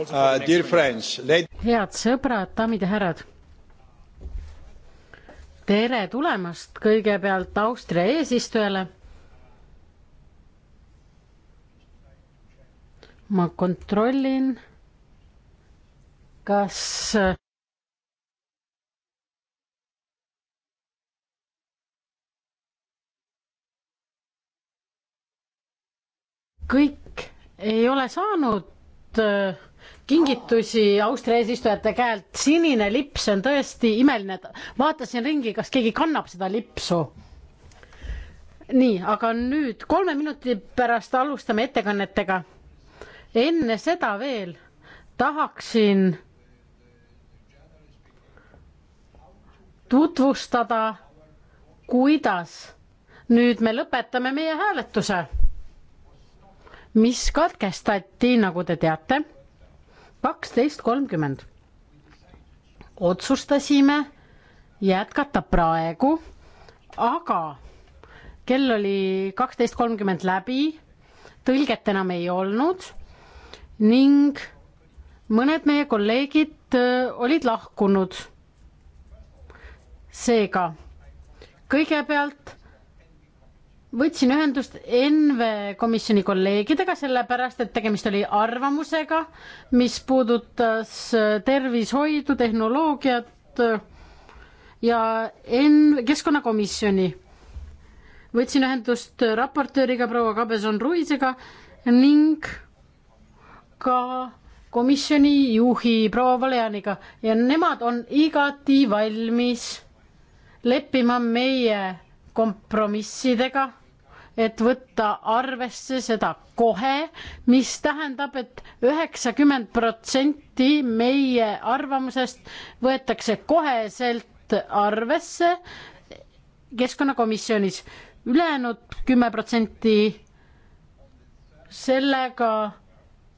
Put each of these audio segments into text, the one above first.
Uh, head sõbrad, daamid ja härrad. tere tulemast kõigepealt Austria eesistujale. ma kontrollin, kas kõik ei ole saanud äh, kingitusi Austria eesistujate käelt. sinine lips on tõesti imeline. vaatasin ringi, kas keegi kannab seda lipsu. nii, aga nüüd kolme minuti pärast alustame ettekannetega. enne seda veel tahaksin tutvustada, kuidas nüüd me lõpetame meie hääletuse mis katkestati, nagu te teate, kaksteist kolmkümmend. otsustasime jätkata praegu, aga kell oli kaksteist kolmkümmend läbi, tõlget enam ei olnud ning mõned meie kolleegid äh, olid lahkunud. seega kõigepealt võtsin ühendust ENVE komisjoni kolleegidega, sellepärast et tegemist oli arvamusega, mis puudutas tervishoidu, tehnoloogiat ja ENV keskkonnakomisjoni. võtsin ühendust raportööriga proua Kabezon-Ruisega ning ka komisjoni juhi proua Valerianiga ja nemad on igati valmis leppima meie kompromissidega et võtta arvesse seda kohe, mis tähendab et, et üheksakümmend protsenti meie arvamusest võetakse koheselt arvesse keskkonnakomisjonis ülejäänud kümme protsenti sellega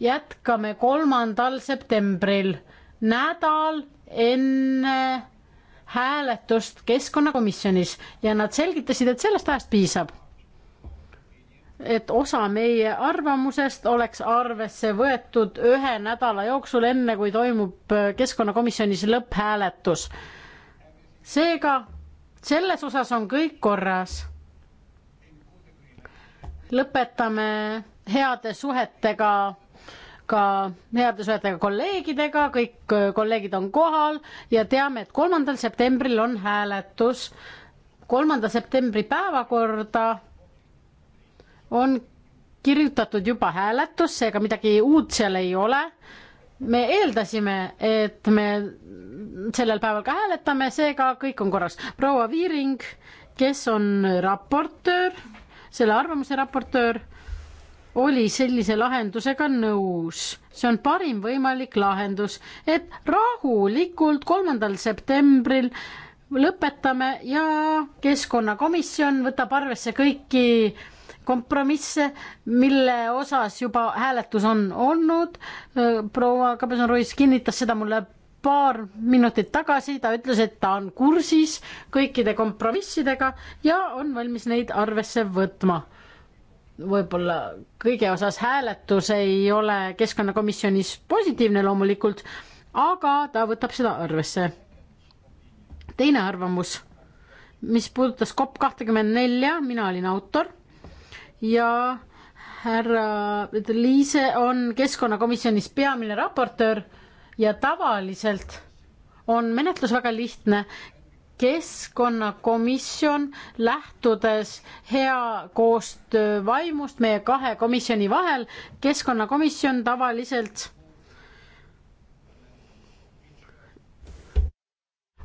jätkame kolmandal septembril, nädal enne hääletust keskkonnakomisjonis ja nad selgitasid, et sellest ajast piisab et osa meie arvamusest oleks arvesse võetud ühe nädala jooksul, enne kui toimub äh, keskkonnakomisjonis lõpphääletus. seega selles osas on kõik korras. lõpetame heade suhetega ka heade suhetega kolleegidega, kõik äh, kolleegid on kohal ja teame, et kolmandal septembril on hääletus. kolmanda septembri päevakorda on kirjutatud juba hääletusse, ega midagi uut seal ei ole. me eeldasime, et me sellel päeval ka hääletame, seega kõik on korras. proua Viiring, kes on raportöör, selle arvamuse raportöör, oli sellise lahendusega nõus. see on parim võimalik lahendus, et rahulikult kolmandal septembril lõpetame ja keskkonnakomisjon võtab arvesse kõiki kompromisse, mille osas juba hääletus on olnud. proua Kabeson-Ruiz kinnitas seda mulle paar minutit tagasi, ta ütles, et ta on kursis kõikide kompromissidega ja on valmis neid arvesse võtma. võib-olla kõige osas hääletus ei ole keskkonnakomisjonis positiivne loomulikult, aga ta võtab seda arvesse. teine arvamus, mis puudutas COP kahtekümmend nelja, mina olin autor ja härra Liise on keskkonnakomisjonis peamine raportöör ja tavaliselt on menetlus väga lihtne. keskkonnakomisjon, lähtudes hea koostöö vaimust meie kahe komisjoni vahel, keskkonnakomisjon tavaliselt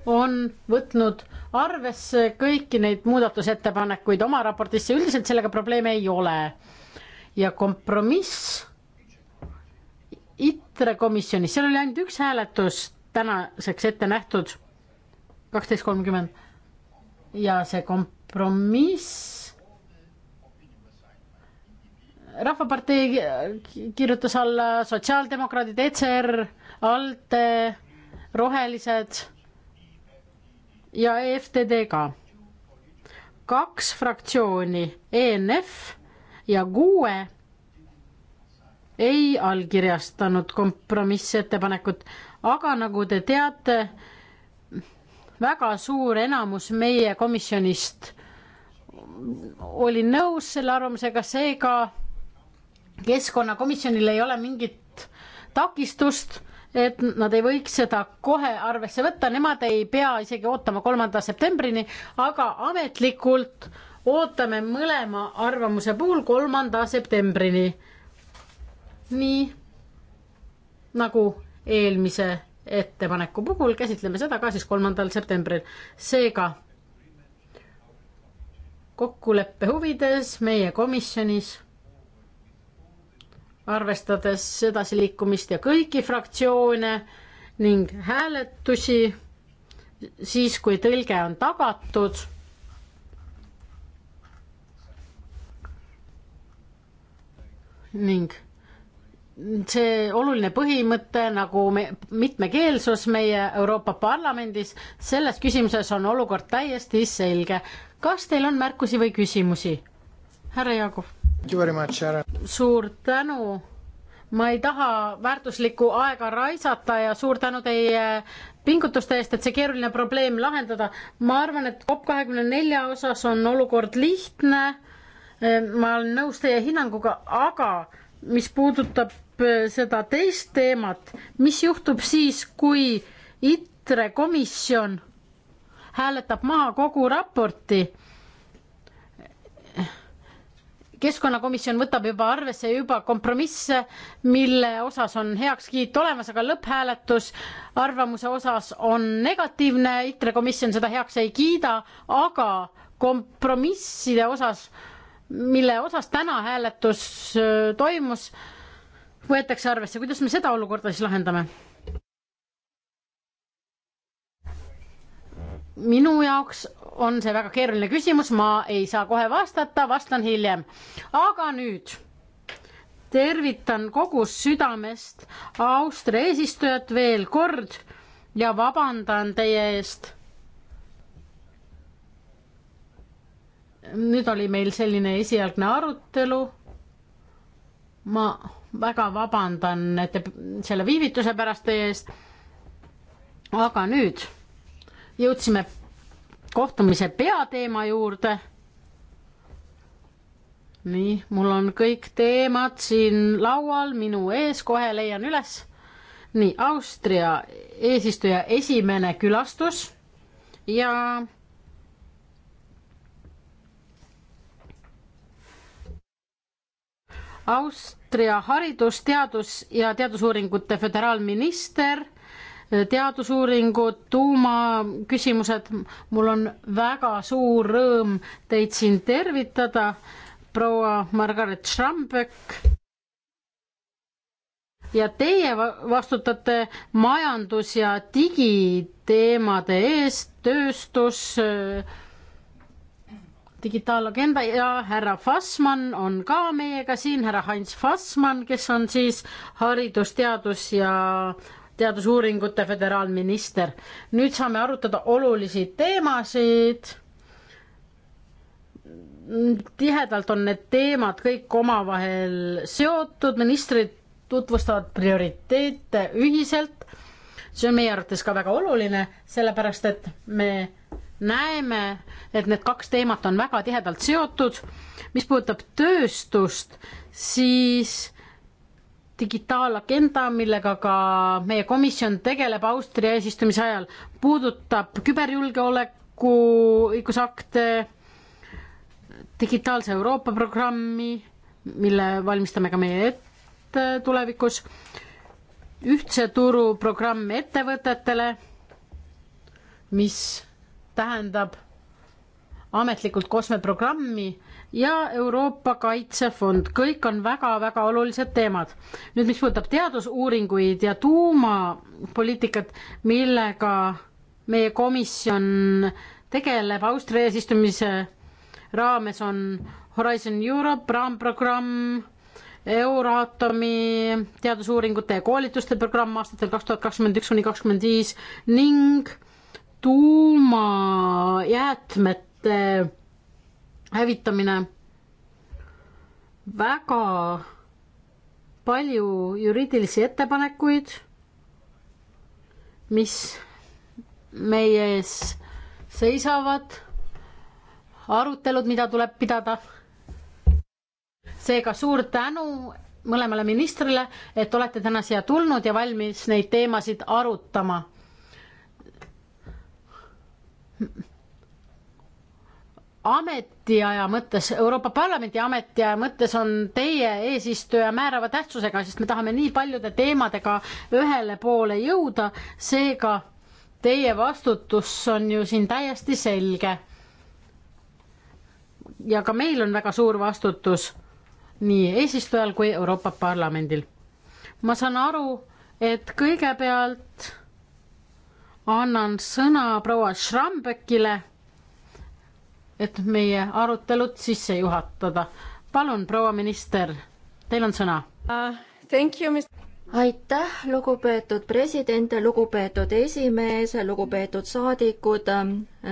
on võtnud arvesse kõiki neid muudatusettepanekuid oma raportisse, üldiselt sellega probleeme ei ole. ja kompromiss ITRE komisjonis, seal oli ainult üks hääletus tänaseks ette nähtud, kaksteist kolmkümmend. ja see kompromiss, Rahvapartei kirjutas alla, sotsiaaldemokraadid, ECR, ALDE, Rohelised ja EFTD-ga. kaks fraktsiooni, ENF ja kuue ei allkirjastanud kompromissettepanekut, aga nagu te teate, väga suur enamus meie komisjonist oli nõus selle arvamusega, seega keskkonnakomisjonil ei ole mingit takistust et nad ei võiks seda kohe arvesse võtta, nemad ei pea isegi ootama kolmanda septembrini, aga ametlikult ootame mõlema arvamuse puhul kolmanda septembrini. nii nagu eelmise ettepaneku puhul käsitleme seda ka siis kolmandal septembril. seega kokkuleppe huvides meie komisjonis arvestades edasiliikumist ja kõiki fraktsioone ning hääletusi siis, kui tõlge on tagatud. ning see oluline põhimõte nagu me, mitmekeelsus meie Euroopa Parlamendis, selles küsimuses on olukord täiesti selge. kas teil on märkusi või küsimusi? härra Jaagov. suur tänu. ma ei taha väärtuslikku aega raisata ja suur tänu teie pingutuste eest, et see keeruline probleem lahendada. ma arvan, et COP kahekümne nelja osas on olukord lihtne. ma olen nõus teie hinnanguga, aga mis puudutab seda teist teemat, mis juhtub siis, kui ITRE komisjon hääletab maha kogu raporti keskkonnakomisjon võtab juba arvesse juba kompromisse, mille osas on heakskiit olemas, aga lõpphääletus arvamuse osas on negatiivne, ITRE komisjon seda heaks ei kiida, aga kompromisside osas, mille osas täna hääletus äh, toimus, võetakse arvesse, kuidas me seda olukorda siis lahendame? minu jaoks on see väga keeruline küsimus, ma ei saa kohe vastata, vastan hiljem. aga nüüd tervitan kogu südamest Austria eesistujat veel kord ja vabandan teie eest. nüüd oli meil selline esialgne arutelu. ma väga vabandan te, selle viivituse pärast teie eest. aga nüüd jõudsime kohtumise peateema juurde. nii, mul on kõik teemad siin laual minu ees, kohe leian üles. nii, Austria eesistuja esimene külastus ja Austria haridus, teadus ja teadusuuringute föderaalminister teadusuuringud, tuumaküsimused. mul on väga suur rõõm teid siin tervitada, proua Margaret Schramböck. ja teie vastutate majandus- ja digiteemade eest, tööstus, digitaalagenda ja härra Fassmann on ka meiega siin, härra Heinz Fassmann, kes on siis haridus, teadus ja äh, teadusuuringute föderaalminister. nüüd saame arutada olulisi teemasid. tihedalt on need teemad kõik omavahel seotud, ministrid tutvustavad prioriteete ühiselt. see on meie arvates ka väga oluline, sellepärast et me näeme, et need kaks teemat on väga tihedalt seotud. mis puudutab tööstust, siis digitaalagenda, millega ka meie komisjon tegeleb Austria eesistumise ajal, puudutab küberjulgeoleku õigusakte, digitaalse Euroopa programmi, mille valmistame ka meie ette tulevikus, ühtse turu programm ettevõtetele, mis tähendab ametlikult kosmeprogrammi ja Euroopa Kaitsefond, kõik on väga-väga olulised teemad. nüüd, mis puudutab teadusuuringuid ja tuumapoliitikat, millega meie komisjon tegeleb Austria eesistumise raames, on Horizon Europe raamprogramm, Euroatomi teadusuuringute ja koolituste programm aastatel kaks tuhat kakskümmend üks kuni kakskümmend viis ning tuumajäätmete hävitamine. väga palju juriidilisi ettepanekuid, mis meie ees seisavad, arutelud, mida tuleb pidada. seega suur tänu mõlemale ministrile, et olete täna siia tulnud ja valmis neid teemasid arutama ametiaja mõttes, Euroopa Parlamendi ametiaja mõttes on teie eesistuja määrava tähtsusega, sest me tahame nii paljude teemadega ühele poole jõuda, seega teie vastutus on ju siin täiesti selge. ja ka meil on väga suur vastutus nii eesistujal kui Euroopa Parlamendil. ma saan aru, et kõigepealt annan sõna proua Schrambekile et meie arutelud sisse juhatada. palun, proua minister, teil on sõna uh,. Thank you, Mr aitäh, lugupeetud president, lugupeetud esimees, lugupeetud saadikud,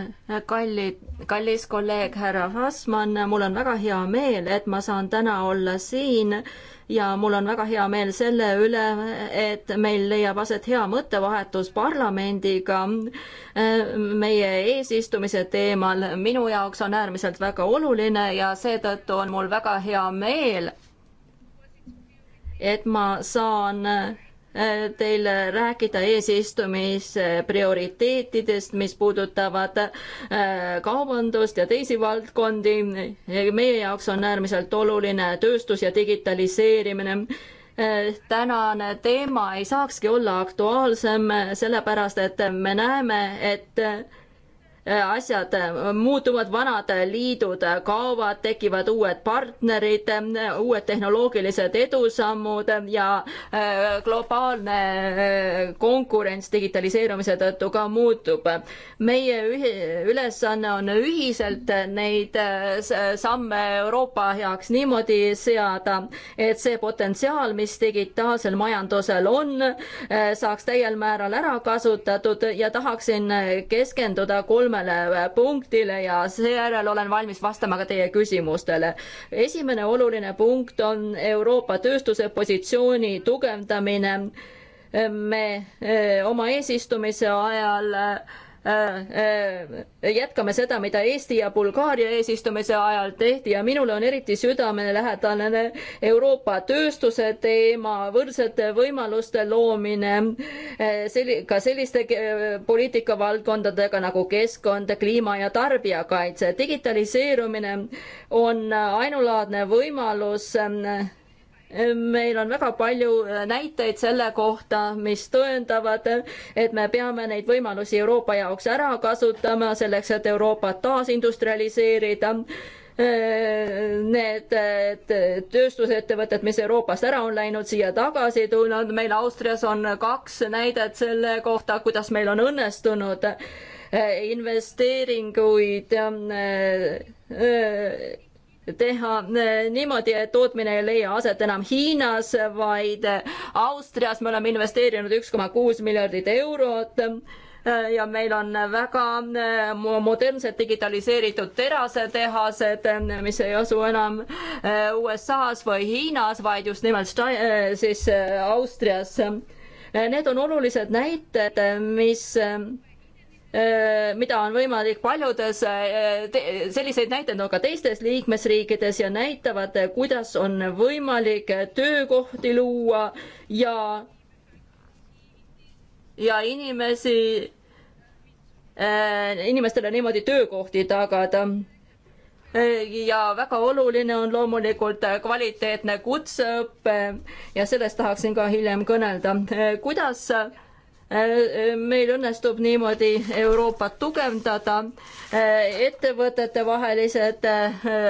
äh, kallid, kallis kolleeg härra Fassmann, mul on väga hea meel, et ma saan täna olla siin ja mul on väga hea meel selle üle, et meil leiab aset hea mõttevahetus parlamendiga äh, meie eesistumise teemal. minu jaoks on äärmiselt väga oluline ja seetõttu on mul väga hea meel, et ma saan teile rääkida eesistumise prioriteetidest, mis puudutavad äh, kaubandust ja teisi valdkondi. meie jaoks on äärmiselt oluline tööstus ja digitaliseerimine äh, tänane teema ei saakski olla aktuaalsem, sellepärast et me näeme, et Äh, asjad äh, muutuvad, vanad liidud äh, kaovad, tekivad uued partnerid, uued tehnoloogilised edusammud ja globaalne konkurents digitaliseerumise tõttu ka muutub. meie ülesanne on ühiselt neid samme Euroopa heaks niimoodi seada, et see potentsiaal, mis digitaalsel majandusel on, saaks täiel määral ära kasutatud ja tahaksin keskenduda kolme kolmele äh, punktile ja seejärel olen valmis vastama ka teie küsimustele. esimene oluline punkt on Euroopa tööstuse positsiooni tugevdamine. me äh, oma eesistumise ajal äh, Äh, äh, jätkame seda, mida Eesti ja Bulgaaria eesistumise ajal tehti ja minule on eriti südamelähedane Euroopa tööstuse teema, võrdsete võimaluste loomine, äh, selli-, ka selliste poliitikavaldkondadega nagu keskkond, kliima ja tarbijakaitse. digitaliseerumine on ainulaadne võimalus meil on väga palju äh, näiteid selle kohta, mis tõendavad, et me peame neid võimalusi Euroopa jaoks ära kasutama, selleks et Euroopat taasindustrialiseerida. Äh, need tööstusettevõtted, mis Euroopast ära on läinud, siia tagasi tulnud, meil Austrias on kaks näidet selle kohta, kuidas meil on õnnestunud äh, investeeringuid teha eh, niimoodi, et tootmine ei leia aset enam Hiinas, vaid eh, Austrias me oleme investeerinud üks koma kuus miljardit eurot eh, ja meil on väga modernsed digitaliseeritud terasetehased, mis ei asu enam USA-s või Hiinas, vaid just nimelt siis Austrias. Need on olulised näited, mis Äh, mida on võimalik paljudes, äh, selliseid näiteid on ka teistes liikmesriikides ja näitavad, kuidas on võimalik töökohti luua ja, ja inimesi, äh, inimestele niimoodi töökohti tagada ja väga oluline on loomulikult kvaliteetne kutseõpe ja sellest tahaksin ka hiljem kõnelda. kuidas äh, Äh, äh, meil õnnestub niimoodi Euroopat tugevdada. Äh, ettevõtetevahelised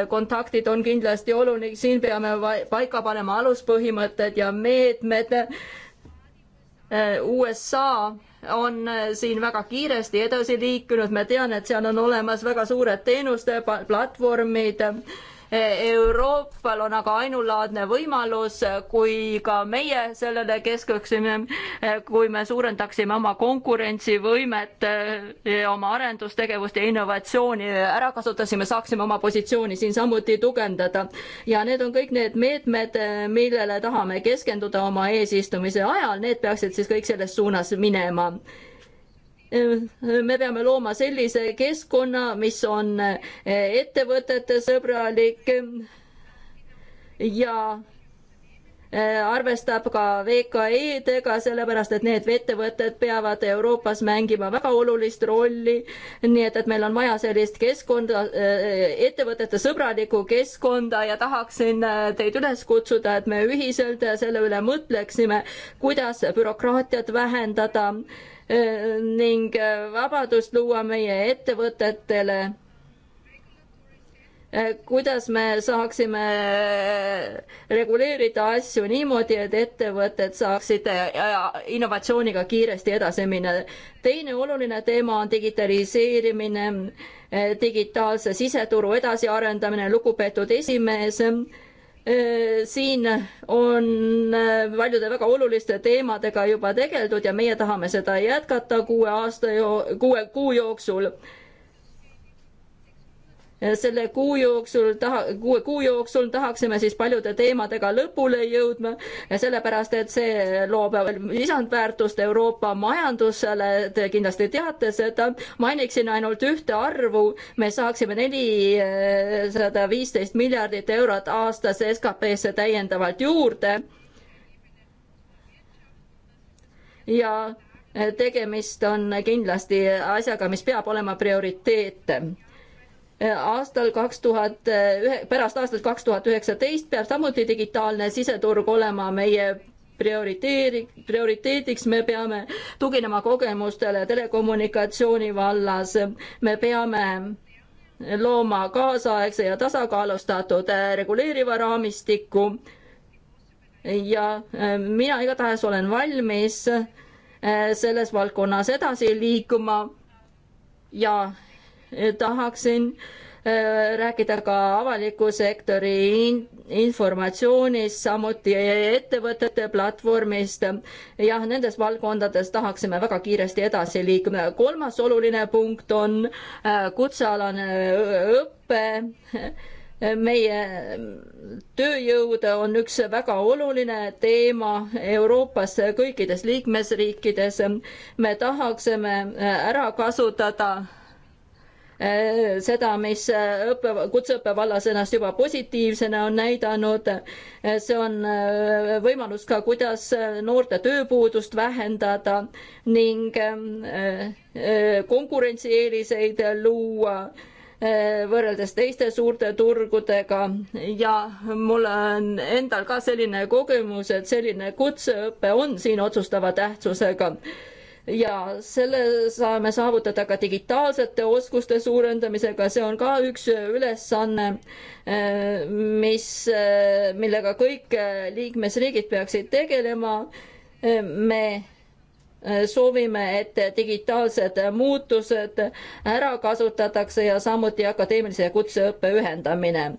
kontaktid on kindlasti oluline, siin peame paika panema aluspõhimõtted ja meetmed. USA on siin väga kiiresti edasi liikunud, ma tean, et seal on olemas väga suured teenuste platvormid Euroopal on aga ainulaadne võimalus, kui ka meie sellele keskenduksime, kui me suurendaksime oma konkurentsivõimet, oma arendustegevust ja innovatsiooni ära kasutasime, saaksime oma positsiooni siin samuti tugevdada. ja need on kõik need meetmed, millele tahame keskenduda oma eesistumise ajal, need peaksid siis kõik selles suunas minema Ehm, me peame looma sellise keskkonna, mis on eh, ettevõtete sõbralik ehm, ja eh, arvestab ka VKE-dega, sellepärast et need ettevõtted peavad Euroopas mängima väga olulist rolli. nii et, et meil on vaja sellist keskkonda, eh, ettevõtete sõbralikku keskkonda ja tahaksin teid üles kutsuda, et me ühiselt selle üle mõtleksime, kuidas bürokraatiat vähendada ning äh, vabadust luua meie ettevõtetele äh, kuidas me saaksime äh, reguleerida asju niimoodi, et ettevõtted saaksid innovatsiooniga kiiresti edasi minna. teine oluline teema on digitaliseerimine, digitaalse siseturu edasiarendamine, lugupeetud esimees Äh, siin on äh, paljude väga oluliste teemadega juba tegeldud ja meie tahame seda jätkata kuue aasta, kuue kuu jooksul selle kuu jooksul taha, kuue kuu jooksul tahaksime siis paljude teemadega lõpule jõudma, sellepärast et see loob lisandväärtust Euroopa majandusele, te kindlasti teate seda, mainiksin ainult ühte arvu, me saaksime nelisada viisteist miljardit eurot aastas SKP-sse täiendavalt juurde. ja tegemist on kindlasti asjaga, mis peab olema prioriteet aastal kaks tuhat, pärast aastat kaks tuhat üheksateist peab samuti digitaalne siseturg olema meie prioriteeri-, prioriteediks, me peame tuginema kogemustele telekommunikatsiooni vallas, me peame looma kaasaegse ja tasakaalustatud äh, reguleeriva raamistiku ja äh, mina igatahes olen valmis äh, selles valdkonnas edasi liikuma ja tahaksin äh, rääkida ka avaliku sektori in informatsioonist, samuti ettevõtete platvormist. jah, nendes valdkondades tahaksime väga kiiresti edasi liikuda. kolmas oluline punkt on äh, kutsealane õpe meie tööjõud on üks väga oluline teema Euroopas kõikides liikmesriikides. me tahaksime äh, ära kasutada Äh, seda, mis äh, õppe, kutseõppe vallas ennast juba positiivsena on näidanud. Äh, see on võimalus ka, kuidas noorte tööpuudust vähendada ning ähm, konkurentsieeliseid luua võrreldes teiste suurte turgudega ja mul on endal ka selline kogemus, et selline kutseõpe on siin otsustava tähtsusega ja selle saame saavutada ka digitaalsete oskuste suurendamisega, see on ka üks ülesanne, eh, mis, eh, millega kõik eh, liikmesriigid peaksid tegelema. me soovime, et digitaalsed muutused ära kasutatakse ja samuti akadeemilise kutseõppe ühendamine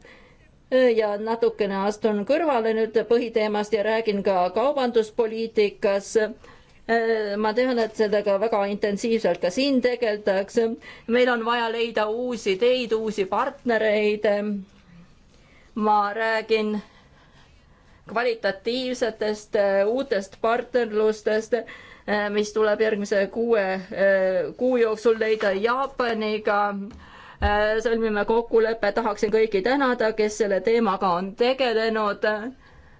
ja natukene astun kõrvale nüüd põhiteemast ja räägin ka kaubanduspoliitikas Äh, ma tean, et sellega väga intensiivselt ka siin tegeldakse. meil on vaja leida uusi ideid, uusi partnereid. ma räägin kvalitatiivsetest äh, uutest partnerlustest, äh, mis tuleb järgmise kuue kuu jooksul leida Jaapaniga sõlmime kokkuleppe, tahaksin kõiki tänada, kes selle teemaga on tegelenud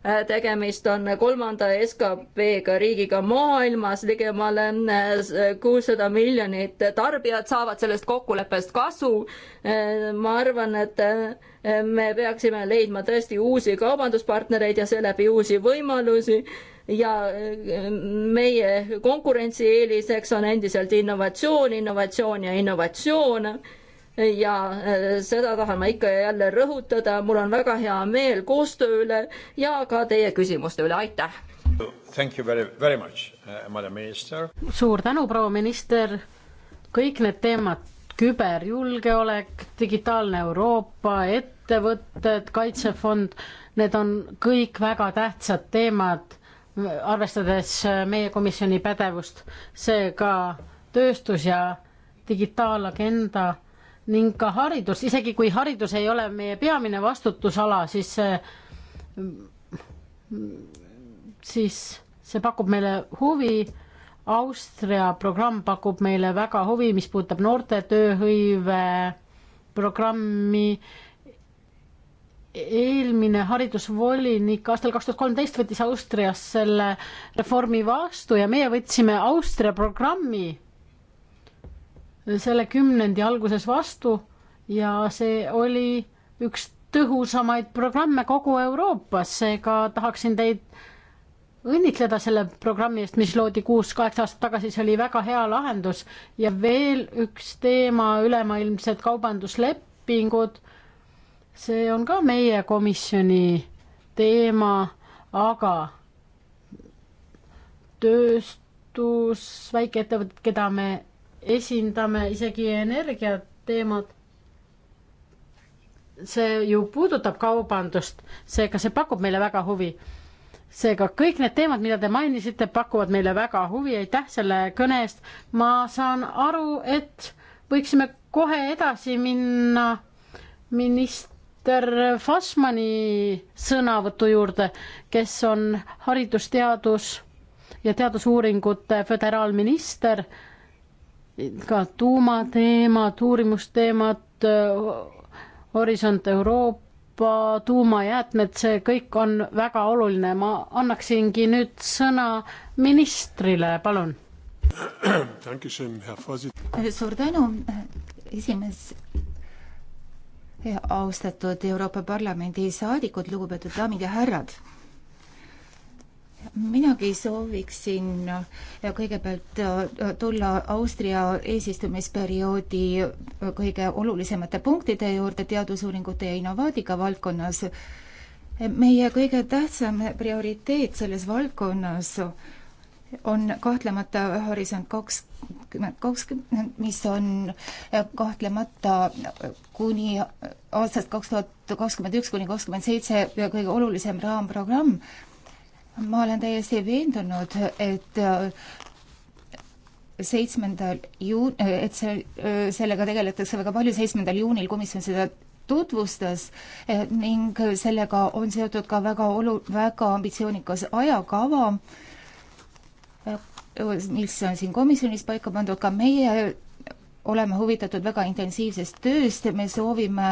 Äh, tegemist on kolmanda SKP-ga riigiga maailmas, ligemale äh, kuussada miljonit tarbijat saavad sellest kokkuleppest kasu. Äh, ma arvan, et me peaksime leidma tõesti uusi kaubanduspartnereid ja seeläbi uusi võimalusi ja meie konkurentsieeliseks on endiselt innovatsioon, innovatsioon ja innovatsioon ja äh, seda tahan ma ikka ja jälle rõhutada, mul on väga hea meel koostöö üle ja ka teie küsimuste üle, aitäh! Thank you very, very much uh,, madam minister! suur tänu, proua minister, kõik need teemad, küberjulgeolek, digitaalne Euroopa, ettevõtted, kaitsefond, need on kõik väga tähtsad teemad, arvestades äh, meie komisjoni pädevust, seega tööstus ja digitaalagenda ning ka haridus, isegi kui haridus ei ole meie peamine vastutusala, siis siis see pakub meile huvi. Austria programm pakub meile väga huvi, mis puudutab noorte tööhõive programmi. eelmine haridusvolinik aastal kaks tuhat kolmteist võttis Austrias selle reformi vastu ja meie võtsime Austria programmi selle kümnendi alguses vastu ja see oli üks tõhusamaid programme kogu Euroopas, seega tahaksin teid õnnitleda selle programmi eest, mis loodi kuus-kaheksa aastat tagasi, see oli väga hea lahendus. ja veel üks teema, ülemaailmsed kaubanduslepingud. see on ka meie komisjoni teema, aga tööstus, väikeettevõtted, keda me esindame isegi energiateemat. see ju puudutab kaubandust, seega see pakub meile väga huvi. seega kõik need teemad, mida te mainisite, pakuvad meile väga huvi, aitäh selle kõne eest. ma saan aru, et võiksime kohe edasi minna minister Fassmani sõnavõtu juurde, kes on haridus, teadus ja teadusuuringute föderaalminister ka tuumateemad, uurimusteemad, Horisont Euroopa, tuumajäätmed, see kõik on väga oluline. ma annaksingi nüüd sõna ministrile, palun. suur tänu, esimees. austatud Euroopa Parlamendi saadikud, lugupeetud daamid ja härrad minagi sooviksin äh, kõigepealt äh, tulla Austria eesistumisperioodi äh, kõige olulisemate punktide juurde teadusuuringute ja innovaatika valdkonnas. meie kõige tähtsam prioriteet selles valdkonnas on kahtlemata Horisont kakskümmend kakskümmend, mis on kahtlemata kuni aastast kaks tuhat kakskümmend üks kuni kakskümmend seitse kõige olulisem raamprogramm ma olen täiesti veendunud, et äh, seitsmendal juun-, äh, et see, äh, sellega tegeletakse väga palju, seitsmendal juunil komisjon seda tutvustas ning sellega on seotud ka väga olu-, väga ambitsioonikas ajakava, mis on siin komisjonis paika pandud, ka meie oleme huvitatud väga intensiivsest tööst, me soovime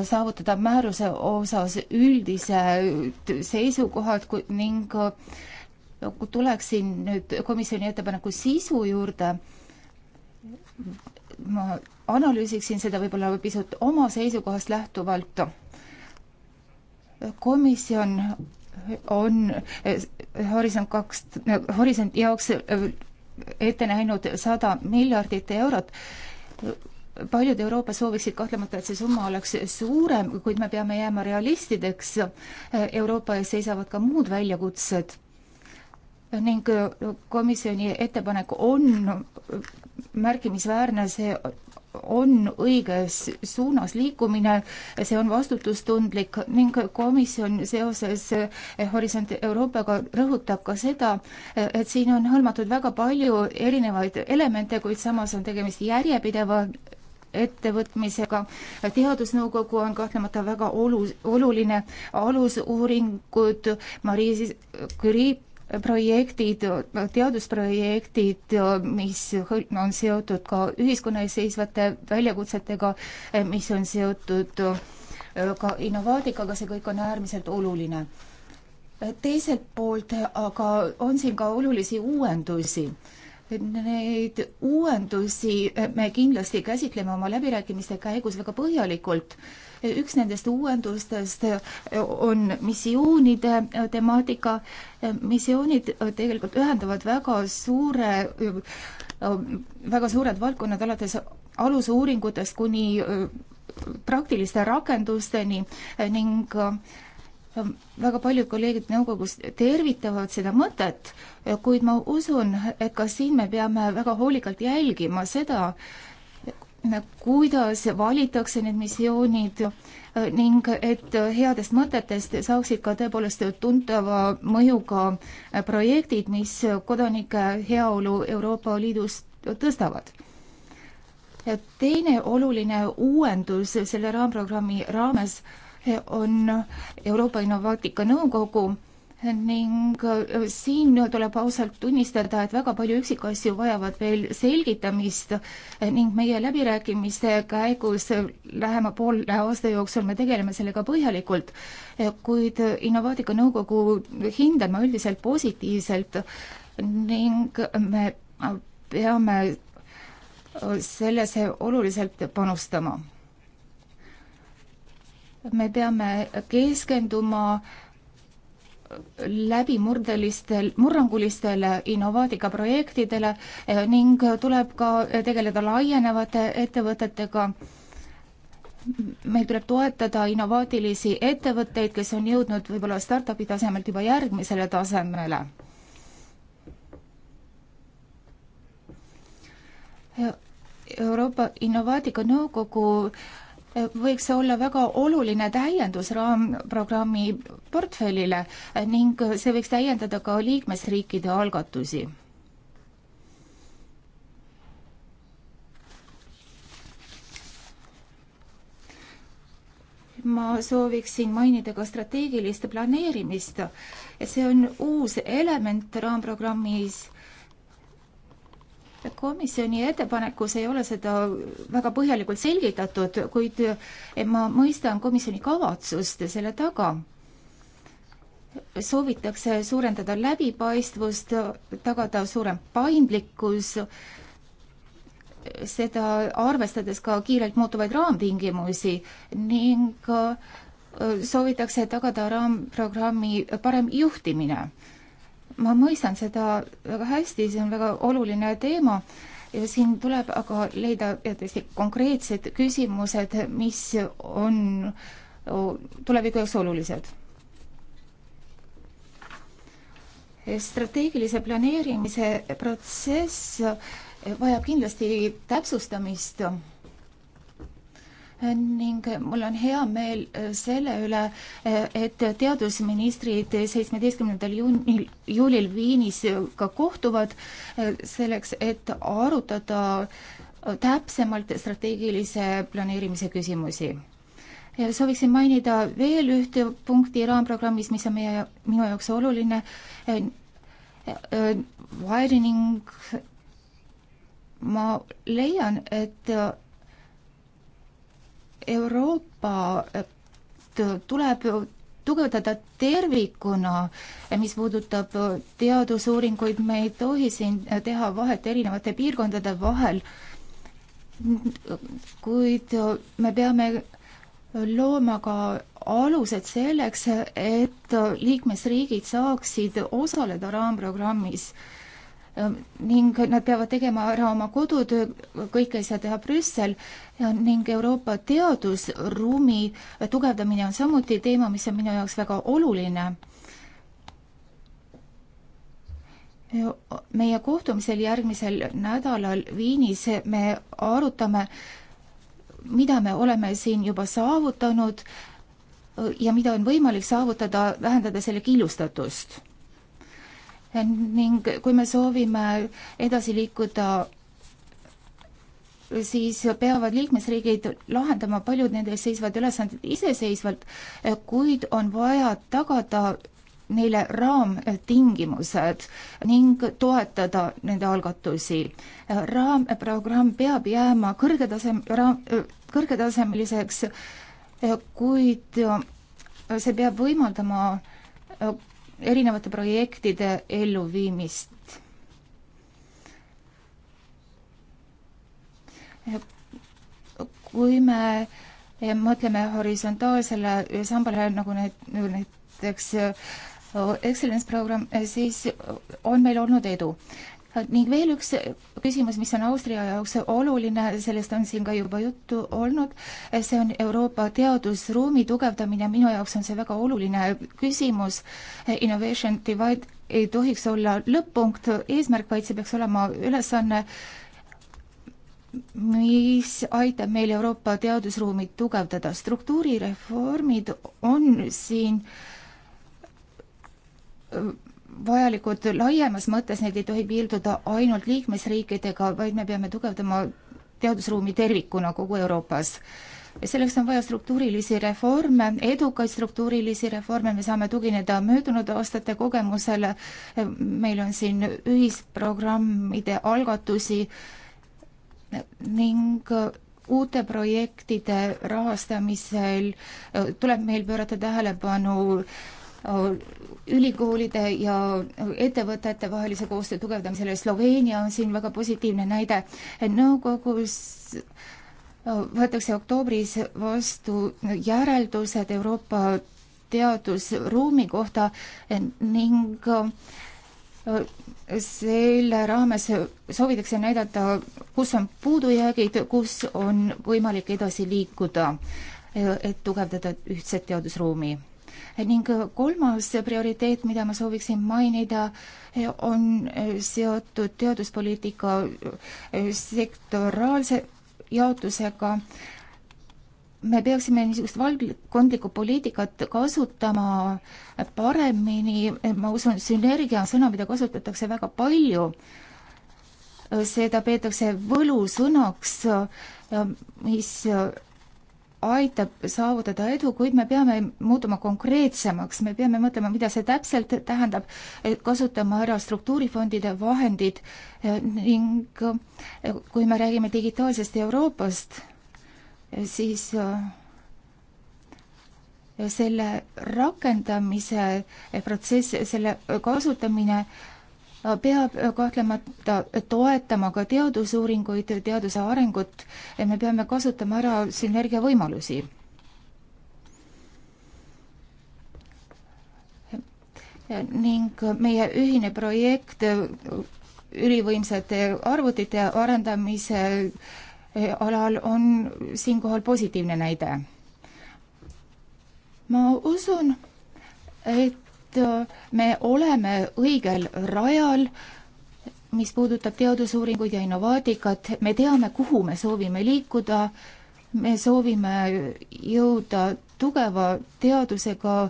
saavutada määruse osas üldised seisukohad ning kui tuleksin nüüd komisjoni ettepaneku sisu juurde, ma analüüsiksin seda võib-olla pisut oma seisukohast lähtuvalt. komisjon on eh, Horisont kaks, Horisont jaoks eh, ette näinud sada miljardit eurot paljud Euroopas sooviksid kahtlemata, et see summa oleks suurem, kuid me peame jääma realistideks. Euroopa ees seisavad ka muud väljakutsed ning komisjoni ettepanek on märkimisväärne, see on õiges suunas liikumine, see on vastutustundlik ning komisjon seoses Horisont Euroopaga rõhutab ka seda, et siin on hõlmatud väga palju erinevaid elemente, kuid samas on tegemist järjepideva ettevõtmisega. teadusnõukogu on kahtlemata väga olu-, oluline, alusuuringud, Marie Curie projektid, teadusprojektid, mis on seotud ka ühiskonna ees seisvate väljakutsetega, mis on seotud äh, ka innovaatikaga, see kõik on äärmiselt oluline. teiselt poolt aga on siin ka olulisi uuendusi Neid uuendusi me kindlasti käsitleme oma läbirääkimiste käigus väga põhjalikult. üks nendest uuendustest on missioonide temaatika. missioonid tegelikult ühendavad väga suure, väga suured valdkonnad, alates alusuuringutest kuni praktiliste rakendusteni ning väga paljud kolleegid nõukogus tervitavad seda mõtet, kuid ma usun, et ka siin me peame väga hoolikalt jälgima seda, kuidas valitakse need missioonid ning et headest mõtetest saaksid ka tõepoolest tuntava mõjuga projektid, mis kodanike heaolu Euroopa Liidus tõstavad. teine oluline uuendus selle raamprogrammi raames on Euroopa Innovaatika Nõukogu ning siin tuleb ausalt tunnistada, et väga palju üksikasju vajavad veel selgitamist ning meie läbirääkimiste käigus lähema poole aasta jooksul me tegeleme sellega põhjalikult, kuid Innovaatika Nõukogu hindan ma üldiselt positiivselt ning me peame sellesse oluliselt panustama me peame keskenduma läbimurdelistel, murrangulistele Innovaatika projektidele eh, ning tuleb ka tegeleda laienevate ettevõtetega. meil tuleb toetada innovaatilisi ettevõtteid, kes on jõudnud võib-olla startup'i tasemelt juba järgmisele tasemele. Euroopa Innovaatika Nõukogu äh, võiks see olla väga oluline täiendus raamprogrammi portfellile ning see võiks täiendada ka liikmesriikide algatusi. ma sooviksin mainida ka strateegilist planeerimist. see on uus element raamprogrammis komisjoni ettepanekus ei ole seda väga põhjalikult selgitatud, kuid ma mõistan komisjoni kavatsust selle taga. soovitakse suurendada läbipaistvust, tagada suurem paindlikkus, seda arvestades ka kiirelt muutuvaid raamtingimusi ning soovitakse tagada raamprogrammi parem juhtimine ma mõistan seda väga hästi, see on väga oluline teema ja siin tuleb aga leida tõesti konkreetsed küsimused, mis on tuleviku jaoks olulised. strateegilise planeerimise protsess vajab kindlasti täpsustamist ning mul on hea meel äh, selle üle, äh, et teadusministrid seitsmeteistkümnendal juunil, juulil Viinis äh, ka kohtuvad selleks, et arutada täpsemalt strateegilise planeerimise küsimusi. sooviksin mainida veel ühte punkti raamprogrammis, mis on meie, minu jaoks oluline, widening ma leian, et Euroopa tuleb tugevdada tervikuna, mis puudutab teadusuuringuid, me ei tohi siin teha vahet erinevate piirkondade vahel, kuid me peame looma ka alused selleks, et liikmesriigid saaksid osaleda raamprogrammis Ähm, ning nad peavad tegema ära oma kodutöö, kõike ei saa teha Brüssel ning Euroopa teadusruumi tugevdamine on samuti teema, mis on minu jaoks väga oluline. meie kohtumisel järgmisel nädalal Viinis me arutame, mida me oleme siin juba saavutanud ja mida on võimalik saavutada, vähendada selle killustatust ning kui me soovime edasi liikuda siis peavad liikmesriigid lahendama paljud nende ees seisvad ülesanded iseseisvalt, kuid on vaja tagada neile raamtingimused ning toetada nende algatusi. raamprogramm peab jääma kõrgetasem-, raam, kõrgetasemeliseks, kuid see peab võimaldama erinevate projektide elluviimist. kui me mõtleme horisontaalsele sambale, nagu need, näiteks Excellence programm, siis on meil olnud edu ning veel üks küsimus, mis on Austria jaoks oluline, sellest on siin ka juba juttu olnud, see on Euroopa teadusruumi tugevdamine, minu jaoks on see väga oluline küsimus, innovation divide ei tohiks olla lõpp-punkt, eesmärk, vaid see peaks olema ülesanne, mis aitab meil Euroopa teadusruumi tugevdada, struktuurireformid on siin vajalikud laiemas mõttes, need ei tohi piirduda ainult liikmesriikidega, vaid me peame tugevdama teadusruumi tervikuna kogu Euroopas. ja selleks on vaja struktuurilisi reforme, edukaid struktuurilisi reforme, me saame tugineda möödunud aastate kogemusele, meil on siin ühisprogrammide algatusi ning uute projektide rahastamisel tuleb meil pöörata tähelepanu ülikoolide ja ettevõtete vahelise koostöö tugevdamisele. Sloveenia on siin väga positiivne näide. nõukogus võetakse oktoobris vastu järeldused Euroopa teadusruumi kohta ning selle raames soovitakse näidata, kus on puudujäägid, kus on võimalik edasi liikuda, et tugevdada ühtset teadusruumi ning kolmas prioriteet, mida ma sooviksin mainida, eh, on eh, seotud teaduspoliitika eh, sektoraalse jaotusega me peaksime niisugust valdkondlikku poliitikat kasutama paremini, ma usun, sünergia on sõna, mida kasutatakse väga palju, seda peetakse võlusõnaks, mis aitab saavutada edu, kuid me peame muutuma konkreetsemaks, me peame mõtlema, mida see täpselt tähendab, kasutama ära struktuurifondide vahendid ning eh, kui me räägime digitaalsest Euroopast, eh, siis eh, selle rakendamise protsess, selle kasutamine äh, peab kahtlemata toetama ka teadusuuringuid, teaduse arengut ja me peame kasutama ära sünergia võimalusi. ning meie ühine projekt ülivõimsate arvutite arendamise alal on siinkohal positiivne näide. ma usun, et et äh, me oleme õigel rajal, mis puudutab teadusuuringuid ja innovaatikat, me teame, kuhu me soovime liikuda, me soovime jõuda tugeva teadusega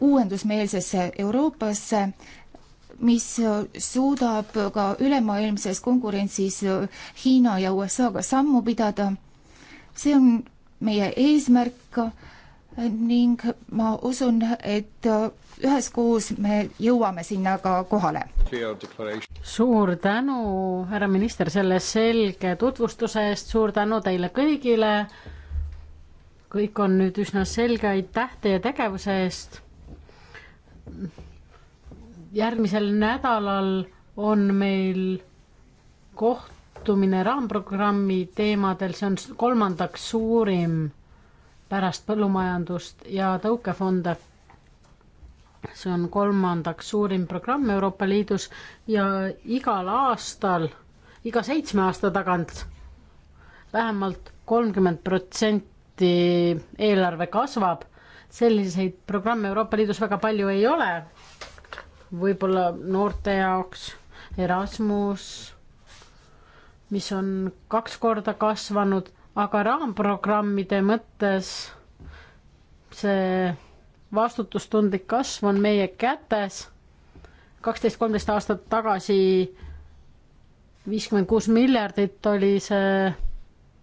uuendusmeelsesse Euroopasse, mis suudab ka ülemaailmses konkurentsis Hiina ja USA-ga sammu pidada. see on meie eesmärk ning ma usun, et üheskoos me jõuame sinna ka kohale. suur tänu, härra minister, selle selge tutvustuse eest, suur tänu teile kõigile. kõik on nüüd üsna selge, aitäh teie tegevuse eest. järgmisel nädalal on meil kohtumine raamprogrammi teemadel, see on kolmandaks suurim pärast põllumajandust ja tõukefonde see on kolmandaks suurim programm Euroopa Liidus ja igal aastal, iga seitsme aasta tagant vähemalt kolmkümmend protsenti eelarve kasvab. selliseid programme Euroopa Liidus väga palju ei ole. võib-olla noorte jaoks Erasmus, mis on kaks korda kasvanud, aga raamprogrammide mõttes see vastutustundlik kasv on meie kätes. kaksteist, kolmteist aastat tagasi viiskümmend kuus miljardit oli see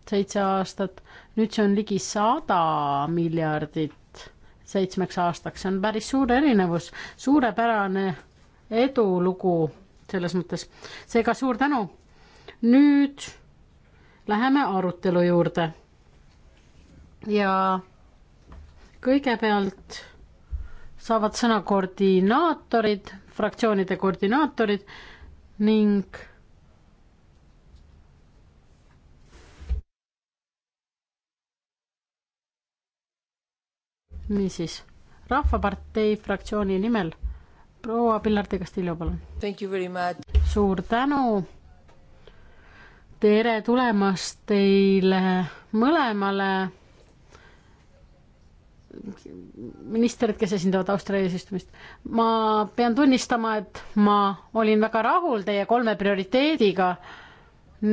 seitse aastat, nüüd see on ligi sada miljardit seitsmeks aastaks, see on päris suur erinevus, suurepärane edulugu selles mõttes. seega suur tänu. nüüd läheme arutelu juurde. ja kõigepealt saavad sõna koordinaatorid, fraktsioonide koordinaatorid ning niisiis, Rahvapartei fraktsiooni nimel proua Pillar de Castillo, palun. suur tänu. tere tulemast teile mõlemale ministrid, kes esindavad Austria eesistumist. ma pean tunnistama, et ma olin väga rahul teie kolme prioriteediga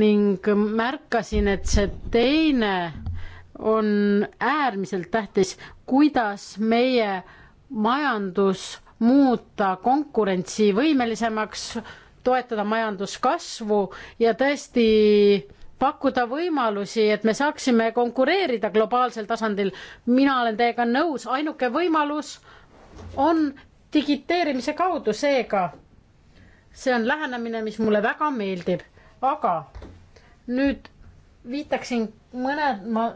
ning märkasin, et see teine on äärmiselt tähtis, kuidas meie majandus muuta konkurentsivõimelisemaks, toetada majanduskasvu ja tõesti äh, pakkuda võimalusi, et me saaksime konkureerida globaalsel tasandil. mina olen teiega nõus, ainuke võimalus on digiteerimise kaudu, seega see on lähenemine, mis mulle väga meeldib, aga nüüd viitaksin mõne,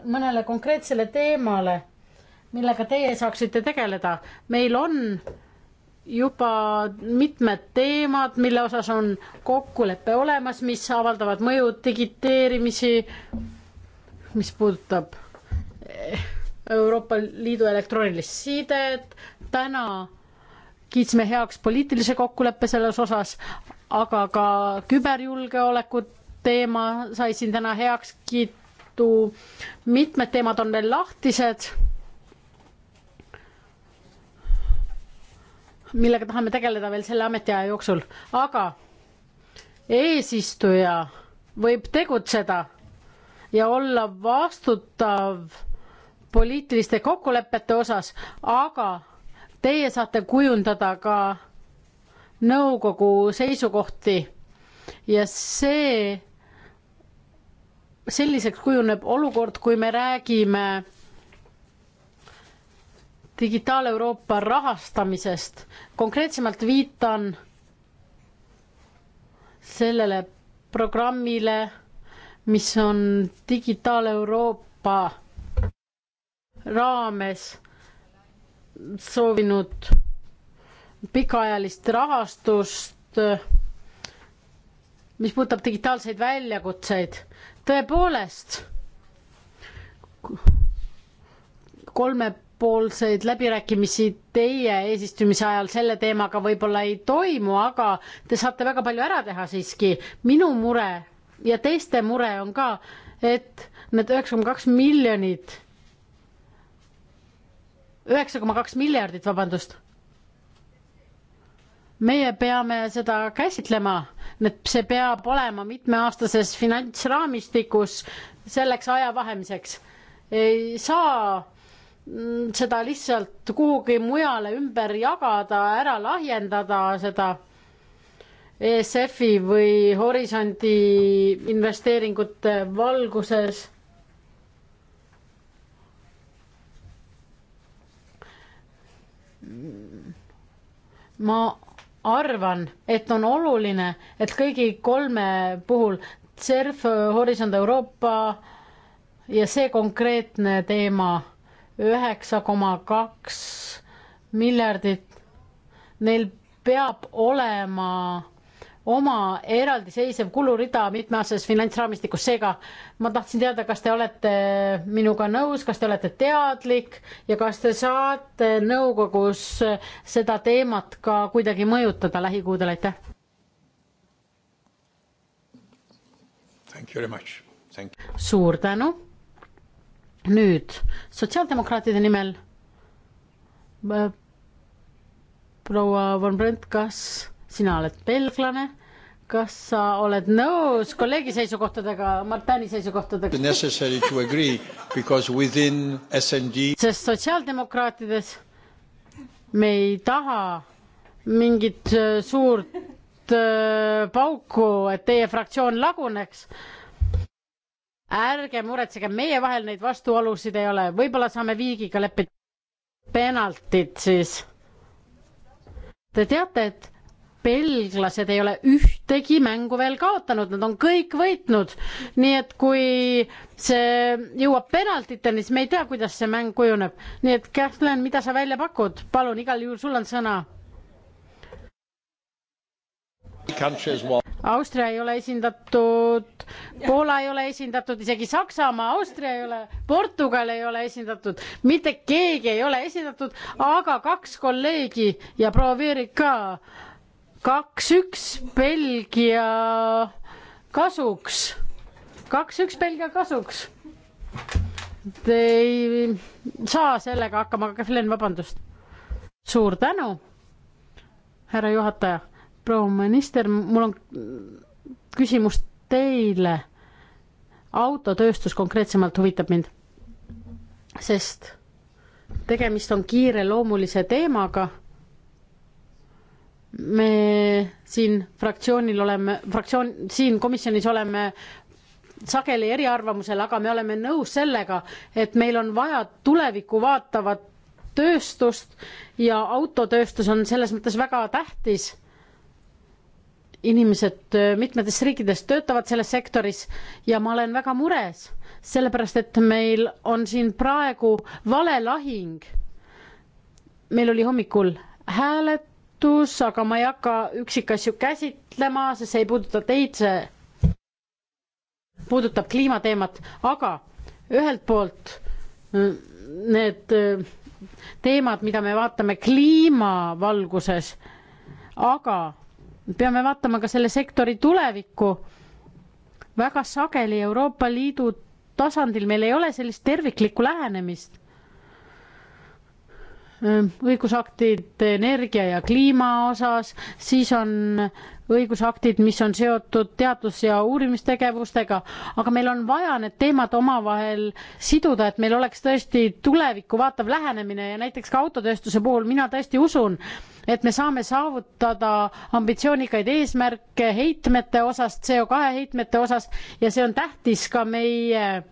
mõnele konkreetsele teemale, millega teie saaksite tegeleda. meil on juba mitmed teemad, mille osas on kokkulepe olemas, mis avaldavad mõju digiteerimisi, mis puudutab eh, Euroopa Liidu elektroonilist sidet, täna kiitsime heaks poliitilise kokkuleppe selles osas, aga ka küberjulgeoleku teema sai siin täna heakskiitu. mitmed teemad on veel lahtised millega tahame tegeleda veel selle ametiaja jooksul, aga eesistuja võib tegutseda ja olla vastutav poliitiliste kokkulepete osas, aga teie saate kujundada ka nõukogu seisukohti ja see, selliseks kujuneb olukord, kui me räägime Digitaal-Euroopa rahastamisest. konkreetsemalt viitan sellele programmile, mis on Digitaal-Euroopa raames soovinud pikaajalist rahastust, mis puudutab digitaalseid väljakutseid. tõepoolest, kolme kolmepoolseid läbirääkimisi teie eesistumise ajal selle teemaga võib-olla ei toimu, aga te saate väga palju ära teha siiski. minu mure ja teiste mure on ka, et need üheksa koma kaks miljonit, üheksa koma kaks miljardit, vabandust, meie peame seda käsitlema, et see peab olema mitmeaastases finantsraamistikus selleks ajavahemises. ei saa Mm, seda lihtsalt kuhugi mujale ümber jagada, ära lahjendada seda ESF-i või Horisondi investeeringute valguses. ma arvan, et on oluline, et kõigi kolme puhul, CERF, Horisont Euroopa ja see konkreetne teema üheksa koma kaks miljardit. Neil peab olema oma eraldiseisev kulurida mitmeaastases finantsraamistikus, seega ma tahtsin teada, kas te olete minuga nõus, kas te olete teadlik ja kas te saate nõukogus seda teemat ka kuidagi mõjutada lähikuudel, aitäh! suur tänu! nüüd sotsiaaldemokraatide nimel äh, proua von Brent, kas sina oled belglane? kas sa oled nõus kolleegi seisukohtadega, Martani seisukohtadega? sest sotsiaaldemokraatides me ei taha mingit äh, suurt äh, pauku, et teie fraktsioon laguneks ärge muretsege, meie vahel neid vastuolusid ei ole, võib-olla saame viigiga leppida. penaltid siis. Te teate, et belglased ei ole ühtegi mängu veel kaotanud, nad on kõik võitnud. nii et kui see jõuab penaltiteni, siis me ei tea, kuidas see mäng kujuneb. nii et Kähtlen, mida sa välja pakud, palun, igal juhul sul on sõna Austria ei ole esindatud, Poola ei ole esindatud, isegi Saksamaa, Austria ei ole, Portugal ei ole esindatud, mitte keegi ei ole esindatud, aga kaks kolleegi ja proua Veerik ka. kaks-üks Belgia kasuks, kaks-üks Belgia kasuks. Te ei saa sellega hakkama, aga Glen, vabandust. suur tänu, härra juhataja proua minister, mul on küsimus teile. autotööstus konkreetsemalt huvitab mind, sest tegemist on kiireloomulise teemaga. me siin fraktsioonil oleme, fraktsioon, siin komisjonis oleme sageli eriarvamusel, aga me oleme nõus sellega, et meil on vaja tulevikku vaatavat tööstust ja autotööstus on selles mõttes väga tähtis inimesed äh, mitmetes riikides töötavad selles sektoris ja ma olen väga mures, sellepärast et meil on siin praegu vale lahing. meil oli hommikul hääletus, aga ma ei hakka üksikasju käsitlema, sest see ei puuduta teid, see puudutab kliimateemat, aga ühelt poolt äh, need äh, teemad, mida me vaatame kliima valguses, aga peame vaatama ka selle sektori tulevikku. väga sageli Euroopa Liidu tasandil meil ei ole sellist terviklikku lähenemist. õigusaktid energia ja kliima osas, siis on õigusaktid, mis on seotud teadus- ja uurimistegevustega, aga meil on vaja need teemad omavahel siduda, et meil oleks tõesti tulevikku vaatav lähenemine ja näiteks ka autotööstuse puhul mina tõesti usun, et me saame saavutada ambitsioonikaid eesmärke heitmete osas, CO2 heitmete osas ja see on tähtis ka meie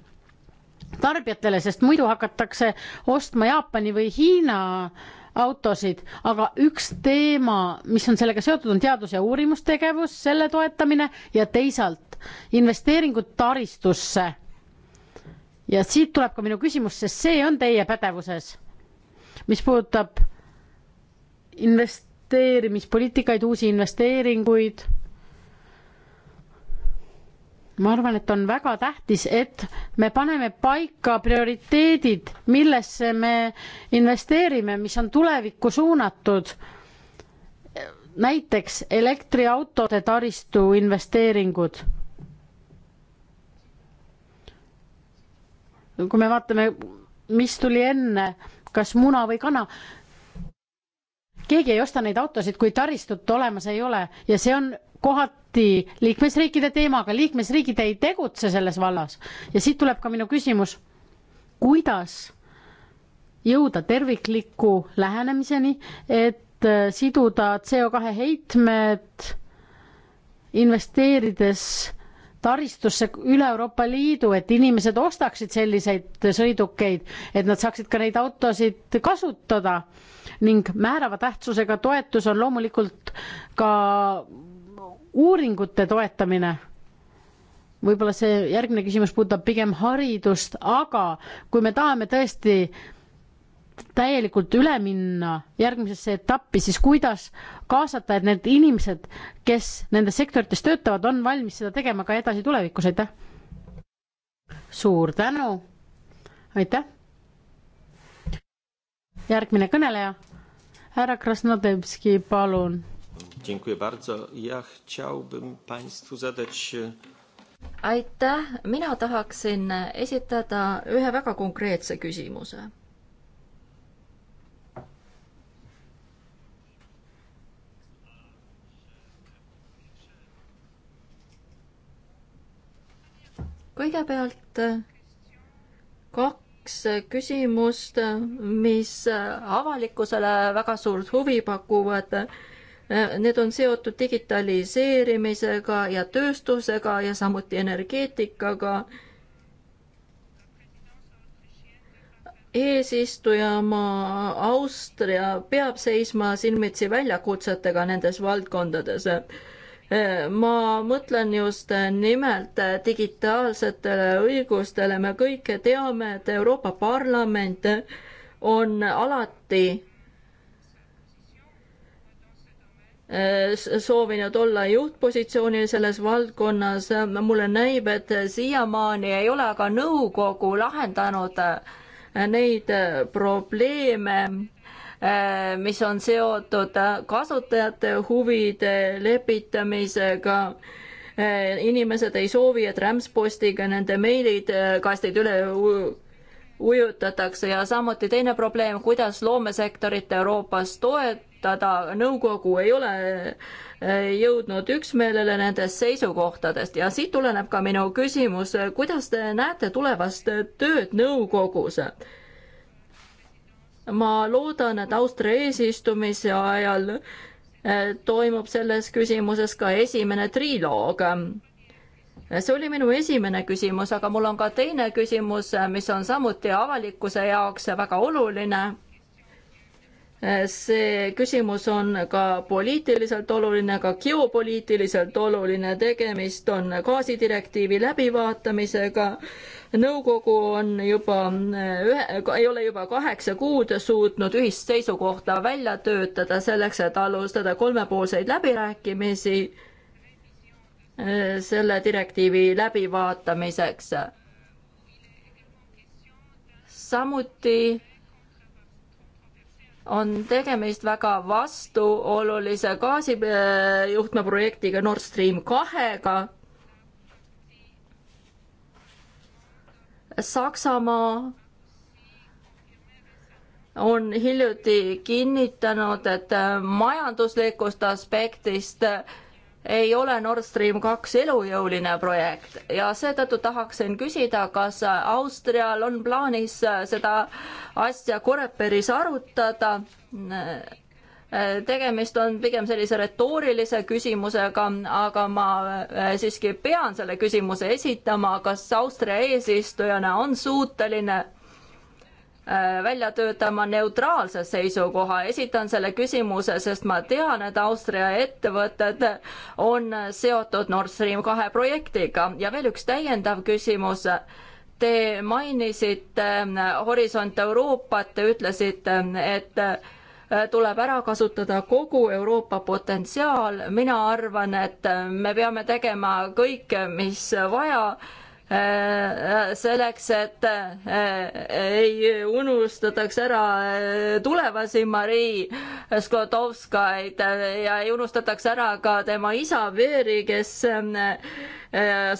tarbijatele, sest muidu hakatakse ostma Jaapani või Hiina äh, autosid, aga üks teema, mis on sellega seotud, on teadus- ja uurimustegevus, selle toetamine ja teisalt investeeringud taristusse. ja siit tuleb ka minu küsimus, sest see on teie pädevuses, mis puudutab investeerimispoliitikaid, uusi investeeringuid ma arvan, et on väga tähtis, et me paneme paika prioriteedid, millesse me investeerime, mis on tulevikku suunatud. näiteks elektriautode taristu investeeringud. kui me vaatame, mis tuli enne, kas muna või kana, keegi ei osta neid autosid, kui taristut olemas ei ole ja see on kohati lahti liikmesriikide teemaga, liikmesriigid ei tegutse selles vallas. ja siit tuleb ka minu küsimus, kuidas jõuda tervikliku lähenemiseni, et äh, siduda CO2 heitmed investeerides taristusse üle Euroopa Liidu, et inimesed ostaksid selliseid sõidukeid, et nad saaksid ka neid autosid kasutada ning määrava tähtsusega toetus on loomulikult ka uuringute toetamine, võib-olla see järgmine küsimus puudutab pigem haridust, aga kui me tahame tõesti täielikult üle minna järgmisesse etappi, siis kuidas kaasata, et need inimesed, kes nendes sektorites töötavad, on valmis seda tegema ka edasi tulevikus, aitäh! suur tänu, aitäh! järgmine kõneleja, härra Krasnodebski, palun Dziękuję bardzo. Ja chciałbym Państwu zadać e, aitäh, mina tahaksin esitada ühe väga konkreetse küsimuse. kõigepealt e, kaks küsimust, mis avalikkusele väga suurt huvi pakuvad Äh, need on seotud digitaliseerimisega ja tööstusega ja samuti energeetikaga. eesistujamaa Austria peab seisma silmitsi väljakutsetega nendes valdkondades äh, ma mõtlen just nimelt digitaalsetele õigustele, me kõik teame, et Euroopa Parlament on alati Äh, soovinud olla juhtpositsioonil selles valdkonnas. mulle näib, et siiamaani ei ole ka nõukogu lahendanud äh, neid äh, probleeme, mis on seotud kasutajate huvide lepitamisega inimesed ei soovi, et rämpspostiga nende meilid, kastid üle ujutatakse ja samuti teine probleem, kuidas loomesektorit Euroopas toet-, mõjutada, nõukogu ei ole eh, jõudnud üksmeelele nendest seisukohtadest ja siit tuleneb ka minu küsimus, kuidas te näete tulevast tööd nõukogus? ma loodan, et Austria eesistumise ajal eh, toimub selles küsimuses ka esimene triloog see oli minu esimene küsimus, aga mul on ka teine küsimus, mis on samuti avalikkuse jaoks väga oluline see küsimus on ka poliitiliselt oluline, ka geopoliitiliselt oluline, tegemist on gaasidirektiivi läbivaatamisega. nõukogu on juba ühe, ei ole juba kaheksa kuud suutnud ühist seisukohta välja töötada selleks, et alustada kolmepoolseid läbirääkimisi eh, selle direktiivi läbivaatamiseks. samuti on tegemist väga vastuolulise gaasijuhtme projektiga Nord Stream kahega. Saksamaa on hiljuti kinnitanud, et majanduslikust aspektist ei ole Nord Stream kaks elujõuline projekt ja seetõttu tahaksin küsida, kas Austrial on plaanis seda asja Koreperis arutada. tegemist on pigem sellise retoorilise küsimusega, aga ma siiski pean selle küsimuse esitama, kas Austria eesistujana on suuteline Äh, välja töötama neutraalse seisukoha. esitan selle küsimuse, sest ma tean, et Austria ettevõtted on seotud Nord Stream kahe projektiga ja veel üks täiendav küsimus. Te mainisite äh, Horisont Euroopat, te ütlesite, et äh, tuleb ära kasutada kogu Euroopa potentsiaal. mina arvan, et me peame tegema kõike, mis vaja Äh, äh, selleks, et äh, ei unustataks ära tulevasi Marii Sklodovskaid ja ei unustataks ära ka tema isa Veeri, kes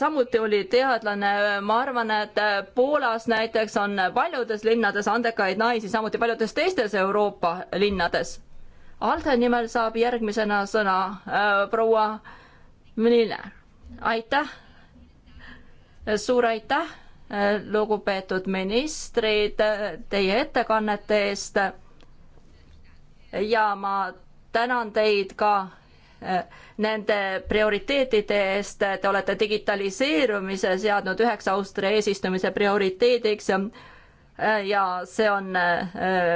samuti oli teadlane, ma arvan, et Poolas näiteks on paljudes linnades andekaid naisi, samuti paljudes teistes Euroopa linnades. Alde nimel saab järgmisena sõna äh, proua Mline. aitäh, suur aitäh, lugupeetud ministrid, teie ettekannete eest. ja ma tänan teid ka eh, nende prioriteetide eest, te olete digitaliseerumise seadnud üheks Austria eesistumise prioriteediks eh, ja see on eh,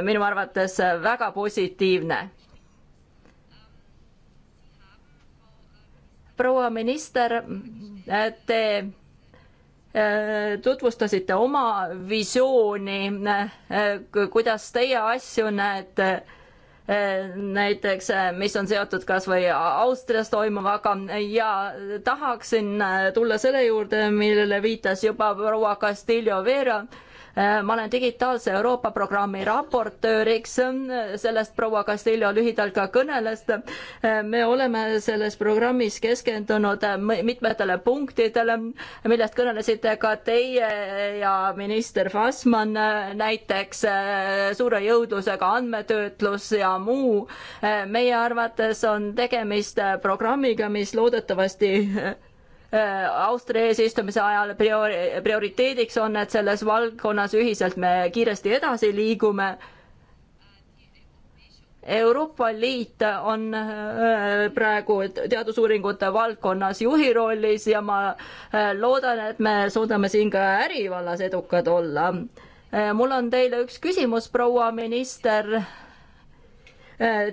minu arvates väga positiivne. proua minister, te Äh, tutvustasite oma visiooni, äh, kuidas teie asju näete, äh, näiteks mis on seotud kas või Austrias toimuvaga ja tahaksin tulla selle juurde, millele viitas juba proua Castillo Vera Äh, ma olen digitaalse Euroopa programmi raportööriks, sellest proua Castillo lühidalt ka kõneles. Äh, me oleme selles programmis keskendunud mitmetele punktidele, millest kõnelesite ka teie ja minister Fassmann, näiteks äh, suure jõudlusega andmetöötlus ja muu. meie arvates on tegemist programmiga, mis loodetavasti Äh, Austria eesistumise ajal priori-, prioriteediks on, et selles valdkonnas ühiselt me kiiresti edasi liigume Euroopa Liit on äh, praegu teadusuuringute valdkonnas juhi rollis ja ma äh, loodan, et me suudame siin ka ärivallas edukad olla. mul on teile üks küsimus, proua minister.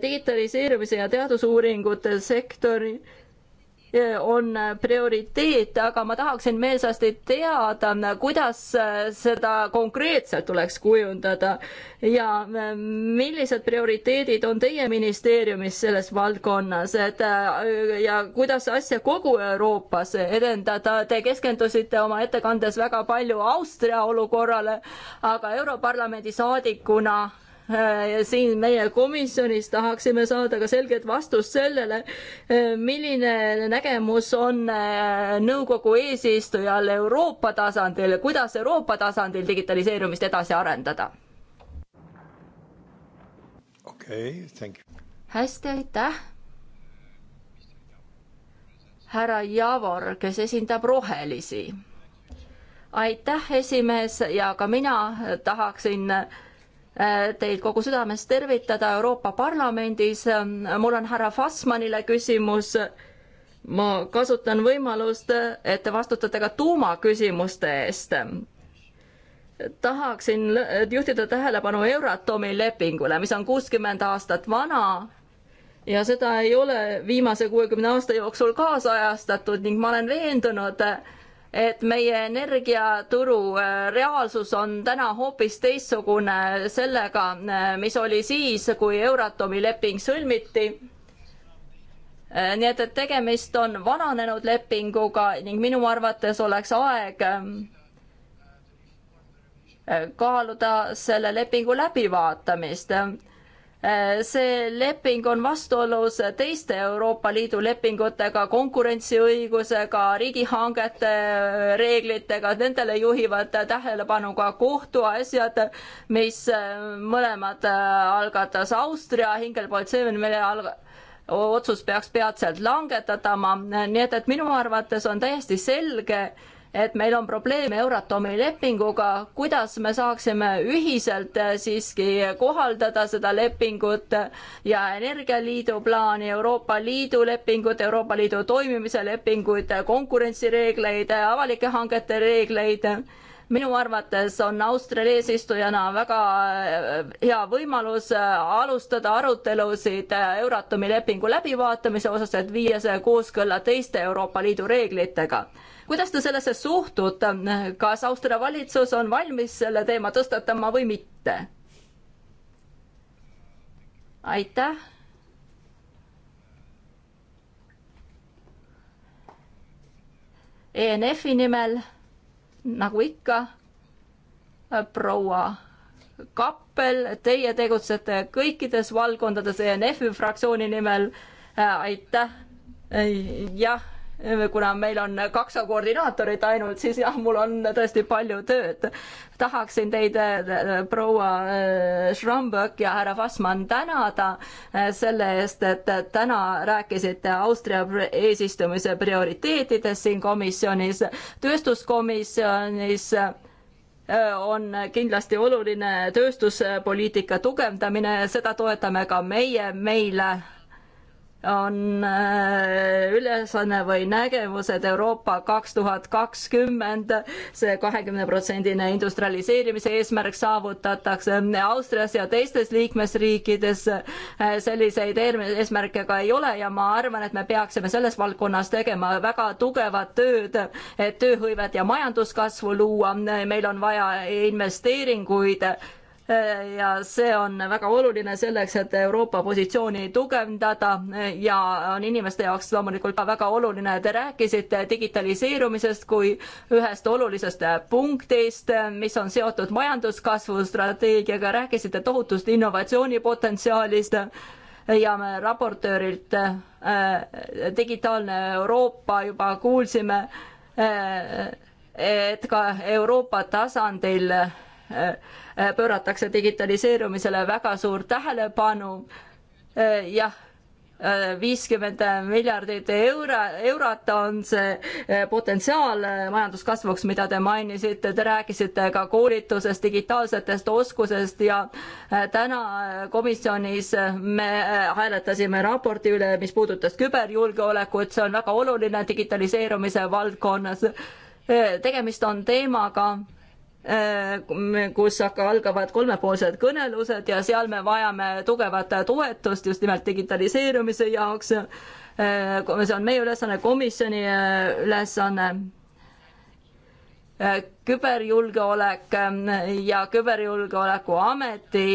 digitaliseerimise ja teadusuuringute sektori Äh, on äh, prioriteet, aga ma tahaksin meelsasti teada, äh, kuidas seda konkreetselt tuleks kujundada ja millised prioriteedid on teie ministeeriumis selles valdkonnas, et ja kuidas asja kogu Euroopas edendada, te keskendusite oma ettekandes väga palju Austria olukorrale, aga Europarlamendi saadikuna Äh, siin meie komisjonis tahaksime saada ka selget vastust sellele, äh, milline nägemus on äh, nõukogu eesistujal Euroopa tasandil, kuidas Euroopa tasandil digitaliseerumist edasi arendada? okei okay,, hästi, aitäh. härra Javor, kes esindab Rohelisi. aitäh, esimees, ja ka mina tahaksin äh, teid kogu südamest tervitada Euroopa Parlamendis. mul on härra Fassmanile küsimus. ma kasutan võimalust, et te vastutate ka tuumaküsimuste eest. tahaksin juhtida tähelepanu Euratomi lepingule, mis on kuuskümmend aastat vana ja seda ei ole viimase kuuekümne aasta jooksul kaasajastatud ning ma olen veendunud, et meie energiaturu äh, reaalsus on täna hoopis teistsugune sellega, äh, mis oli siis, kui Euratomi leping sõlmiti. Äh, nii et, et tegemist on vananenud lepinguga ning minu arvates oleks aeg kaaluda selle lepingu läbivaatamist Äh, see leping on vastuolus teiste Euroopa Liidu lepingutega, konkurentsiõigusega, riigihangete äh, reeglitega, nendele juhivad tähelepanu ka kohtuasjad, mis äh, mõlemad algatas Austria, Hingelpolt Seven, mille alg-, otsus peaks peatselt langetatama, nii et, et minu arvates on täiesti selge, et meil on probleeme Euratomi lepinguga, kuidas me saaksime ühiselt eh, siiski kohaldada seda lepingut ja Energialiidu plaani, Euroopa Liidu lepingut, Euroopa Liidu toimimise lepinguid, konkurentsireegleid, avalike hangete reegleid minu arvates on Austria eesistujana väga äh, hea võimalus äh, alustada arutelusid äh, Euratomi lepingu läbivaatamise osas, et viia see kooskõlla teiste Euroopa Liidu reeglitega. kuidas te sellesse suhtute, kas Austria valitsus on valmis selle teema tõstatama või mitte? aitäh ENF-i nimel nagu ikka, proua Kappel, teie tegutsete kõikides valdkondades ENF-i fraktsiooni nimel. Äh, aitäh. Äh, jah kuna meil on kaks koordinaatorit ainult, siis jah, mul on tõesti palju tööd. tahaksin teid, proua äh, Schramböck ja härra Fassmann, tänada äh, selle eest, et täna rääkisite Austria eesistumise prioriteetidest siin komisjonis, tööstuskomisjonis äh, on kindlasti oluline tööstuspoliitika tugevdamine, seda toetame ka meie, meile on äh, ülesanne või nägevused Euroopa kaks tuhat kakskümmend, see kahekümne protsendine industrialiseerimise eesmärk saavutatakse Austrias ja teistes liikmesriikides. Äh, selliseid eesmärke ka ei ole ja ma arvan, et me peaksime selles valdkonnas tegema väga tugevat tööd, et tööhõivet ja majanduskasvu luua, meil on vaja investeeringuid ja see on väga oluline selleks, et Euroopa positsiooni tugevdada ja on inimeste jaoks loomulikult ka väga oluline. Te rääkisite digitaliseerumisest kui ühest olulisest punktist, mis on seotud majanduskasvu strateegiaga, rääkisite tohutust innovatsioonipotentsiaalist ja me raportöörilt äh, Digitaalne Euroopa juba kuulsime äh,, et ka Euroopa tasandil äh, Äh, pööratakse digitaliseerumisele väga suurt tähelepanu. Äh, jah äh, viiskümmend miljardit euro, eurot on see potentsiaal majanduskasvuks, mida te mainisite, te rääkisite ka koolitusest, digitaalsetest oskusest ja täna komisjonis me hääletasime raporti üle, mis puudutas küberjulgeolekut, see on väga oluline digitaliseerumise valdkonnas. tegemist on teemaga Äh, kus aga algavad kolmepoolsed kõnelused ja seal me vajame tugevat toetust just nimelt digitaliseerumise jaoks. Äh, see on meie ülesanne, komisjoni äh, ülesanne. küberjulgeolek ja Küberjulgeolekuameti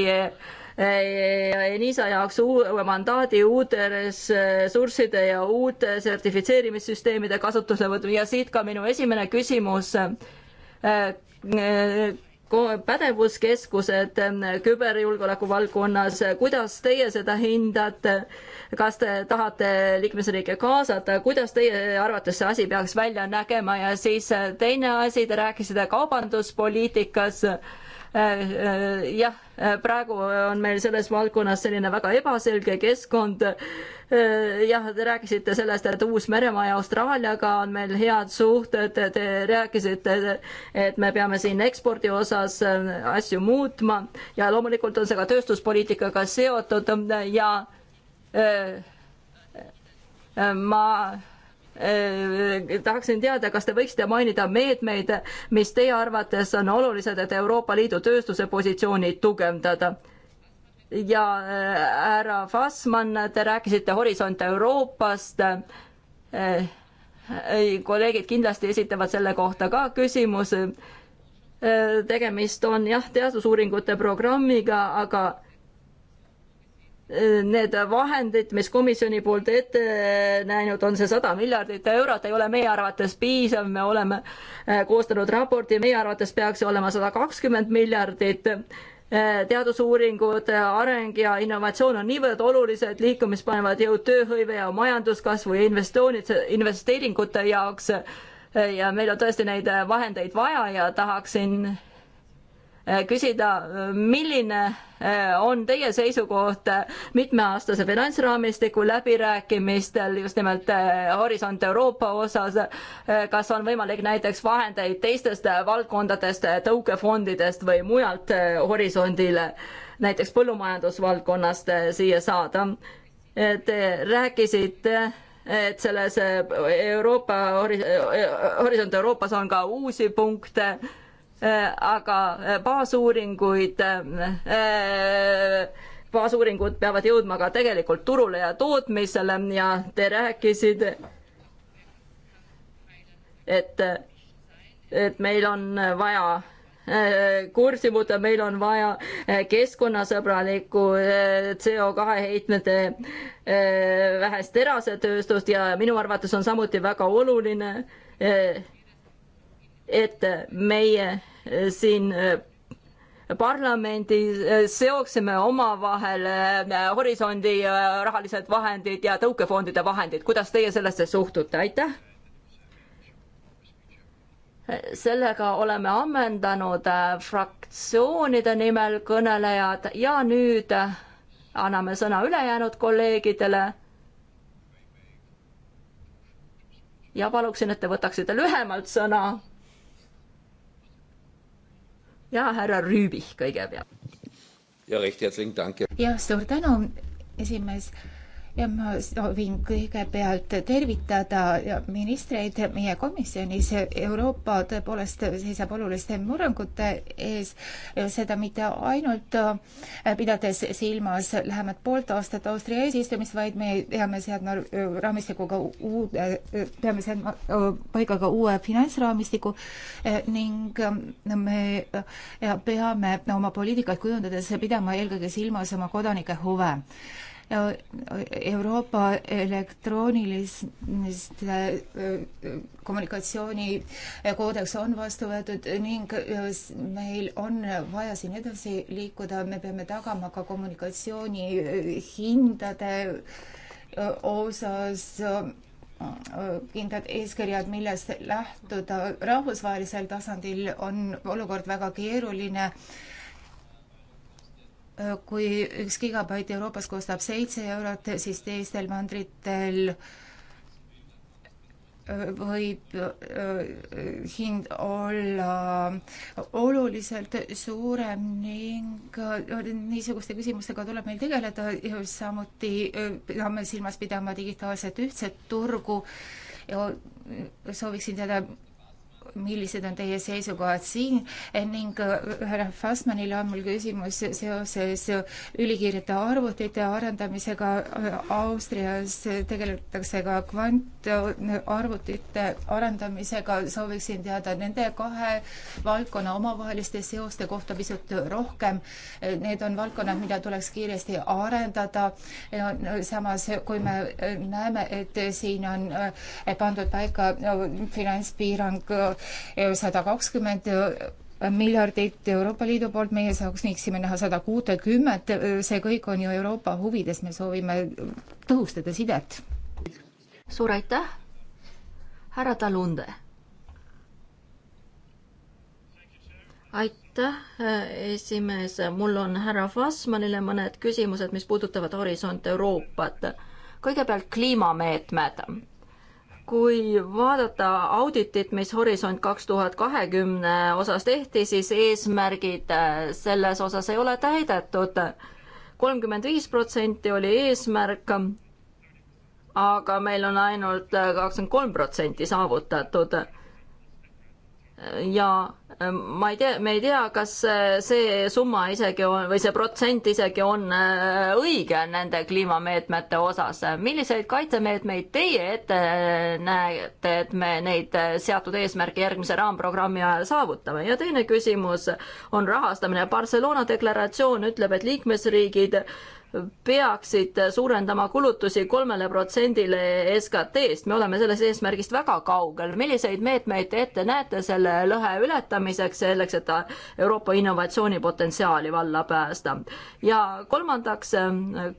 NISA jaoks uue mandaadi uute ressursside ja uute sertifitseerimissüsteemide kasutuselevõtmine ja siit ka minu esimene küsimus pädevuskeskused ähm, küberjulgeoleku valdkonnas, kuidas teie seda hindate, kas te tahate liikmesriike kaasata, kuidas teie arvates see asi peaks välja nägema ja siis äh, teine asi, te rääkisite kaubanduspoliitikas äh, Äh, äh, jah, äh, praegu on meil selles valdkonnas selline väga ebaselge keskkond. jah, te rääkisite sellest, et Uus-Meremaa ja Austraaliaga on meil head suhted, te rääkisite, et me peame siin ekspordi osas asju muutma ja loomulikult on see ka tööstuspoliitikaga seotud ja ma Äh, tahaksin teada, kas te võiksite mainida meetmeid, mis teie arvates on olulised, et Euroopa Liidu tööstuse positsiooni tugevdada? ja äh, härra Fassmann, te rääkisite Horisont Euroopast. Äh, kolleegid kindlasti esitavad selle kohta ka küsimuse. tegemist on jah, teadusuuringute programmiga, aga need vahendid, mis komisjoni poolt ette näinud on, see sada miljardit eurot ei ole meie arvates piisav, me oleme äh, koostanud raporti, meie arvates peaks see olema sada kakskümmend miljardit. Äh, teadusuuringud, äh, areng ja innovatsioon on niivõrd olulised, liikumispanevad jõud tööhõive ja majanduskasvu ja investsioonid, investeeringute jaoks ja meil on tõesti neid vahendeid vaja ja tahaksin Äh, küsida, äh, milline äh, on teie seisukoht mitmeaastase finantsraamistiku läbirääkimistel just nimelt Horisont Euroopa osas, kas on võimalik näiteks vahendeid teistest valdkondadest, tõukefondidest või mujalt horisondile, näiteks põllumajandusvaldkonnast siia saada? Te rääkisite et selles Euroopa, Horisont Euroopas on ka uusi punkte Äh, aga äh, baasuuringuid äh, baasuuringud peavad jõudma ka tegelikult turule ja tootmisele ja te rääkisite, et, et meil on vaja kurssi muuta, meil on vaja keskkonnasõbralikku CO2 heitmete vähest terasetööstust ja minu arvates on samuti väga oluline et meie eh, siin eh, parlamendi eh, seoksime omavahel horisondi rahalised vahendid ja tõukefondide vahendid, kuidas teie sellesse suhtute, aitäh? sellega oleme ammendanud fraktsioonide nimel kõnelejad ja nüüd anname sõna ülejäänud kolleegidele. ja paluksin, et te võtaksite lühemalt sõna ja härra Rüübih kõigepealt. jah, suur tänu, esimees ja ma soovin kõigepealt tervitada ministreid meie komisjonis. Euroopa tõepoolest seisab oluliste murrangute ees, seda mitte ainult äh, pidades silmas lähemat poolt aastat Austria eesistumist, vaid me peame seadma raamistikuga uude, peame seadma äh, paiga ka uue finantsraamistiku äh, ning me peame oma poliitikat kujundades pidama eelkõige silmas oma kodanike huve Äh, Euroopa elektrooniliste äh, äh, kommunikatsioonikoodeks on vastu võetud ning meil on vaja siin edasi liikuda, me peame tagama ka kommunikatsiooni hindade osas kindlad eeskirjad, millest lähtuda rahvusvahelisel tasandil, on olukord väga keeruline kui üks gigabait Euroopas kostab seitse eurot, siis teistel mandritel võib äh, hind olla oluliselt suurem ning äh, niisuguste küsimustega tuleb meil tegeleda, samuti äh, peame silmas pidama digitaalset ühtset turgu ja sooviksin teada, millised on teie seisukohad siin ning äh, härra Fassmanile on mul küsimus seoses äh, ülikiirete arvutite arendamisega. Äh, Austrias tegeletakse ka kvantarvutite arendamisega, sooviksin teada nende kahe valdkonna omavaheliste seoste kohta pisut rohkem. Need on valdkonnad, mida tuleks kiiresti arendada. samas, kui me näeme, et siin on pandud paika finantspiirang sada kakskümmend äh, miljardit Euroopa Liidu poolt, meie saaks, võiksime näha sada kuutekümmet, see kõik on ju Euroopa huvides, me soovime tõhustada sidet. suur aitäh, härra Talunde. aitäh, äh, esimees, mul on härra Fassmanile mõned küsimused, mis puudutavad Horisont Euroopat. kõigepealt kliimameetmed kui vaadata auditit, mis Horisont kaks tuhat kahekümne osas tehti, siis eesmärgid äh, selles osas ei ole täidetud. kolmkümmend viis protsenti oli eesmärk, aga meil on ainult äh, kakskümmend kolm protsenti saavutatud. ja Äh, ma ei tea, me ei tea, kas äh, see summa isegi on või see protsent isegi on äh, õige nende kliimameetmete osas. milliseid kaitsemeetmeid teie ette näete, et me neid seatud eesmärke järgmise raamprogrammi ajal saavutame? ja teine küsimus on rahastamine. Barcelona deklaratsioon ütleb, et liikmesriigid peaksid suurendama kulutusi kolmele protsendile SKT-st, me oleme sellest eesmärgist väga kaugel. milliseid meetmeid te ette näete selle lõhe ületamiseks, selleks, et Euroopa innovatsioonipotentsiaali valla päästa? ja kolmandaks,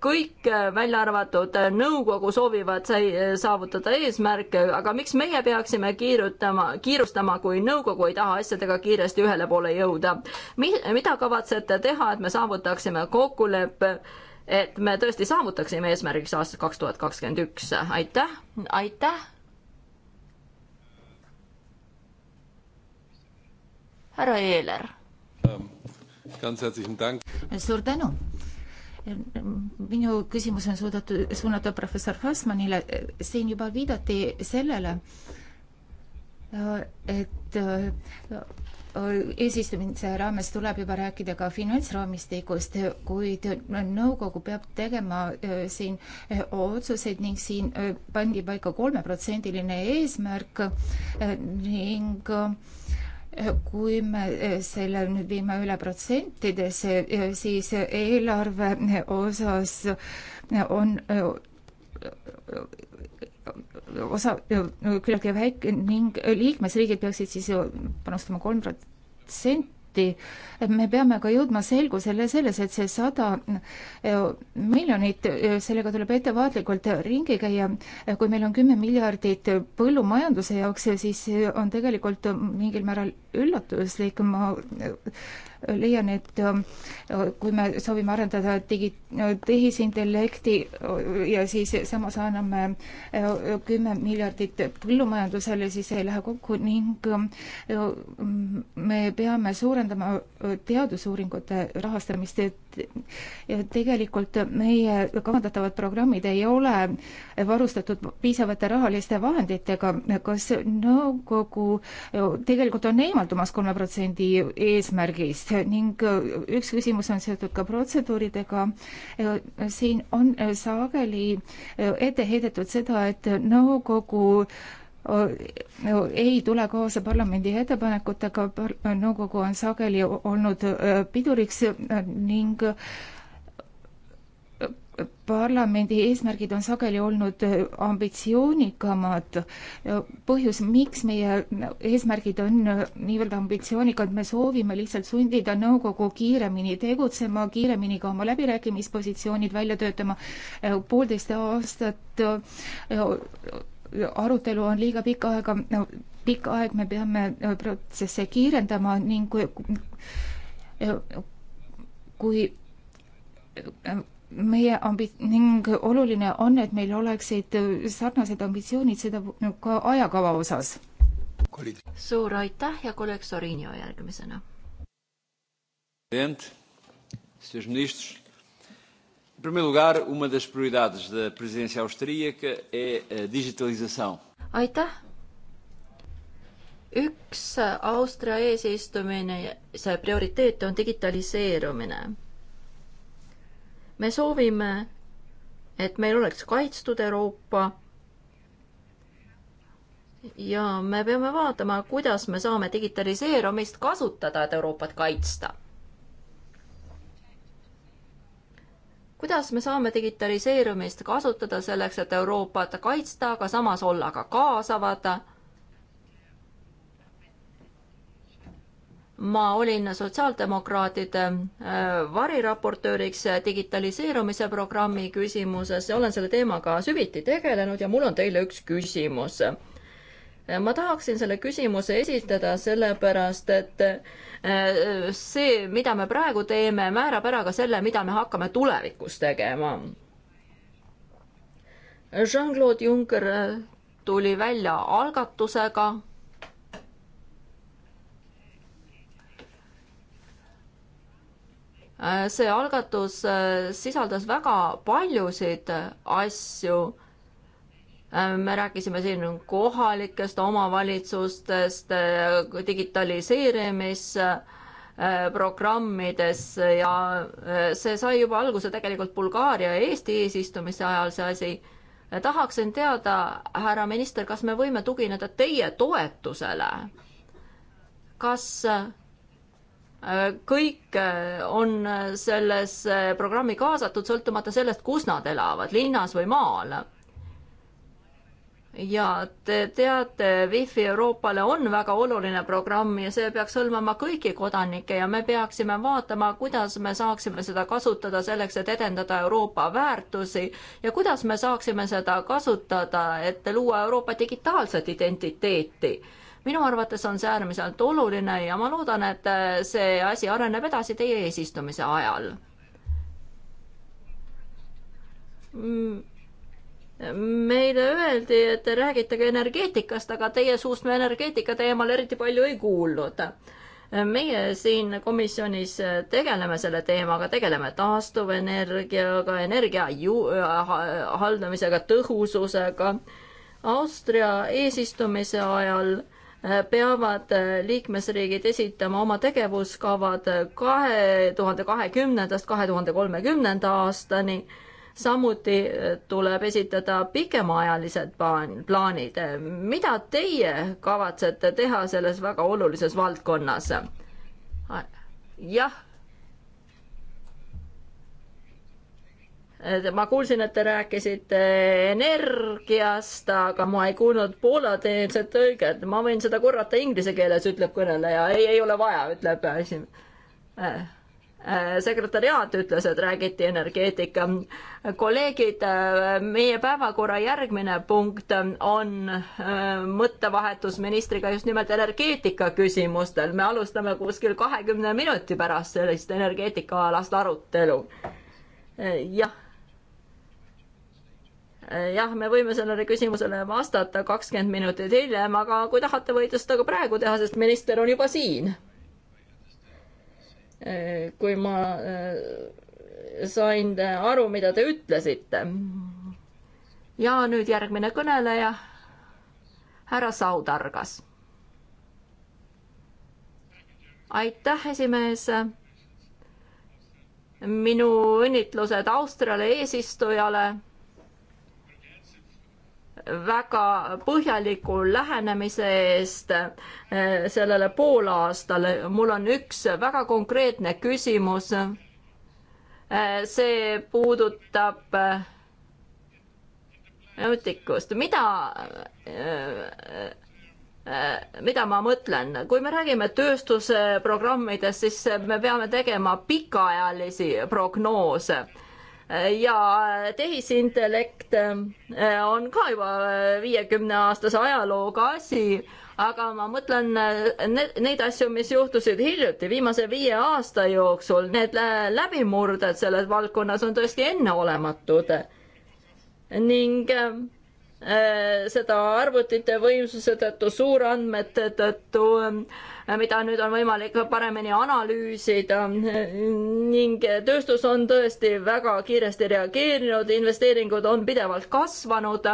kõik välja arvatud nõukogu soovivad saavutada eesmärke, aga miks meie peaksime kiirutama, kiirustama, kui nõukogu ei taha asjadega kiiresti ühele poole jõuda? mida kavatsete teha, et me saavutaksime kokkuleppe et me tõesti saavutaksime eesmärgiks aastast kaks tuhat kakskümmend üks. aitäh, aitäh. härra Eeler. Ähm, suur tänu minu küsimus on suudetud, suunatud professor Fassmanile, siin juba viidati sellele, et eesistumise raames tuleb juba rääkida ka finantsraamistikust, kuid nõukogu peab tegema siin otsuseid ning siin pandi paika kolmeprotsendiline eesmärk ning kui me selle nüüd viime üle protsentidesse, siis eelarve osas on osa küllaltki väike ning liikmesriigid peaksid siis panustama kolm protsenti. me peame ka jõudma selgusele selles, et see sada miljonit, sellega tuleb ettevaatlikult ringi käia. kui meil on kümme miljardit põllumajanduse jaoks, siis on tegelikult mingil määral üllatuslik, ma leian, et äh, kui me soovime arendada digi, tehisintellekti äh, ja siis samas anname äh, kümme miljardit põllumajandusele, siis see ei lähe kokku ning me peame suurendama teadusuuringute rahastamist, et tegelikult meie kavandatavad programmid ei ole varustatud piisavate rahaliste vahenditega, kas nõukogu tegelikult on eemaldumas kolme protsendi eesmärgist ning üks küsimus on seotud ka protseduuridega. siin on sageli ette heidetud seda, et nõukogu ei tule kaasa parlamendi ettepanekutega, nõukogu on sageli olnud piduriks ning parlamendi eesmärgid on sageli olnud ambitsioonikamad. põhjus, miks meie eesmärgid on niivõrd ambitsioonikad, me soovime lihtsalt sundida nõukogu kiiremini tegutsema, kiiremini ka oma läbirääkimispositsioonid välja töötama. poolteist aastat arutelu on liiga pikka aega no,, pikk aeg, me peame äh, protsesse kiirendama ning kui, kui äh, meie ambi-, ning oluline on, et meil oleksid äh, sarnased ambitsioonid seda ka ajakava osas. suur aitäh ja kolleeg Sorinio järgmisena. president, minister Em primeiro lugar, uma das prioridades da presidência austríaca é a digitalização. aitäh! üks Austria eesistumise prioriteet on digitaliseerumine. me soovime, et meil oleks kaitstud Euroopa ja me peame vaatama, kuidas me saame digitaliseerumist kasutada, et Euroopat kaitsta kuidas me saame digitaliseerumist kasutada selleks, et Euroopat kaitsta, aga samas olla ka kaasavad? ma olin sotsiaaldemokraatide äh, variraportööriks digitaliseerumise programmi küsimuses ja olen selle teemaga süviti tegelenud ja mul on teile üks küsimus ma tahaksin selle küsimuse esitada sellepärast, et äh, see, mida me praegu teeme, määrab ära ka selle, mida me hakkame tulevikus tegema. Jean-Claude Juncker tuli välja algatusega äh, see algatus äh, sisaldas väga paljusid asju Äh, me rääkisime siin kohalikest omavalitsustest, äh, digitaliseerimisprogrammides äh, ja see sai juba alguse tegelikult Bulgaaria ja Eesti eesistumise ajal, see asi. tahaksin teada, härra minister, kas me võime tugineda teie toetusele? kas kõik on sellesse programmi kaasatud, sõltumata sellest, kus nad elavad, linnas või maal? ja te teate, Wi-Fi Euroopale on väga oluline programm ja see peaks hõlmama kõiki kodanikke ja me peaksime vaatama, kuidas me saaksime seda kasutada selleks, et edendada Euroopa väärtusi ja kuidas me saaksime seda kasutada, et luua Euroopa digitaalset identiteeti. minu arvates on see äärmiselt oluline ja ma loodan, et see asi areneb edasi teie eesistumise ajal mm meile öeldi, et te räägite ka energeetikast, aga teie suust me energeetika teemal eriti palju ei kuulnud. meie siin komisjonis tegeleme selle teemaga, tegeleme taastuvenergiaga, energia ju-, haldamisega, tõhususega. Austria eesistumise ajal eh, peavad eh, liikmesriigid esitama oma tegevuskavad kahe tuhande kahekümnendast kahe tuhande kolmekümnenda aastani samuti äh, tuleb esitada pikemaajalised plaanid. mida teie kavatsete teha selles väga olulises valdkonnas? jah ma kuulsin, et te rääkisite energiast, aga ma ei kuulnud poolateelset õiget. ma võin seda korrata inglise keeles, ütleb kõneleja. ei, ei ole vaja, ütleb esimene. Äh, Äh, sekretäriaat ütles, et räägiti energeetika. kolleegid, äh, meie päevakorra järgmine punkt on äh, mõttevahetus ministriga just nimelt energeetika küsimustel. me alustame kuskil kahekümne minuti pärast sellist energeetikaalast arutelu. jah jah, me võime sellele küsimusele vastata kakskümmend minutit hiljem, aga kui tahate, võite seda ka praegu teha, sest minister on juba siin kui ma äh, sain aru, mida te ütlesite. ja nüüd järgmine kõneleja, härra Saudargas. aitäh, esimees minu õnnitlused Austriale eesistujale väga põhjaliku lähenemise eest eh, sellele poolaastale. mul on üks väga konkreetne küsimus. Eh, see puudutab eh, nutikust, mida, mida ma mõtlen, kui me räägime tööstuse programmidest, siis me peame tegema pikaajalisi prognoose ja tehisintellekt äh, on ka juba viiekümne aastase ajalooga asi, aga ma mõtlen äh, neid asju, mis juhtusid hiljuti, viimase viie aasta jooksul, need läbimurded selles valdkonnas on tõesti enneolematud. ning äh, seda arvutite võimsuse tõttu, suurandmete tõttu Äh, mida nüüd on võimalik paremini analüüsida ning tööstus on tõesti väga kiiresti reageerinud, investeeringud on pidevalt kasvanud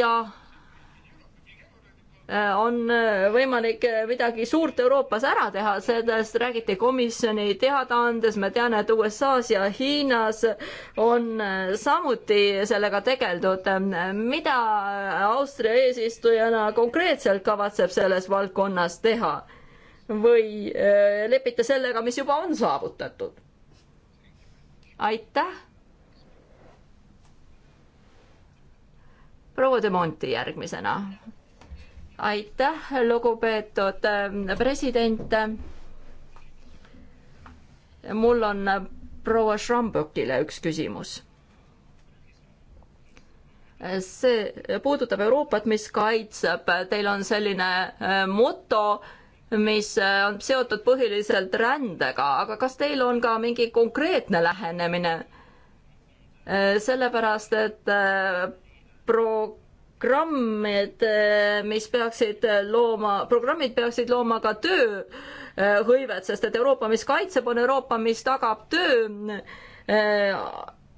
ja Äh, on äh, võimalik äh, midagi suurt Euroopas ära teha, sellest räägiti komisjoni teadaandes, me teame, et USA-s ja Hiinas on samuti sellega tegeldud. mida Austria eesistujana konkreetselt kavatseb selles valdkonnas teha? või lepite sellega, mis juba on saavutatud? aitäh. proua de Monti järgmisena aitäh, lugupeetud ähm, president. mul on äh, proua Schrambökile üks küsimus. Äh, see puudutab Euroopat, mis kaitseb, teil on selline äh, moto mis on seotud põhiliselt rändega, aga kas teil on ka mingi konkreetne lähenemine? sellepärast, et pro-, programmid, eh, mis peaksid looma, programmid peaksid looma ka tööhõivet, eh, sest et Euroopa, mis kaitseb, on Euroopa, mis tagab töö eh,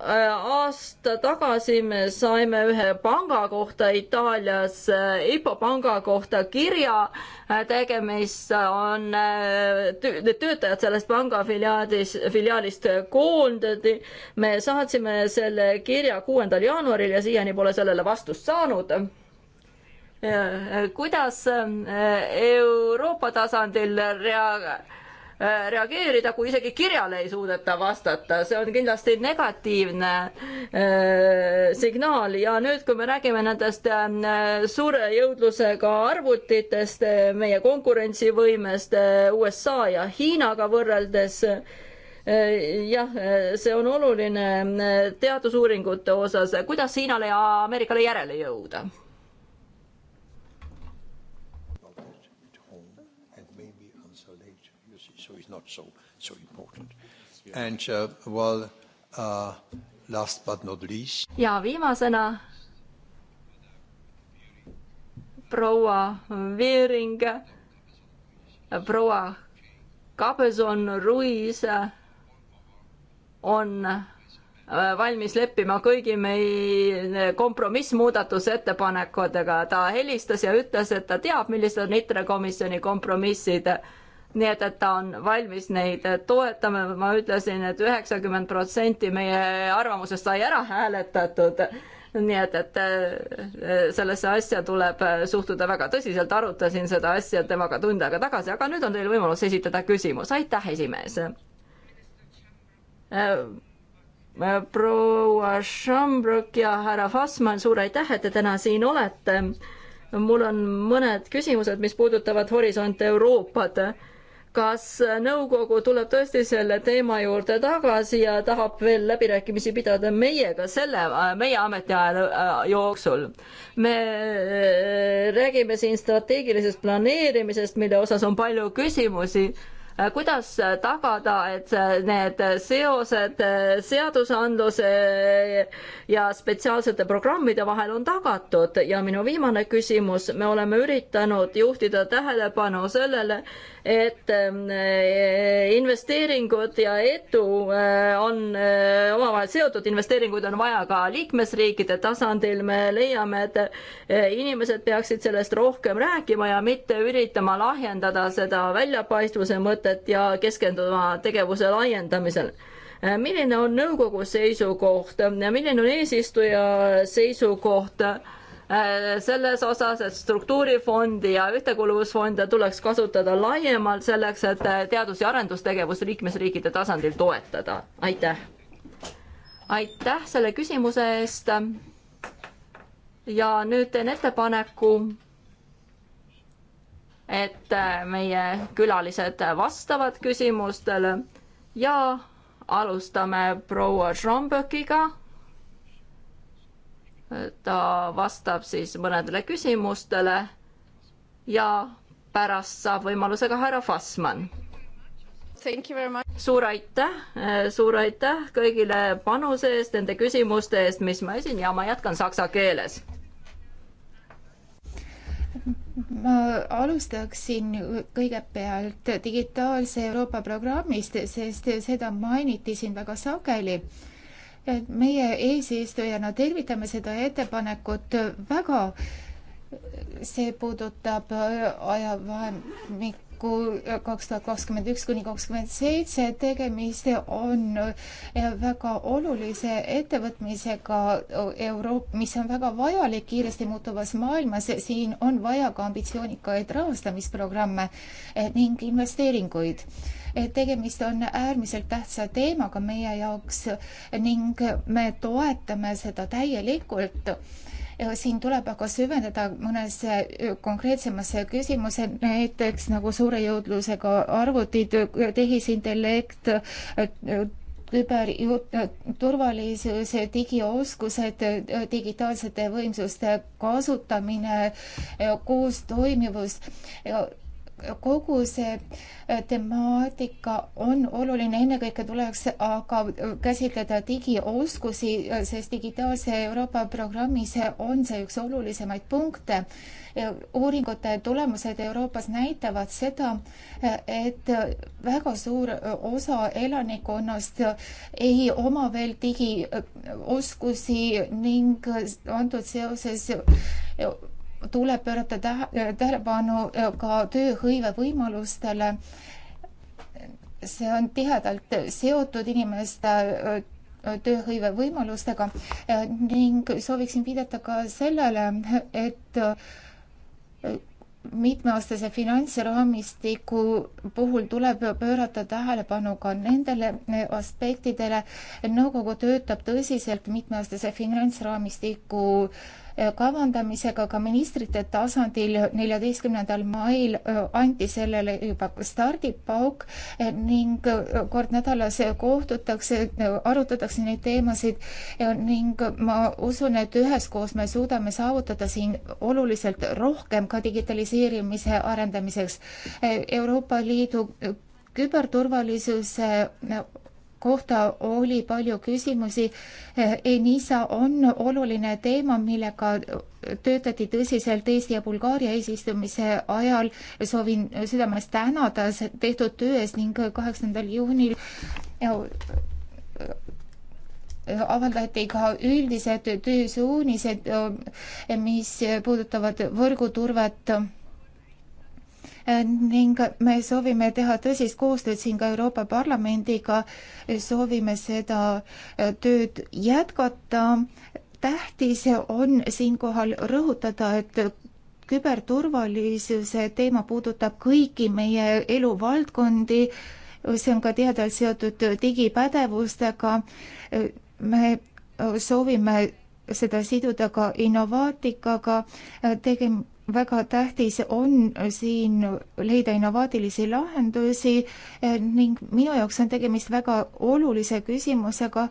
aasta tagasi me saime ühe panga kohta Itaalias, eh, IPO panga kohta kirja. tegemist on, eh, need töötajad sellest panga filiaadis, filiaalist koondati. me saatsime selle kirja kuuendal jaanuaril ja siiani pole sellele vastust saanud eh, kuidas Euroopa tasandil rea-, Äh, reageerida, kui isegi kirjale ei suudeta vastata, see on kindlasti negatiivne äh, signaal ja nüüd, kui me räägime nendest äh, suure jõudlusega arvutitest äh,, meie konkurentsivõimest äh, USA ja Hiinaga võrreldes, äh, jah, see on oluline teadusuuringute osas, kuidas Hiinale ja Ameerikale järele jõuda And uh, well, uh, last but not least. ja viimasena proua Veering, proua Cabezon Ruiz on äh, valmis leppima kõigi meie kompromissmuudatusettepanekutega. ta helistas ja ütles, et ta teab, millised on ITRE komisjoni kompromissid nii et, et ta on valmis neid toetama, ma ütlesin et, et üheksakümmend protsenti meie arvamusest sai ära hääletatud. nii et, et äh, sellesse asja tuleb suhtuda väga tõsiselt, arutasin seda asja temaga tund aega tagasi, aga nüüd on teil võimalus esitada küsimus, aitäh, esimees. Äh, proua Schambrook ja härra Fassmann, suur aitäh, et te täna siin olete. mul on mõned küsimused, mis puudutavad Horisont Euroopat kas nõukogu tuleb tõesti selle teema juurde tagasi ja tahab veel läbirääkimisi pidada meiega selle, meie ametiaja äh, jooksul? me äh, räägime siin strateegilisest planeerimisest, mille osas on palju küsimusi. Äh, kuidas tagada, et need seosed seadusandluse ja spetsiaalsete programmide vahel on tagatud ja minu viimane küsimus, me oleme üritanud juhtida tähelepanu sellele, et ähm, äh, investeeringud ja edu äh, on äh, omavahel seotud, investeeringuid on vaja ka liikmesriikide tasandil, me leiame, et inimesed peaksid sellest rohkem rääkima ja mitte üritama lahjendada seda väljapaistvuse mõtet ja keskenduma tegevuse laiendamisele milline on nõukogu seisukoht, milline on eesistuja seisukoht äh, Äh, selles osas, et struktuurifondi ja ühtekuuluvusfonde tuleks kasutada laiemalt selleks, et äh, teadus- ja arendustegevust liikmesriikide tasandil toetada. aitäh! aitäh selle küsimuse eest. ja nüüd teen ettepaneku, et äh, meie külalised vastavad küsimustele ja alustame proua Schrombökiga ta vastab siis mõnedele küsimustele ja pärast saab võimaluse ka härra Fassmann. suur aitäh, suur aitäh kõigile panuse eest, nende küsimuste eest, mis ma esin ja ma jätkan saksa keeles. ma alustaksin kõigepealt digitaalse Euroopa programmist, sest seda mainiti siin väga sageli meie eesistujana tervitame seda ettepanekut väga. see puudutab äh, ajavahemikku kaks tuhat kakskümmend üks kuni kakskümmend seitse, tegemist on äh, väga olulise ettevõtmisega äh, Euroop-, mis on väga vajalik kiiresti muutuvas maailmas, siin on vaja ka ambitsioonikaid rahastamisprogramme ning investeeringuid et tegemist on äärmiselt tähtsa teemaga meie jaoks ning me toetame seda täielikult ja siin tuleb aga süveneda mõnes konkreetsemasse küsimuse, näiteks nagu suure jõudlusega arvutid, tehisintellekt, küberturvalisus, digioskused, digitaalsete võimsuste kasutamine, koos toimivus kogu see äh, temaatika on oluline, ennekõike tuleks aga äh, käsitleda digioskusi, äh, sest digitaalse Euroopa programmis on see üks olulisemaid punkte. uuringute tulemused Euroopas näitavad seda, et väga suur osa elanikkonnast ei oma veel digioskusi ning antud seoses tuleb pöörata äh, tähelepanu äh, ka tööhõive võimalustele. see on tihedalt seotud inimeste äh, tööhõive võimalustega ning sooviksin viidata ka sellele, et mitmeaastase finantsraamistiku puhul tuleb pöörata tähelepanu ka nendele aspektidele. nõukogu töötab tõsiselt mitmeaastase finantsraamistiku äh, kavandamisega ka ministrite tasandil neljateistkümnendal mail äh, anti sellele juba stardipauk äh, ning äh, kord nädalas kohtutakse, arutatakse neid teemasid ning ma usun, et üheskoos me suudame saavutada siin oluliselt rohkem ka digitaliseerimise arendamiseks. Euroopa Liidu küberturvalisuse kohta oli palju küsimusi. Enisa on oluline teema, millega töötati tõsiselt Eesti ja Bulgaaria eesistumise ajal. soovin südamest tänada tehtud töö eest ning kaheksandal juunil avaldati ka üldised töösuunised, mis puudutavad võrguturvet ning me soovime teha tõsist koostööd siin ka Euroopa Parlamendiga, soovime seda äh, tööd jätkata. tähtis on siinkohal rõhutada, et küberturvalisuse teema puudutab kõiki meie eluvaldkondi, see on ka tihedalt seotud digipädevustega, äh, me äh, soovime seda siduda ka innovaatikaga, tegema väga tähtis on siin leida innovaatilisi lahendusi eh, ning minu jaoks on tegemist väga olulise küsimusega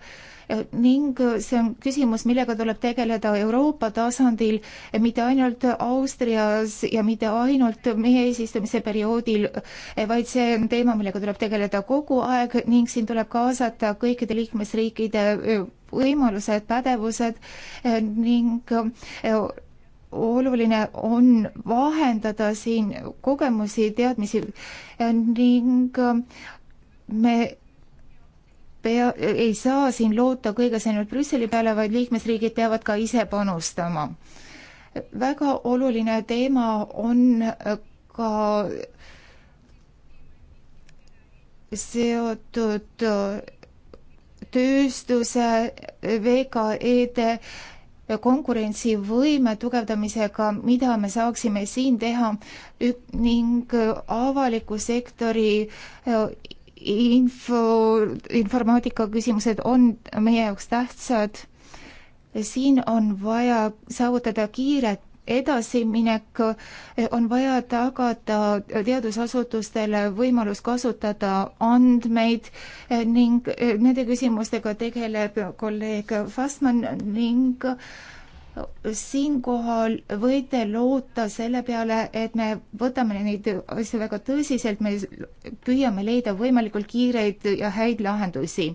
eh, ning see on küsimus, millega tuleb tegeleda Euroopa tasandil, eh, mitte ainult Austrias ja mitte ainult meie eesistumise perioodil, vaid see on teema, millega tuleb tegeleda kogu aeg ning siin tuleb kaasata kõikide liikmesriikide võimalused, pädevused ning oluline on vahendada siin kogemusi, teadmisi ning äh, me pea, ei saa siin loota kõiges ainult Brüsseli peale, vaid liikmesriigid peavad ka ise panustama. väga oluline teema on äh, ka seotud äh, tööstuse, VKE-de konkurentsivõime tugevdamisega, mida me saaksime siin teha ning äh, avaliku sektori äh, info, informaatika küsimused on meie jaoks tähtsad. siin on vaja saavutada kiiret edasiminek, eh, on vaja tagada teadusasutustele võimalus kasutada andmeid eh, ning eh, nende küsimustega tegeleb kolleeg Fassmann ning siinkohal võite loota selle peale, et me võtame neid asju väga tõsiselt, me püüame leida võimalikult kiireid ja häid lahendusi.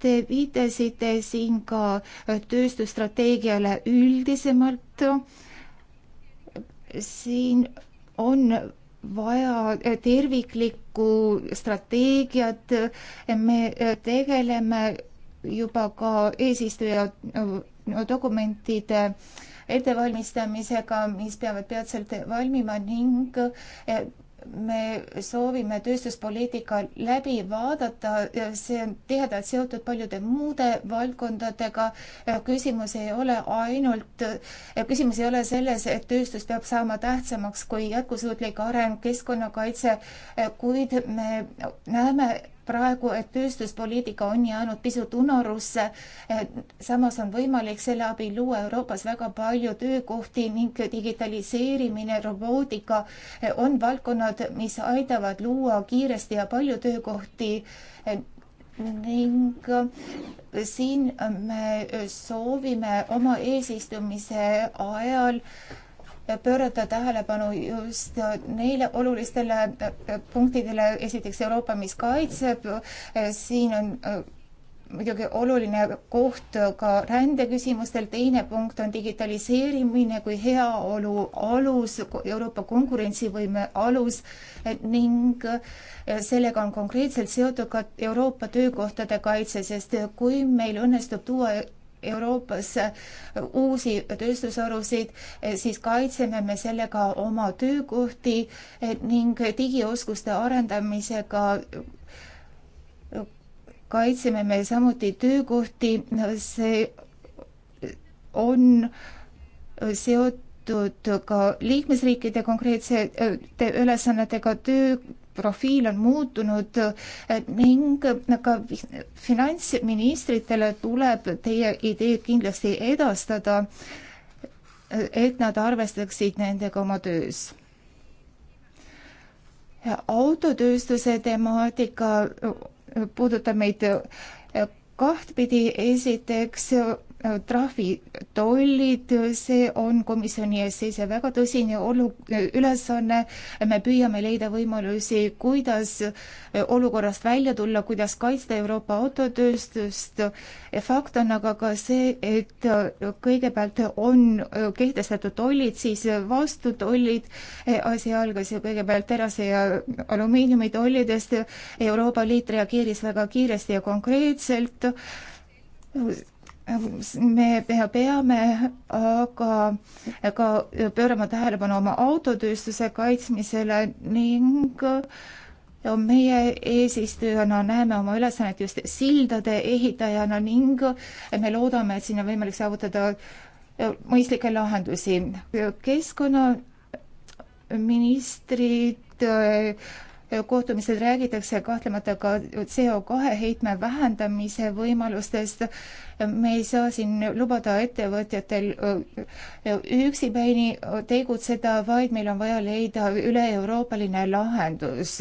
Te viitasite siin ka tööstusstrateegiale üldisemalt siin on vaja terviklikku strateegiat, me tegeleme juba ka eesistuja dokumentide ettevalmistamisega, mis peavad peatselt valmima ning me soovime tööstuspoliitika läbi vaadata, see on tihedalt seotud paljude muude valdkondadega. küsimus ei ole ainult, küsimus ei ole selles, et tööstus peab saama tähtsamaks kui jätkusuutlik areng, keskkonnakaitse, kuid me näeme, praegu, et tööstuspoliitika on jäänud pisut unarusse. Eh, samas on võimalik selle abil luua Euroopas väga palju töökohti ning digitaliseerimine, robootika eh, on valdkonnad, mis aitavad luua kiiresti ja palju töökohti eh, ning siin me soovime oma eesistumise ajal äh, pöörata tähelepanu just neile olulistele punktidele, esiteks Euroopa, mis kaitseb, siin on äh, muidugi oluline koht ka rändeküsimustel, teine punkt on digitaliseerimine kui heaolu alus, Euroopa konkurentsivõime alus ning äh, sellega on konkreetselt seotud ka Euroopa töökohtade kaitse, sest kui meil õnnestub tuua Euroopas uusi tööstusharusid, eh, siis kaitseme me sellega oma töökohti eh, ning digioskuste arendamisega eh, kaitseme me samuti töökohti, see on seotud ka liikmesriikide konkreetsete ülesannetega töö profiil on muutunud ning ka finantsministritele tuleb teie ideed kindlasti edastada, et nad arvestaksid nendega oma töös autotööstuse temaatika puudutab meid kahtpidi, esiteks trahvitollid, see on komisjoni ees seisev väga tõsine olu-, ülesanne, me püüame leida võimalusi, kuidas olukorrast välja tulla, kuidas kaitsta Euroopa autotööstust, fakt on aga ka see, et kõigepealt on kehtestatud tollid, siis vastutollid, asi algas ju kõigepealt terase ja alumiiniumi tollidest, Euroopa Liit reageeris väga kiiresti ja konkreetselt, me peame aga ka pöörama tähelepanu oma autotööstuse kaitsmisele ning ja meie eesistujana näeme oma ülesannet just sildade ehitajana ning me loodame, et siin on võimalik saavutada mõistlikke lahendusi. keskkonnaministrid kohtumisel räägitakse kahtlemata ka CO2 heitme vähendamise võimalustest. me ei saa siin lubada ettevõtjatel äh, üksipäini tegutseda, vaid meil on vaja leida üle-euroopaline lahendus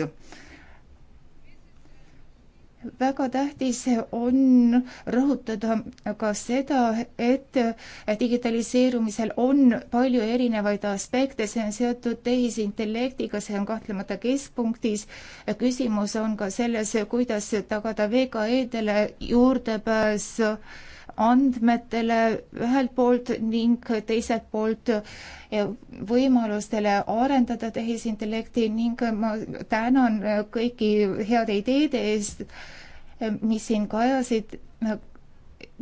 väga tähtis on rõhutada ka seda, et digitaliseerumisel on palju erinevaid aspekte, see on seotud tehisintellektiga, see on kahtlemata keskpunktis. küsimus on ka selles, kuidas tagada VKE-dele juurdepääs andmetele ühelt poolt ning teiselt poolt võimalustele arendada tehisintellekti ning ma tänan kõiki heade ideede eest Ehm, mis siin kajasid.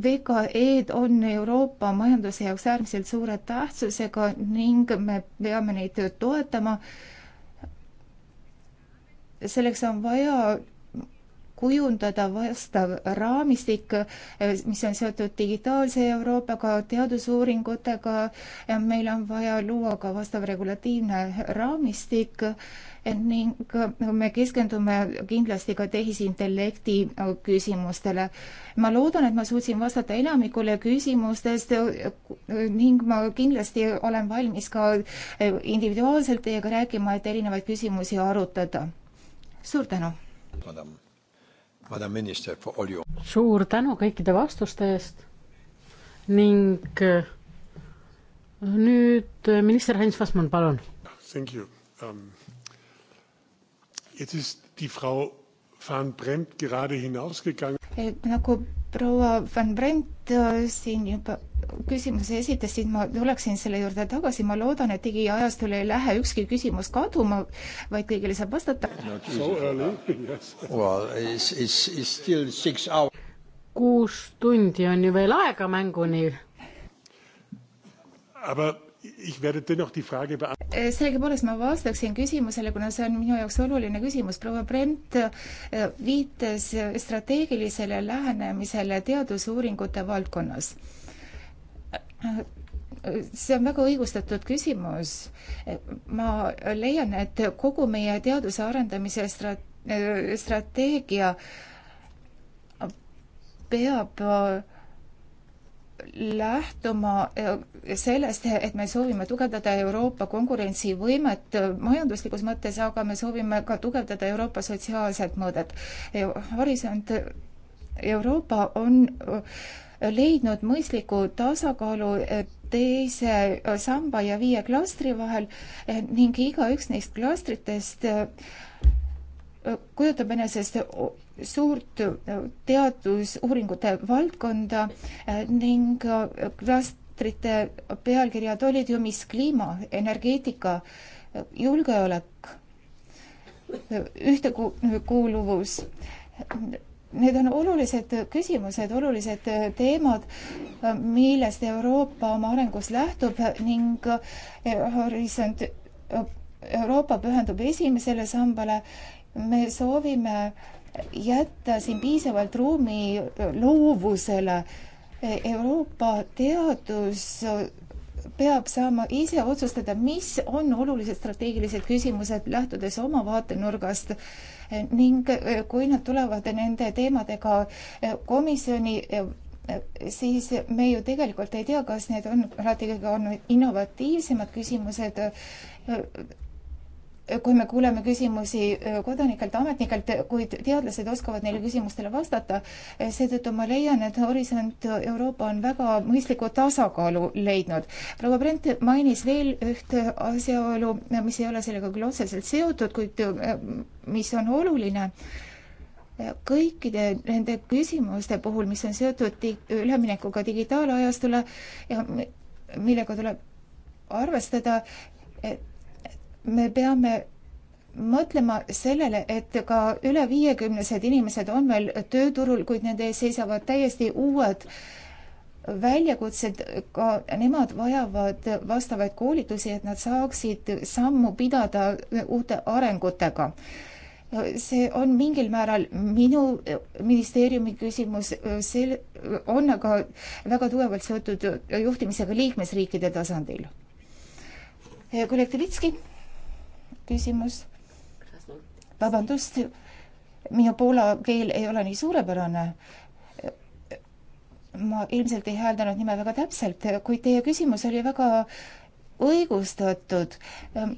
VKE-d on Euroopa majanduse jaoks äärmiselt suure tähtsusega ning me peame neid toetama. selleks on vaja kujundada vastav raamistik, eh, mis on seotud digitaalse Euroopaga, teadusuuringutega, meil on vaja luua ka vastav regulatiivne raamistik ning äh, me keskendume kindlasti ka tehisintellekti äh, küsimustele. ma loodan, et ma suutsin vastata enamikule küsimustest äh, ning ma kindlasti olen valmis ka individuaalselt teiega rääkima, et erinevaid küsimusi arutada. suur tänu! suur tänu kõikide vastuste eest ning nüüd minister Heinz Fassmann, palun! Thank you um.... Jetzt ist die Frau Van Bremt gerade hinausgegangen. nagu proua Van Bremt äh, siin juba küsimuse esitas, siis ma tuleksin selle juurde tagasi, ma loodan, et digiajastul ei lähe ükski küsimus kaduma, vaid kõigile saab vastata. kuus tundi on ju veel aega mänguni. aga Äh, sellegipoolest ma vastaksin küsimusele, kuna see on minu jaoks oluline küsimus. proua Brent äh, viitas äh, strateegilisele lähenemisele teadusuuringute valdkonnas. see on väga õigustatud küsimus. ma leian, et kogu meie teaduse arendamise strate-, strateegia peab lähtuma äh, sellest, et me soovime tugevdada Euroopa konkurentsivõimet äh, majanduslikus mõttes, aga me soovime ka tugevdada Euroopa sotsiaalset mõõdet. E, Horisont Euroopa on äh, leidnud mõistliku tasakaalu teise samba ja viie klastri vahel ning igaüks neist klastritest kujutab enesest suurt äh, teadusuuringute valdkonda äh, ning äh, klastrite pealkirjad olid ju mis kliima, energeetika, julgeolek, ühtekuuluvus. Need on olulised küsimused, olulised teemad, millest Euroopa oma arengus lähtub ning Horisont Euroopa pühendub esimesele sambale. me soovime äh, jätta siin piisavalt ruumi loovusele. Euroopa teadus peab saama ise otsustada, mis on olulised strateegilised küsimused, lähtudes oma vaatenurgast ning eh, kui nad tulevad nende teemadega eh, komisjoni, eh, siis me ju tegelikult ei tea, kas need on alati kõige on innovatiivsemad küsimused kui me kuuleme küsimusi äh, kodanikelt, ametnikelt, kuid teadlased oskavad neile küsimustele vastata, äh, seetõttu ma leian, et Horisont Euroopa on väga mõistliku tasakaalu leidnud. proua Brent mainis veel üht asjaolu, mis ei ole sellega küll otseselt seotud, kuid äh, mis on oluline kõikide nende küsimuste puhul, mis on seotud di-, üleminekuga digitaalajastule ja millega tuleb arvestada, et me peame mõtlema sellele, et ka üle viiekümnesed inimesed on veel tööturul, kuid nende ees seisavad täiesti uued väljakutsed, ka nemad vajavad vastavaid koolitusi, et nad saaksid sammu pidada uute arengutega. see on mingil määral minu ministeeriumi küsimus, see on aga väga tugevalt seotud juhtimisega liikmesriikide tasandil. kolleeg Delitski küsimus. vabandust, minu poola keel ei ole nii suurepärane. ma ilmselt ei hääldanud nime väga täpselt, kuid teie küsimus oli väga õigustatud. Ehm,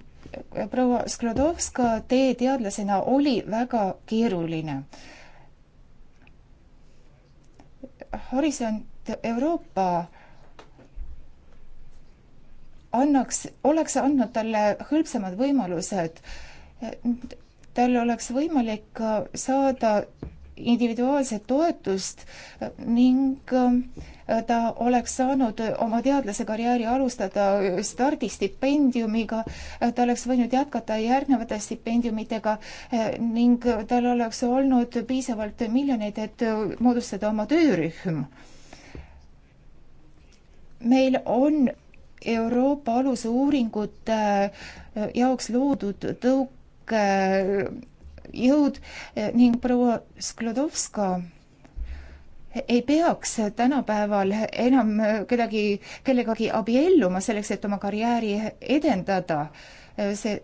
proua Sklodovska, teie teadlasena oli väga keeruline. Horisont Euroopa annaks, oleks andnud talle hõlpsamad võimalused. tal oleks võimalik äh, saada individuaalset toetust ning äh, ta oleks saanud oma teadlasekarjääri alustada stardistipendiumiga, ta oleks võinud jätkata järgnevate stipendiumitega äh, ning tal oleks olnud piisavalt miljoneid, et moodustada oma töörühm. meil on Euroopa alusuuringute äh, jaoks loodud tõukejõud äh, äh, ning proua Sklodovska ei peaks tänapäeval enam kedagi, kellegagi abielluma selleks, et oma karjääri edendada. see,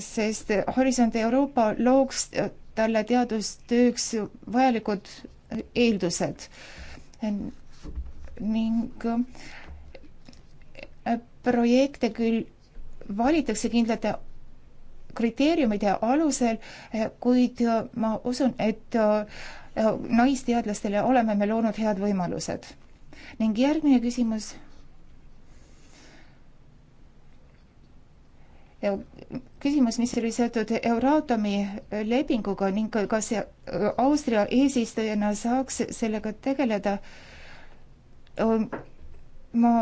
sest Horisont Euroopa looks talle teadustööks vajalikud eeldused. ning projekte küll valitakse kindlate kriteeriumide alusel, eh, kuid eh, ma usun, et eh, naisteadlastele oleme me loonud head võimalused. ning järgmine küsimus. küsimus, mis oli seotud Euratomi lepinguga ning kas Austria eesistujana saaks sellega tegeleda. Ehm, ma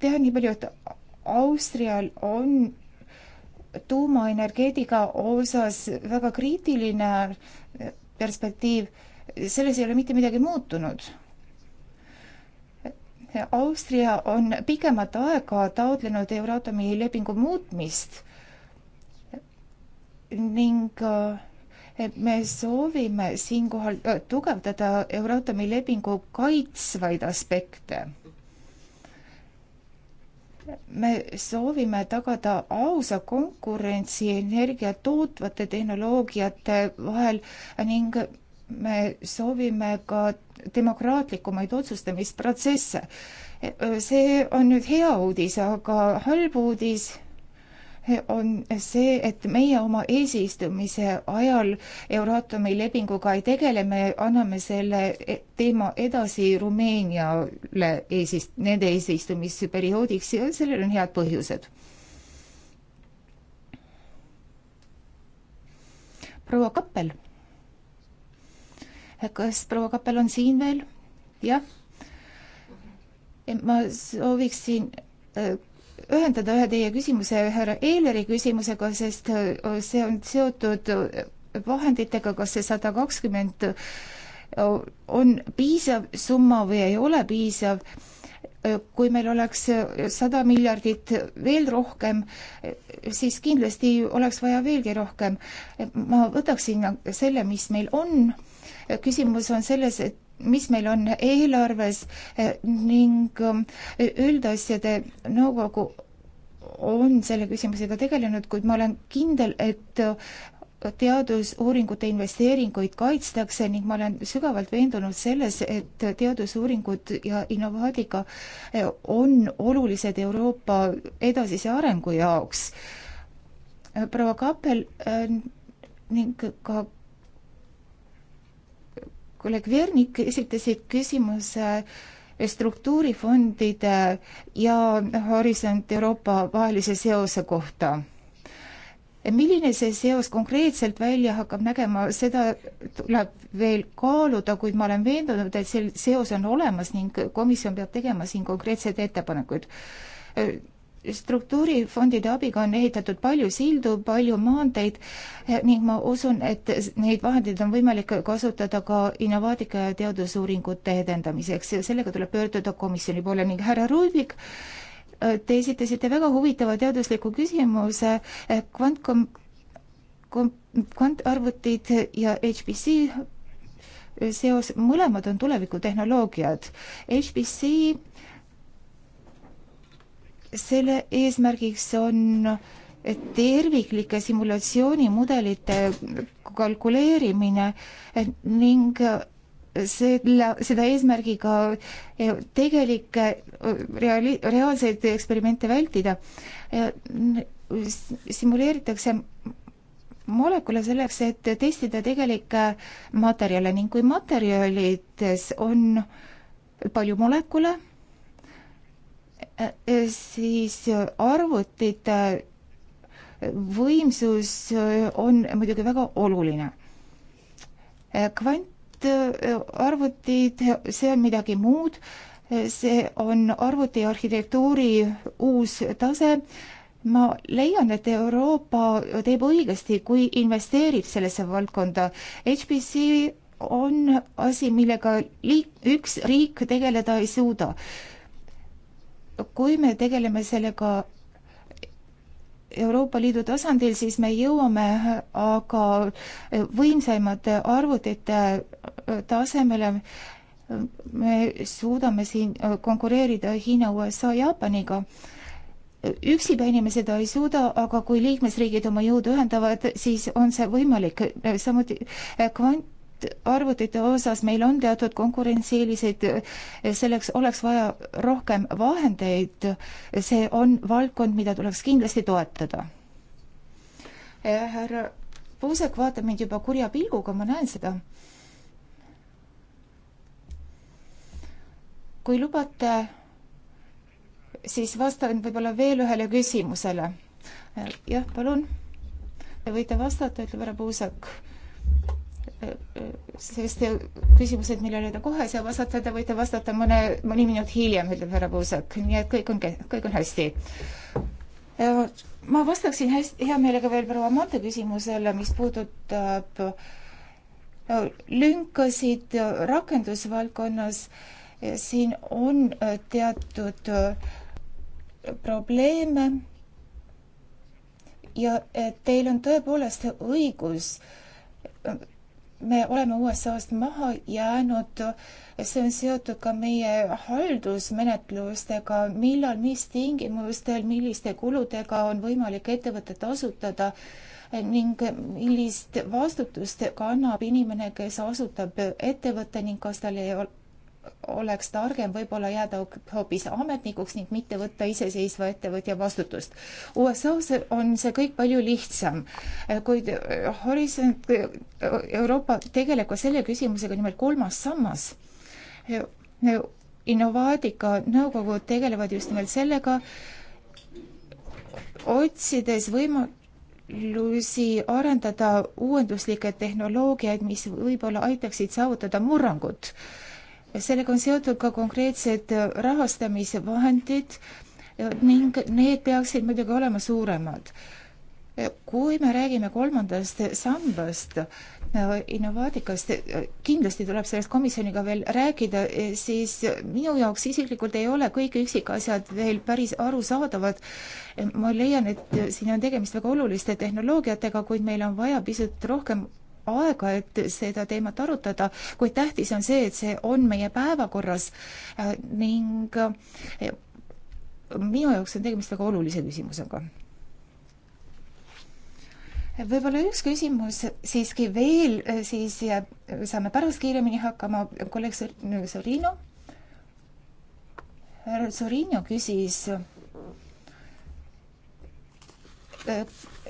tean nii palju, et Austrial on tuumaenergeetika osas väga kriitiline perspektiiv, selles ei ole mitte midagi muutunud. Austria on pikemat aega taotlenud Euratomi lepingu muutmist ning äh, me soovime siinkohal äh, tugevdada Euratomi lepingu kaitsvaid aspekte me soovime tagada ausa konkurentsi energia tootvate tehnoloogiate vahel ning me soovime ka demokraatlikumaid otsustamisprotsesse. see on nüüd hea uudis, aga halb uudis on see, et meie oma eesistumise ajal Euraatomi lepinguga ei tegele, me anname selle e-, teema edasi Rumeeniale eesist-, nende eesistumisperioodiks ja sellel on head põhjused. proua Kappel. kas proua Kappel on siin veel? jah? ma sooviksin äh, ühendada ühe teie küsimuse härra Eeleri küsimusega, sest äh, see on seotud äh, vahenditega, kas see sada kakskümmend äh, on piisav summa või ei ole piisav kui meil oleks sada miljardit veel rohkem, siis kindlasti oleks vaja veelgi rohkem. ma võtaksin selle, mis meil on. küsimus on selles, et mis meil on eelarves eh, ning eh, üldasjade nõukogu on selle küsimusega tegelenud, kuid ma olen kindel, et eh, teadusuuringute investeeringuid kaitstakse ning ma olen sügavalt veendunud selles, et teadusuuringud ja innovaatika on olulised Euroopa edasise arengu jaoks. proua Kappel ning ka kolleeg Vernik esitasid küsimuse struktuurifondide ja Horisont Euroopa vahelise seose kohta. milline see seos konkreetselt välja hakkab nägema, seda tuleb veel kaaluda, kuid ma olen veendunud, et see seos on olemas ning komisjon peab tegema siin konkreetseid ettepanekuid struktuurifondide abiga on ehitatud palju sildu, palju maanteid eh, ning ma usun, et neid vahendeid on võimalik kasutada ka innovaatika ja teadusuuringute edendamiseks ja sellega tuleb pöörduda komisjoni poole ning härra Rudvik, eh, te esitasite väga huvitava teadusliku küsimuse kvantkom-, eh, kom-, kvantarvutid ja HPC seos, mõlemad on tulevikutehnoloogiad. HPC selle eesmärgiks on terviklike simulatsioonimudelite kalkuleerimine ning selle, seda eesmärgiga e, tegelikke e, reali-, reaalseid eksperimente vältida. E, simuleeritakse molekule selleks, et testida tegelikke materjale ning kui materjalides on palju molekule, Äh, äh, siis äh, arvutite võimsus on muidugi väga oluline. kvantarvutid, see on midagi muud, see on arvutiarhitektuuri uus tase, ma leian, et Euroopa teeb õigesti, kui investeerib sellesse valdkonda. HPC on asi, millega liik-, üks riik tegeleda ei suuda kui me tegeleme sellega Euroopa Liidu tasandil, siis me jõuame aga võimsaimate arvutite tasemele, me suudame siin konkureerida Hiina, USA, Jaapaniga. üksipäini me seda ei suuda, aga kui liikmesriigid oma jõud ühendavad, siis on see võimalik, samuti kvant-, et arvutite osas meil on teatud konkurentsieeliseid, selleks oleks vaja rohkem vahendeid, see on valdkond, mida tuleks kindlasti toetada. härra Puusek vaatab mind juba kurja pilguga, ma näen seda. kui lubate, siis vastan võib-olla veel ühele küsimusele. jah, palun. Te võite vastata, ütleb härra Puusek sest küsimused, millele te kohe ei saa vastata, te võite vastata mõne, mõni minut hiljem, ütleb härra Puusak, nii et kõik on, kõik on hästi. ma vastaksin hästi, hea meelega veel proua Mante küsimusele, mis puudutab lünkasid rakendusvaldkonnas. siin on teatud probleeme. ja teil on tõepoolest õigus me oleme USA-st maha jäänud, see on seotud ka meie haldusmenetlustega, millal, mis tingimustel, milliste kuludega on võimalik ettevõtet asutada ning millist vastutust kannab inimene, kes asutab ettevõtte ning kas tal ei ole oleks targem võib-olla jääda hoopis ametnikuks ning mitte võtta iseseisva ettevõtja vastutust. USA-s on see kõik palju lihtsam, kuid eh, Horisont eh, Euroopa tegeleb ka selle küsimusega, nimelt kolmas sammas. Eh, Innovaatika nõukogud tegelevad just nimelt sellega, otsides võima-, võimalusi arendada uuenduslikke tehnoloogiaid, mis võib-olla aitaksid saavutada murrangut sellega on seotud ka konkreetsed äh, rahastamisvahendid äh, ning need peaksid muidugi olema suuremad. Äh, kui me räägime kolmandast sambast, innovaatikast, kindlasti tuleb sellest komisjoniga veel rääkida, siis minu jaoks isiklikult ei ole kõik üksikasjad veel päris arusaadavad. ma leian, et siin on tegemist väga oluliste tehnoloogiatega, kuid meil on vaja pisut rohkem aega, et seda teemat arutada, kuid tähtis on see, et see on meie päevakorras äh, ning äh, minu jaoks on tegemist väga olulise küsimusega võib-olla üks küsimus siiski veel, äh, siis saame pärast kiiremini hakkama, kolleeg Sorino. Sorino küsis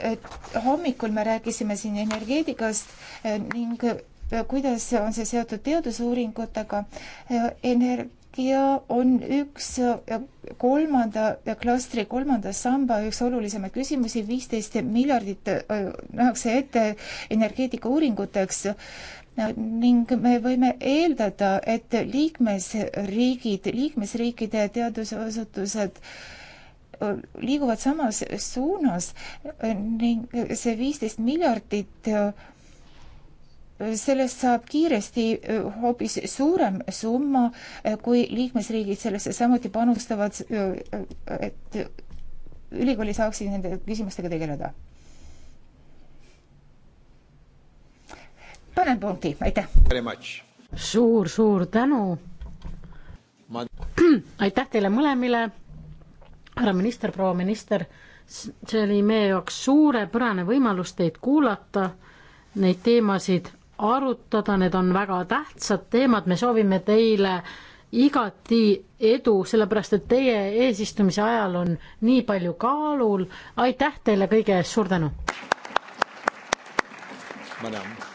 et hommikul me rääkisime siin energeetikast eh, ning eh, kuidas on see seotud teadusuuringutega. Eh, energia on üks kolmanda klastri kolmanda samba üks olulisemaid küsimusi, viisteist miljardit nähakse ette energeetikauuringuteks ning me võime eeldada, et liikmesriigid, liikmesriikide teadusasutused äh, liiguvad samas suunas ning see viisteist miljardit äh, sellest saab kiiresti äh, hoopis suurem summa, äh, kui liikmesriigid sellesse samuti panustavad, et ülikooli saaksid nende küsimustega tegeleda. panen punkti, aitäh! suur-suur tänu Ma...! aitäh teile mõlemile härra minister, proua minister, see oli meie jaoks suurepärane võimalus teid kuulata, neid teemasid arutada, need on väga tähtsad teemad, me soovime teile igati edu, sellepärast et teie eesistumise ajal on nii palju kaalul. aitäh teile kõige eest, suur tänu! Madame.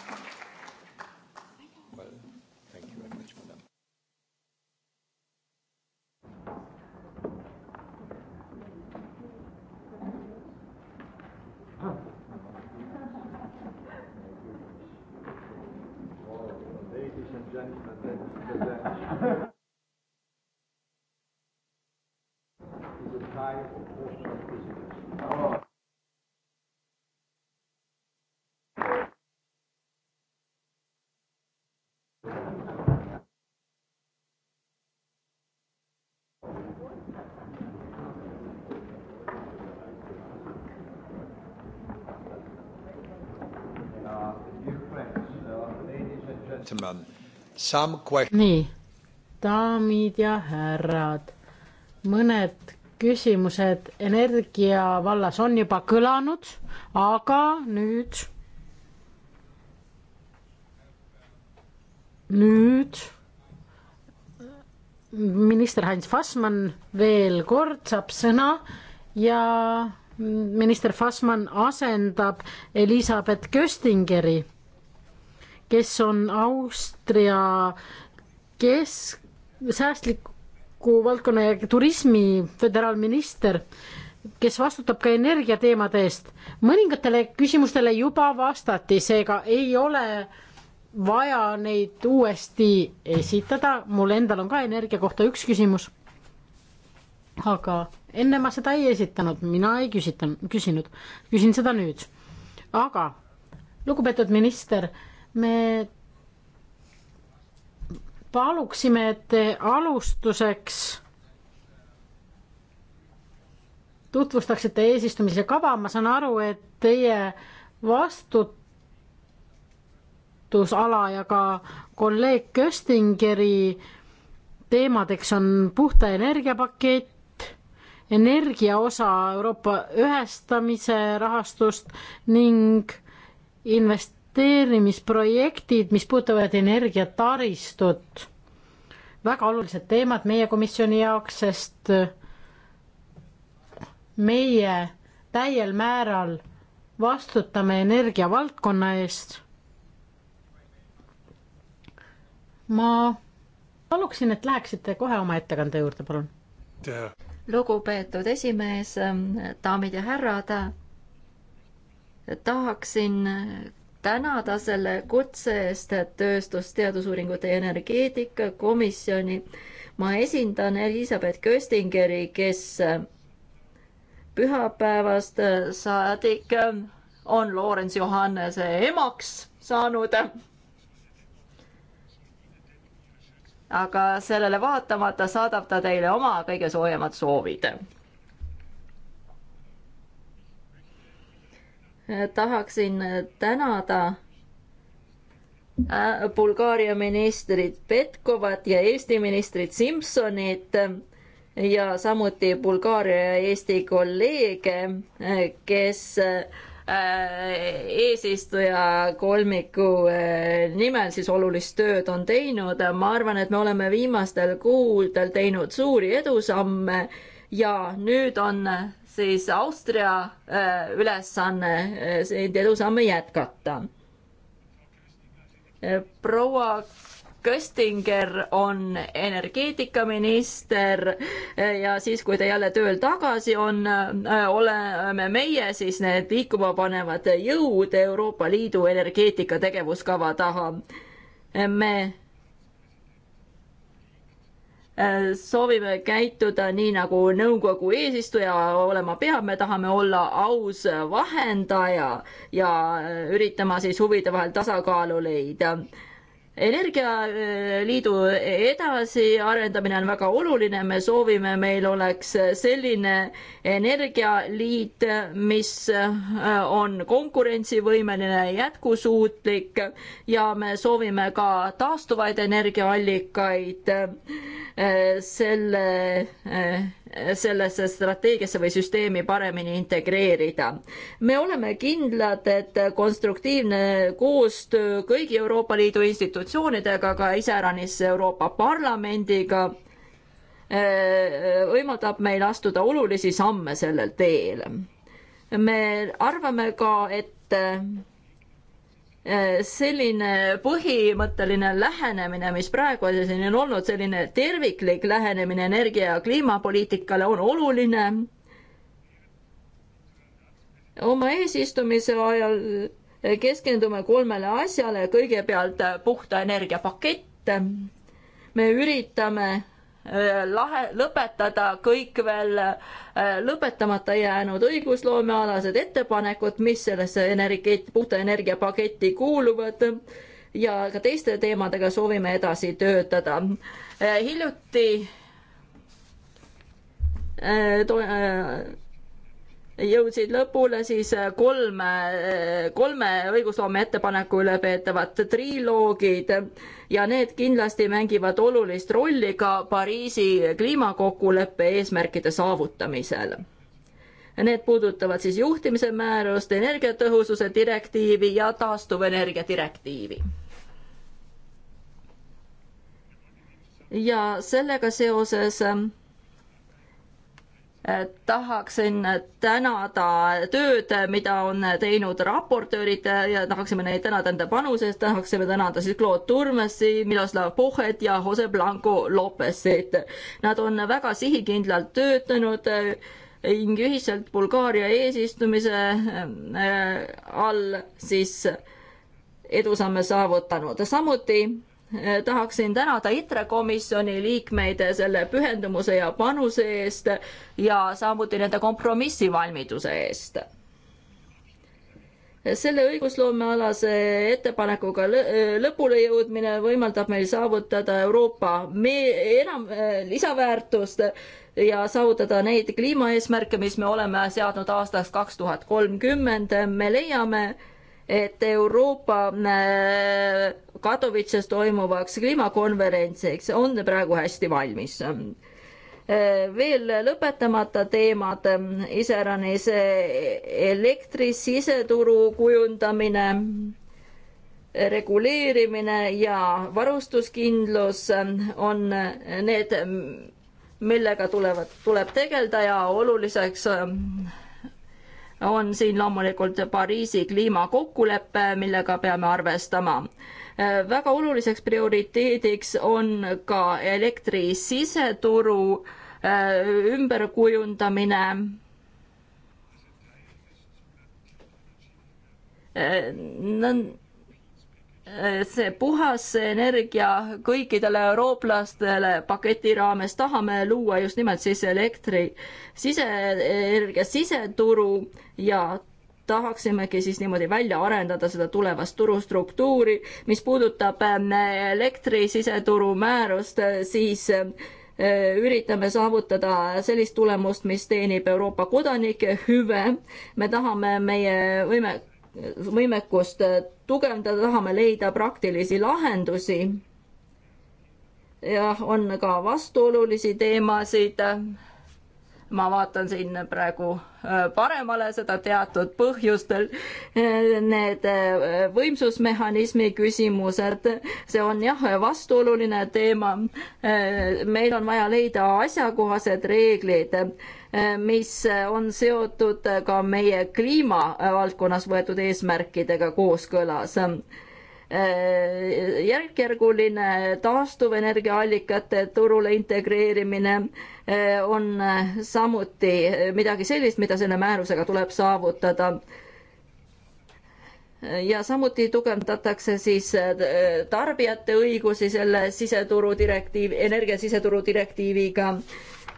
gentlemen, some questions. nii, daamid ja härrad, mõned küsimused energia vallas on juba kõlanud, aga nüüd, nüüd minister Heinz Fassmann veel kord saab sõna ja minister Fassmann asendab Elisabeth Köstingeri kes on Austria kesk, säästliku valdkonna ja turismi föderaalminister, kes vastutab ka energiateemade eest. mõningatele küsimustele juba vastati, seega ei ole vaja neid uuesti esitada, mul endal on ka energia kohta üks küsimus. aga enne ma seda ei esitanud, mina ei küsitanud, küsinud, küsin seda nüüd. aga lugupeetud minister me paluksime, et te alustuseks tutvustaksite eesistumise kava, ma saan aru, et teie vastutusala ja ka kolleeg Köstingeri teemadeks on puhta energiapakett, energia osa Euroopa ühestamise rahastust ning invest-, investeerimisprojektid, mis puudutavad energiataristut. väga olulised teemad meie komisjoni jaoks, sest meie täiel määral vastutame energiavaldkonna eest. ma paluksin, et läheksite kohe oma ettekande juurde, palun. lugupeetud esimees, daamid ja härrad, tahaksin tänada selle kutse eest tööstus, teadusuuringute ja energeetika komisjoni. ma esindan Elizabeth Köstingeri, kes pühapäevast saadik on Lawrence Johannese emaks saanud. aga sellele vaatamata saadab ta teile oma kõige soojemad soovid tahaksin tänada äh, Bulgaaria ministrit Petkovat ja Eesti ministrit Simsonit äh, ja samuti Bulgaaria ja Eesti kolleege, äh, kes eesistuja kolmiku nimel siis olulist tööd on teinud. ma arvan, et me oleme viimastel kuudel teinud suuri edusamme ja nüüd on siis Austria äh, ülesanne äh, neid edusamme jätkata. Äh, proua Köstinger on energeetikaminister ja siis, kui ta jälle tööl tagasi on, oleme meie siis need liikuma panevad jõud Euroopa Liidu energeetika tegevuskava taha. me Äh, soovime käituda nii, nagu nõukogu eesistuja olema peab, me tahame olla aus vahendaja ja äh, üritama siis huvide vahel tasakaalu leida energialiidu edasiarendamine on väga oluline, me soovime, meil oleks selline energialiit, mis äh, on konkurentsivõimeline, jätkusuutlik ja me soovime ka taastuvaid energiaallikaid äh, selle, äh, sellesse strateegiasse või süsteemi paremini integreerida. me oleme kindlad, et konstruktiivne koostöö kõigi Euroopa Liidu institutsioonidega institutsioonidega, ka iseäranis Euroopa Parlamendiga, äh, äh, võimaldab meil astuda olulisi samme sellel teel. me arvame ka, et äh, selline põhimõtteline lähenemine, mis praegu siin on olnud, selline terviklik lähenemine energia ja kliimapoliitikale on oluline. oma eesistumise ajal keskendume kolmele asjale, kõigepealt äh, puhta energia pakett, me üritame äh, lahe, lõpetada kõik veel äh, lõpetamata jäänud õigusloomealased ettepanekud, mis sellesse energeet-, puhta energia paketti kuuluvad ja ka teiste teemadega soovime edasi töötada. hiljuti to-, jõudsid lõpule siis äh, kolme, äh, kolme õigusloome ettepaneku üle peetavad triloogid ja need kindlasti mängivad olulist rolli ka Pariisi kliimakokkuleppe eesmärkide saavutamisel. Need puudutavad siis juhtimise määrust, energiatõhususe direktiivi ja taastuvenergia direktiivi ja sellega seoses ähm, tahaksin tänada tööd, mida on teinud raportöörid ja tahaksime neid tänada enda panuse eest, tahaksime tänada siis Claude Turmesi, Miloslav Pohet ja Jose Blanco Lopesit. Nad on väga sihikindlalt töötanud ning ühiselt Bulgaaria eesistumise äh, all siis edusamme saavutanud, samuti tahaksin tänada ITRE komisjoni liikmeid selle pühendumuse ja panuse eest ja samuti nende kompromissivalmiduse eest. selle õigusloomealase ettepanekuga lõpule jõudmine võimaldab meil saavutada Euroopa me-, enam äh, lisaväärtust ja saavutada neid kliimaeesmärke, mis me oleme seadnud aastaks kaks tuhat kolmkümmend. me leiame, et Euroopa äh, Katowices toimuvaks kliimakonverentsiks on praegu hästi valmis veel lõpetamata teemad, iseäranis elektri siseturu kujundamine, reguleerimine ja varustuskindlus on need, millega tulevad, tuleb tegeleda ja oluliseks on siin loomulikult Pariisi kliimakokkulepe, millega peame arvestama väga oluliseks prioriteediks on ka elektri siseturu äh, ümberkujundamine. Äh, äh, see puhas energia kõikidele eurooplastele paketi raames tahame luua just nimelt siis elektri sise, energia siseturu ja tahaksimegi siis niimoodi välja arendada seda tulevast turustruktuuri. mis puudutab ähm, elektri siseturu määrust, äh, siis äh, üritame saavutada sellist tulemust, mis teenib Euroopa kodanike hüve. me tahame meie võime, võimekust äh, tugevdada, tahame leida praktilisi lahendusi. jah, on ka vastuolulisi teemasid ma vaatan siin praegu äh, paremale seda teatud põhjustel, äh, need äh, võimsusmehhanismi küsimused, see on jah, vastuoluline teema. meil on vaja leida asjakohased reeglid, mis on seotud ka meie kliimavaldkonnas võetud eesmärkidega kooskõlas Äh, järkjärguline taastuvenergiaallikate turule integreerimine äh, on äh, samuti midagi sellist, mida selle määrusega tuleb saavutada. ja samuti tugevdatakse siis tarbijate õigusi selle siseturu direktiiv, energia siseturu direktiiviga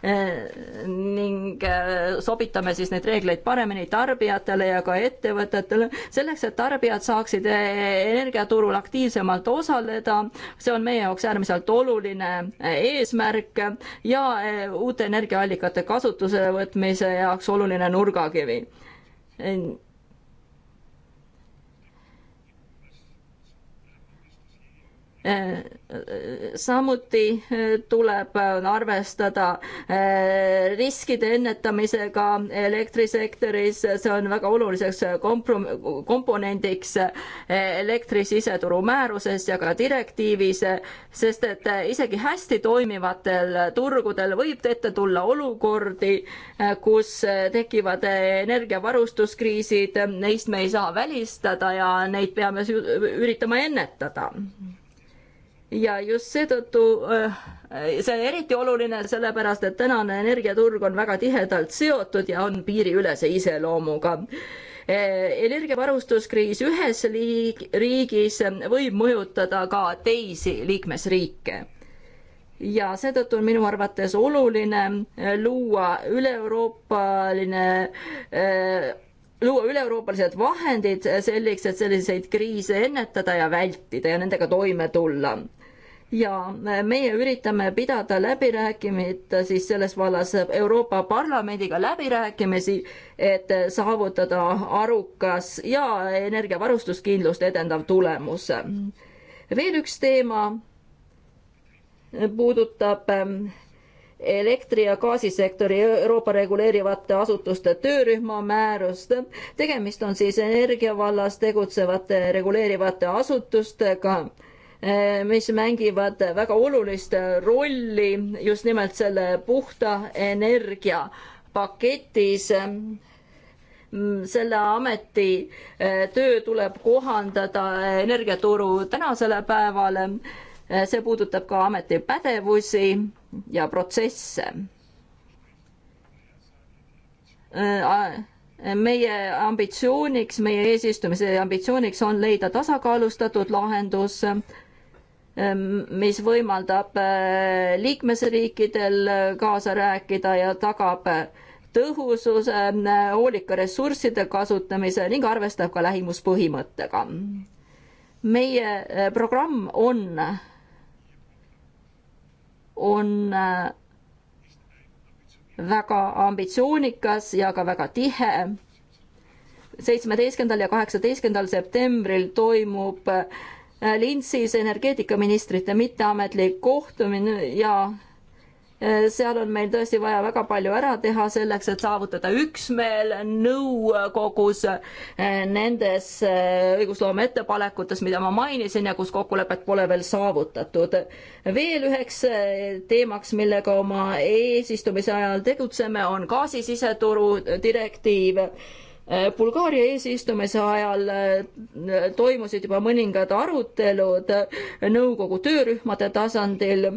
Eh, ning eh, sobitame siis neid reegleid paremini tarbijatele ja ka ettevõtetele, selleks et tarbijad saaksid eh, energiaturul aktiivsemalt osaleda. see on meie jaoks äärmiselt oluline eesmärk ja uute energiaallikate kasutusele võtmise jaoks oluline nurgakivi samuti eh, tuleb eh, arvestada eh, riskide ennetamisega elektrisektoris, see on väga oluliseks komprom-, komponendiks elektri siseturu määruses ja ka direktiivis, sest et isegi hästi toimivatel turgudel võib ette tulla olukordi, kus tekivad energiavarustuskriisid, neist me ei saa välistada ja neid peame üritama ennetada ja just seetõttu äh, see on eriti oluline, sellepärast et tänane energiaturg on väga tihedalt seotud ja on piiriülese iseloomuga. Äh, energiavarustuskriis ühes liig-, riigis võib mõjutada ka teisi liikmesriike ja seetõttu on minu arvates oluline äh, luua üle-euroopaline luua üle-euroopalised vahendid selleks, et selliseid kriise ennetada ja vältida ja nendega toime tulla ja meie üritame pidada läbirääkimid siis selles vallas Euroopa Parlamendiga läbirääkimisi, et saavutada arukas ja energiavarustuskindlust edendav tulemus. veel üks teema puudutab ähm, elektri- ja gaasisektori Euroopa reguleerivate asutuste töörühma määrust. tegemist on siis energia vallas tegutsevate reguleerivate asutustega Eh, mis mängivad väga olulist rolli just nimelt selle puhta energia paketis. Mm, selle ameti eh, töö tuleb kohandada energiaturu tänasele päevale. Eh, see puudutab ka ameti pädevusi ja protsesse. meie ambitsiooniks, meie eesistumise ambitsiooniks on leida tasakaalustatud lahendus Ehm, mis võimaldab äh, liikmesriikidel äh, kaasa rääkida ja tagab äh, tõhususe, hoolika ressursside kasutamise ning arvestab ka lähimuspõhimõttega. meie programm on, on väga ambitsioonikas ja ka väga tihe seitsmeteistkümnendal ja kaheksateistkümnendal septembril toimub Äh, Linsis energeetikaministrite mitteametlik kohtumine ja äh, seal on meil tõesti vaja väga palju ära teha selleks, et saavutada üksmeel nõukogus äh, nendes õigusloome ettepanekutes, mida ma mainisin ja kus kokkulepet pole veel saavutatud. veel üheks teemaks, millega oma eesistumise ajal tegutseme, on gaasisiseturu direktiiv Äh, Bulgaaria eesistumise ajal äh, toimusid juba mõningad arutelud äh, nõukogu töörühmade tasandil.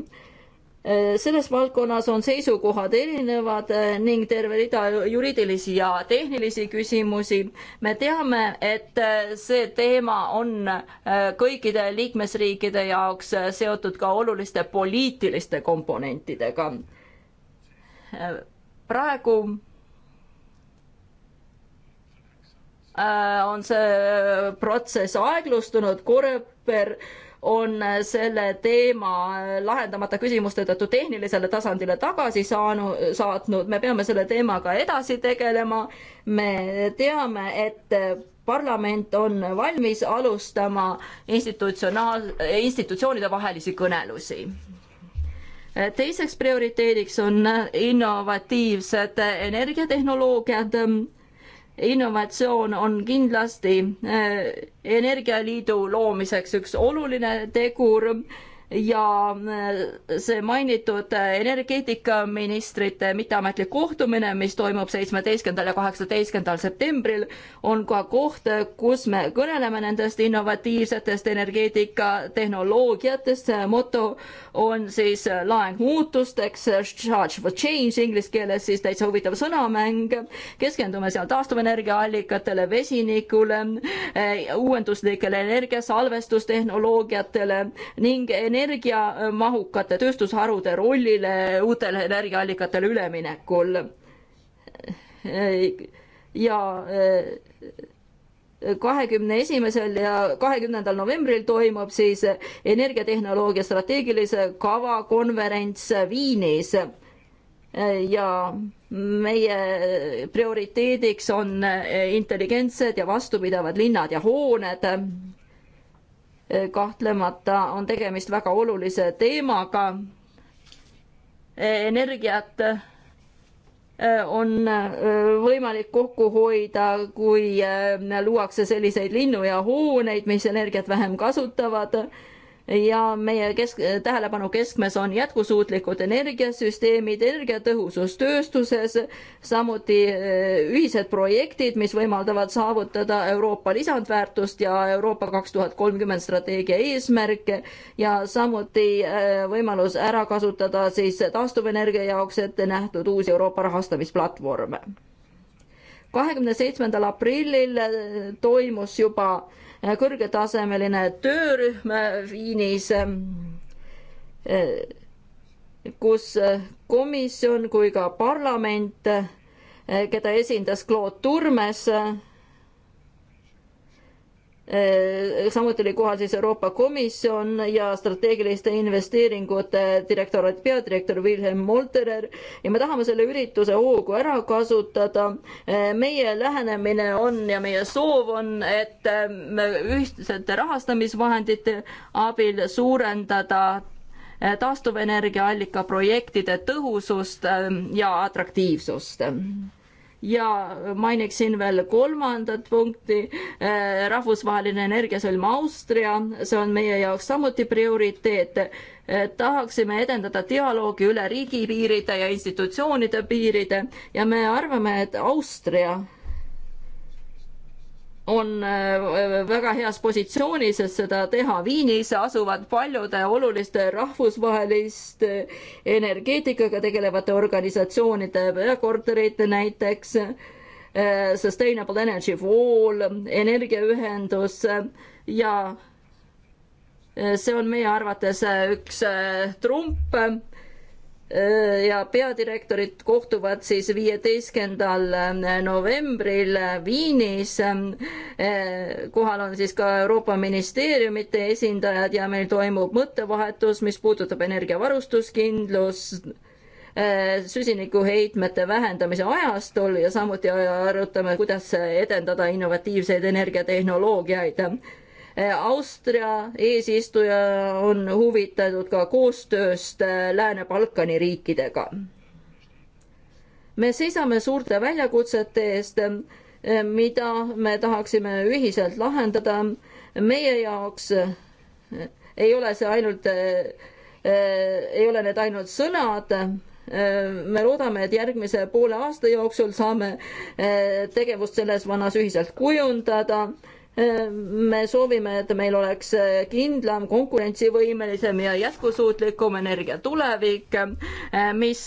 selles valdkonnas on seisukohad erinevad ning terve rida juriidilisi ja tehnilisi küsimusi. me teame, et see teema on kõikide liikmesriikide jaoks seotud ka oluliste poliitiliste komponentidega. praegu Äh, on see äh, protsess aeglustunud, Koreper on äh, selle teema lahendamata küsimuste tõttu tehnilisele tasandile tagasi saanud, saatnud, me peame selle teemaga edasi tegelema. me teame, et parlament on valmis alustama institutsionaal-, institutsioonide vahelisi kõnelusi. teiseks prioriteediks on innovatiivsed energiatehnoloogiad innovatsioon on kindlasti äh, Energialiidu loomiseks üks oluline tegur ja äh, see mainitud äh, energeetikaministrite mitteametlik kohtumine, mis toimub seitsmeteistkümnendal ja kaheksateistkümnendal septembril, on ka koht, kus me kõneleme nendest innovatiivsetest energeetikatehnoloogiatest, see moto on siis äh, laeng muutusteks, charge for change inglise keeles siis täitsa huvitav sõnamäng, keskendume seal taastuvenergiaallikatele, vesinikule, uuenduslikele energiasalvestustehnoloogiatele ning energia energiamahukate tööstusharude rollile uutele energiaallikatele üleminekul. ja eh, kahekümne esimesel ja kahekümnendal novembril toimub siis energiatehnoloogia strateegilise kava konverents Viinis. ja meie prioriteediks on intelligentsed ja vastupidavad linnad ja hooned kahtlemata on tegemist väga olulise teemaga. energiat eh, on eh, võimalik kokku hoida, kui eh, luuakse selliseid linnu ja hooneid, mis energiat vähem kasutavad ja meie kesk, tähelepanu keskmes on jätkusuutlikud energiasüsteemid, energiatõhusus tööstuses, samuti eh, ühised projektid, mis võimaldavad saavutada Euroopa lisandväärtust ja Euroopa kaks tuhat kolmkümmend strateegia eesmärke ja samuti eh, võimalus ära kasutada siis taastuvenergia jaoks ette nähtud uus Euroopa rahastamisplatvorm. kahekümne seitsmendal aprillil eh, toimus juba Äh, kõrgetasemeline töörühm äh, Viinis, äh, kus komisjon kui ka parlament, keda esindas Claude Turmes, Äh, samuti oli kohal siis Euroopa Komisjon ja strateegiliste investeeringute direktorat, peadirektor Wilhelm Molterer ja me tahame selle ürituse hoogu ära kasutada. Äh, meie lähenemine on ja meie soov on, et me äh, ühtsete rahastamisvahendite abil suurendada taastuvenergiaallika projektide tõhusust ja atraktiivsust ja mainiksin veel kolmandat punkti, eh, rahvusvaheline energiasõlm Austria, see on meie jaoks samuti prioriteet. Eh, tahaksime edendada dialoogi üle riigipiiride ja institutsioonide piiride ja me arvame, et Austria on äh, väga heas positsioonis, et seda teha. Viinis asuvad paljude oluliste rahvusvaheliste energeetikaga tegelevate organisatsioonide peakorterid näiteks äh, Sustainable Energy Wall, energiaühendus ja äh, see on meie arvates üks trump Äh, ja peadirektorid kohtuvad siis viieteistkümnendal äh, novembril äh, Viinis. kohal on siis ka Euroopa ministeeriumite esindajad ja meil toimub mõttevahetus, mis puudutab energiavarustuskindlust süsinikuheitmete vähendamise ajastul ja samuti arutame, kuidas edendada innovatiivseid energiatehnoloogiaid Eh, Austria eesistuja on huvitatud ka koostööst eh, Lääne-Balkani riikidega. me seisame suurte väljakutsete eest, eh, mida me tahaksime ühiselt lahendada. meie jaoks ei ole see ainult, ei ole need ainult sõnad, me loodame, et järgmise poole aasta jooksul saame tegevust selles vanas ühiselt kujundada me soovime, et meil oleks kindlam, konkurentsivõimelisem ja jätkusuutlikum energiatulevik, mis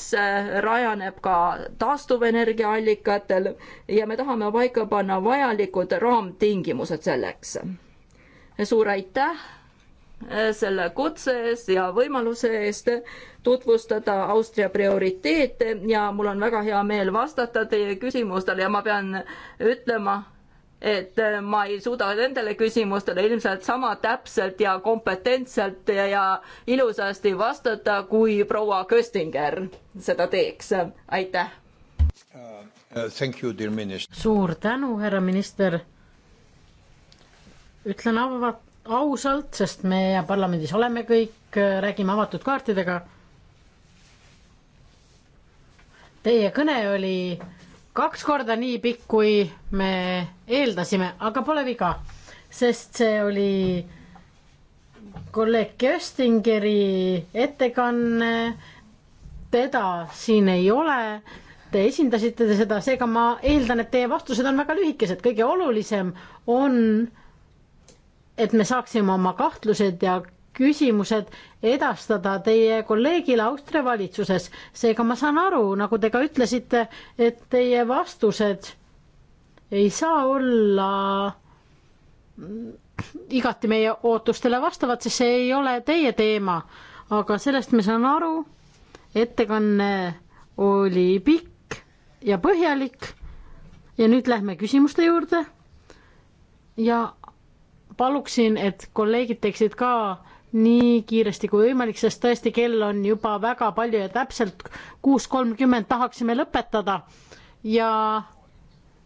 rajaneb ka taastuvenergiaallikatel ja me tahame paika panna vajalikud raamtingimused selleks. suur aitäh selle kutse eest ja võimaluse eest tutvustada Austria prioriteete ja mul on väga hea meel vastata teie küsimustele ja ma pean ütlema, et äh, ma ei suuda nendele küsimustele ilmselt sama täpselt ja kompetentselt ja ilusasti vastata, kui proua Köstinger seda teeks. aitäh uh,. uh suur tänu, härra minister. ütlen avat-, ausalt, sest me parlamendis oleme kõik, äh, räägime avatud kaartidega. Teie kõne oli kaks korda nii pikk, kui me eeldasime, aga pole viga, sest see oli kolleeg Köstingeri ettekanne. teda siin ei ole. Te esindasite seda, seega ma eeldan, et teie vastused on väga lühikesed, kõige olulisem on, et me saaksime oma kahtlused ja küsimused edastada teie kolleegile Austria valitsuses. seega ma saan aru, nagu te ka ütlesite, et teie vastused ei saa olla igati meie ootustele vastavad, sest see ei ole teie teema. aga sellest me saan aru, ettekanne oli pikk ja põhjalik ja nüüd lähme küsimuste juurde ja paluksin, et kolleegid teeksid ka nii kiiresti kui võimalik, sest tõesti kell on juba väga palju ja täpselt kuus kolmkümmend tahaksime lõpetada ja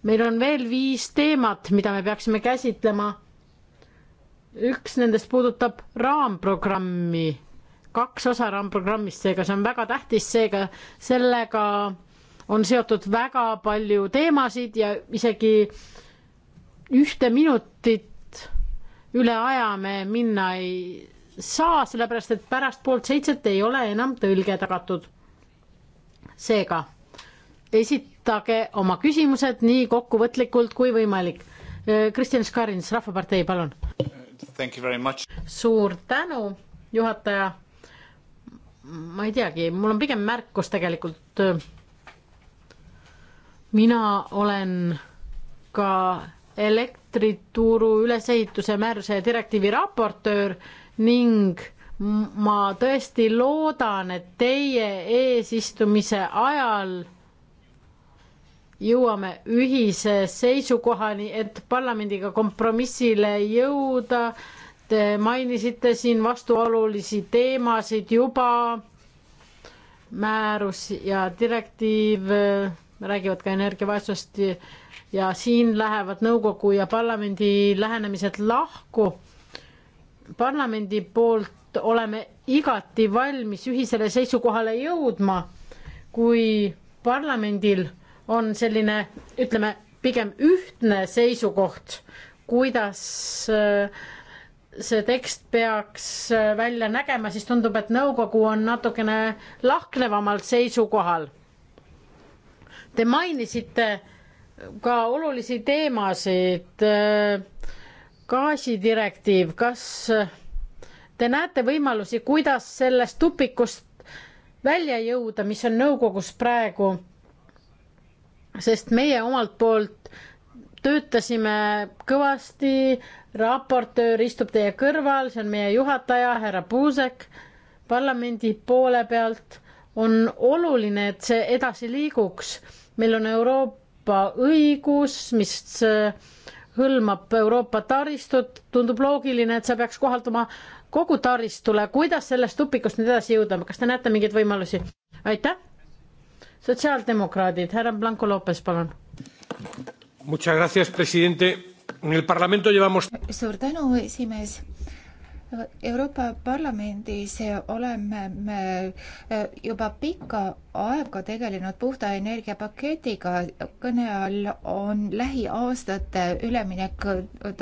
meil on veel viis teemat, mida me peaksime käsitlema. üks nendest puudutab raamprogrammi, kaks osa raamprogrammist, seega see on väga tähtis, seega sellega on seotud väga palju teemasid ja isegi ühte minutit üle aja me minna ei saa, sellepärast et pärast poolt seitset ei ole enam tõlge tagatud. seega esitage oma küsimused nii kokkuvõtlikult kui võimalik. Kristjan Škarins, Rahvapartei, palun. suur tänu, juhataja. ma ei teagi, mul on pigem märkus tegelikult. mina olen ka elektrituru ülesehituse määruse direktiivi raportöör ning ma tõesti loodan, et teie eesistumise ajal jõuame ühise seisukohani, et parlamendiga kompromissile jõuda. Te mainisite siin vastuolulisi teemasid juba. määrus ja direktiiv räägivad ka energiavaesust ja siin lähevad nõukogu ja parlamendi lähenemised lahku parlamendi poolt oleme igati valmis ühisele seisukohale jõudma, kui parlamendil on selline, ütleme, pigem ühtne seisukoht, kuidas äh, see tekst peaks äh, välja nägema, siis tundub, et nõukogu on natukene lahknevamal seisukohal. Te mainisite ka olulisi teemasid äh, gaasidirektiiv, kas te näete võimalusi, kuidas sellest tupikust välja jõuda, mis on nõukogus praegu? sest meie omalt poolt töötasime kõvasti, raportöör istub teie kõrval, see on meie juhataja, härra Puusek, parlamendi poole pealt on oluline, et see edasi liiguks. meil on Euroopa õigus, mis hõlmab Euroopa taristut, tundub loogiline, et see peaks kohalduma kogu taristule, kuidas sellest tupikust nüüd edasi jõuda, kas te näete mingeid võimalusi? aitäh. sotsiaaldemokraadid, härra Blanco Lopez, palun. suur tänu, esimees Euroopa Parlamendis oleme me eh, juba pikka aega tegelenud puhta energiapaketiga. kõne all on lähiaastate üleminek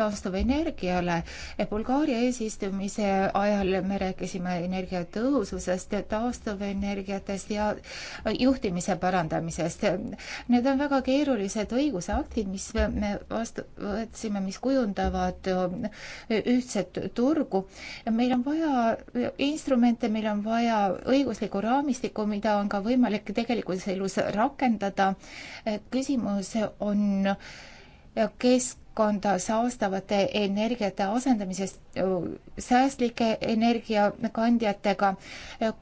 taastuvenergiale. Eh, Bulgaaria eesistumise ajal me rääkisime energiatõhususest, taastuvenergiatest ja eh, juhtimise parandamisest. Need on väga keerulised õigusaktid, mis me vastu võtsime, mis kujundavad ühtset turgu meil on vaja instrumente, meil on vaja õiguslikku raamistikku, mida on ka võimalik tegelikus elus rakendada. küsimus on keskkonda saastavate energiate asendamisest säästlike energiakandjatega,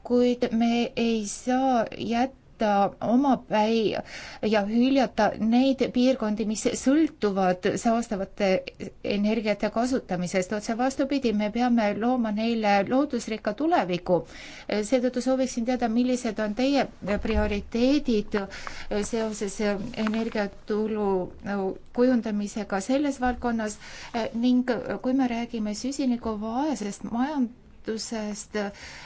kuid me ei saa jätta jätta omapäi ja hüljata neid piirkondi, mis sõltuvad saastavate energiate kasutamisest. otse vastupidi, me peame looma neile loodusrikka tuleviku. seetõttu sooviksin teada, millised on teie prioriteedid seoses energiatulu kujundamisega selles valdkonnas ning kui me räägime süsinikuvaesest majand-, toetusest,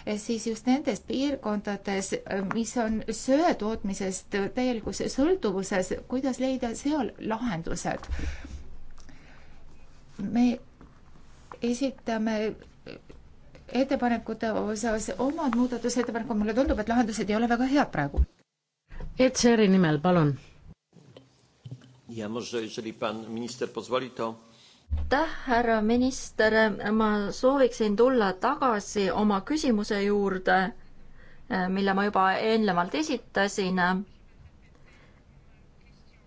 eh, siis just nendes piirkondades, eh, mis on söetootmisest eh, täielikus sõltuvuses, kuidas leida seal lahendused? me esitame ettepanekute osas omad muudatusettepanekud, mulle tundub, et lahendused ei ole väga head praegu. Ed Seeri nimel, palun. ja, może jeżeli pan minister pozwoli, to aitäh, härra minister, ma sooviksin tulla tagasi oma küsimuse juurde, mille ma juba eelnevalt esitasin.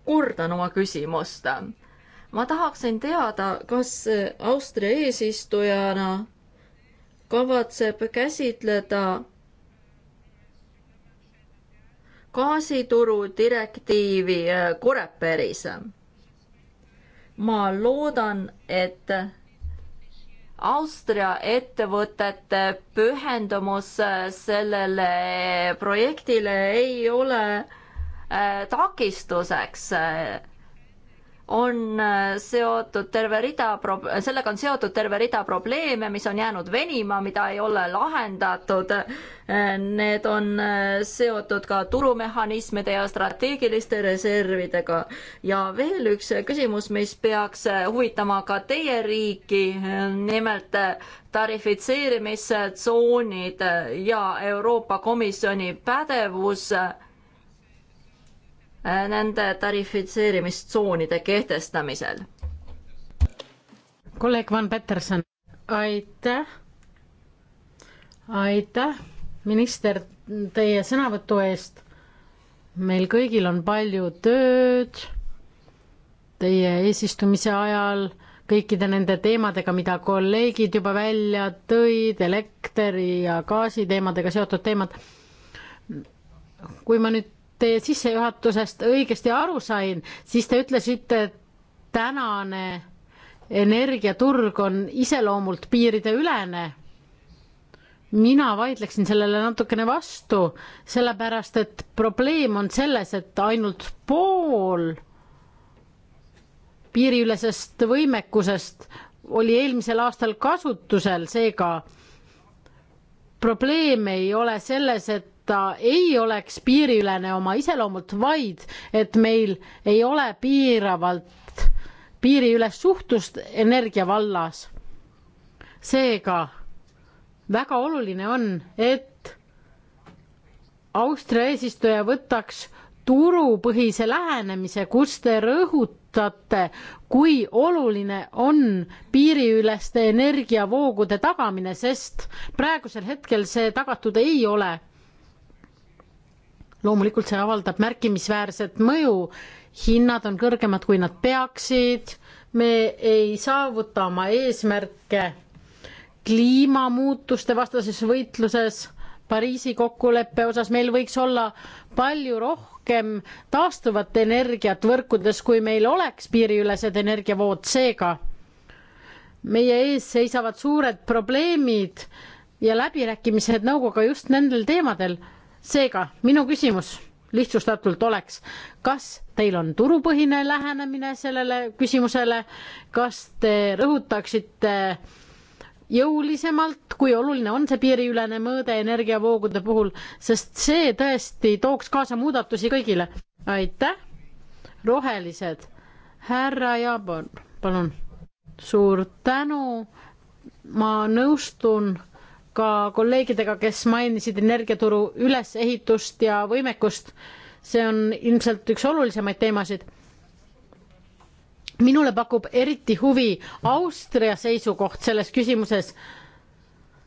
kordan oma küsimust. ma tahaksin teada, kas Austria eesistujana kavatseb käsitleda gaasituru direktiivi Koreperis ma loodan, et Austria ettevõtete pühendumus sellele projektile ei ole äh, takistuseks on äh, seotud terve rida pro-, sellega on seotud terve rida probleeme, mis on jäänud venima, mida ei ole lahendatud. Äh, need on äh, seotud ka turumehhanismide ja strateegiliste reservidega. ja veel üks küsimus, mis peaks huvitama ka teie riiki, nimelt tarifitseerimistsoonid ja Euroopa Komisjoni pädevus Äh, nende tarifitseerimistsoonide kehtestamisel. kolleeg Van Peterson, aitäh. aitäh, minister, teie sõnavõtu eest. meil kõigil on palju tööd teie eesistumise ajal kõikide nende teemadega, mida kolleegid juba välja tõid, elektri ja gaasi teemadega seotud teemad. kui ma nüüd teie sissejuhatusest õigesti aru sain, siis te ütlesite, et tänane energiaturg on iseloomult piirideülene. mina vaidleksin sellele natukene vastu, sellepärast et probleem on selles, et ainult pool piiriülesest võimekusest oli eelmisel aastal kasutusel, seega probleem ei ole selles, et ta ei oleks piiriülene oma iseloomult, vaid et meil ei ole piiravalt piiriülest suhtlust energia vallas. seega väga oluline on, et Austria eesistuja võtaks turupõhise lähenemise, kus te rõhutate, kui oluline on piiriüleste energiavoogude tagamine, sest praegusel hetkel see tagatud ei ole loomulikult see avaldab märkimisväärset mõju, hinnad on kõrgemad, kui nad peaksid, me ei saavuta oma eesmärke kliimamuutuste vastases võitluses, Pariisi kokkuleppe osas meil võiks olla palju rohkem taastuvat energiat võrkudes, kui meil oleks piiriülesed energiavood, seega meie ees seisavad suured probleemid ja läbirääkimised nõukoguga just nendel teemadel seega minu küsimus lihtsustatult oleks, kas teil on turupõhine lähenemine sellele küsimusele, kas te rõhutaksite jõulisemalt, kui oluline on see piiriülene mõõde energiavoogude puhul, sest see tõesti tooks kaasa muudatusi kõigile. aitäh, rohelised, härra Jaabor, palun. suur tänu, ma nõustun ka kolleegidega, kes mainisid energiaturu ülesehitust ja võimekust. see on ilmselt üks olulisemaid teemasid. minule pakub eriti huvi Austria seisukoht selles küsimuses,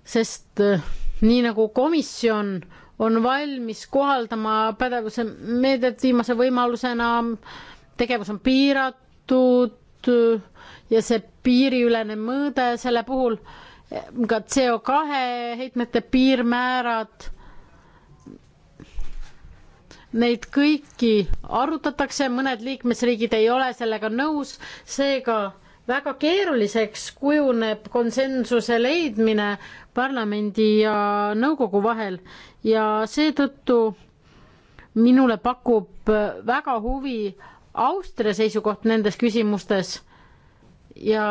sest äh, nii nagu komisjon on valmis kohaldama pädevuse meedet viimase võimalusena, tegevus on piiratud äh, ja see piiriülene mõõde selle puhul äh, ka CO kahe heitmete piirmäärad. Neid kõiki arutatakse, mõned liikmesriigid ei ole sellega nõus, seega väga keeruliseks kujuneb konsensuse leidmine parlamendi ja nõukogu vahel ja seetõttu minule pakub väga huvi Austria seisukoht nendes küsimustes ja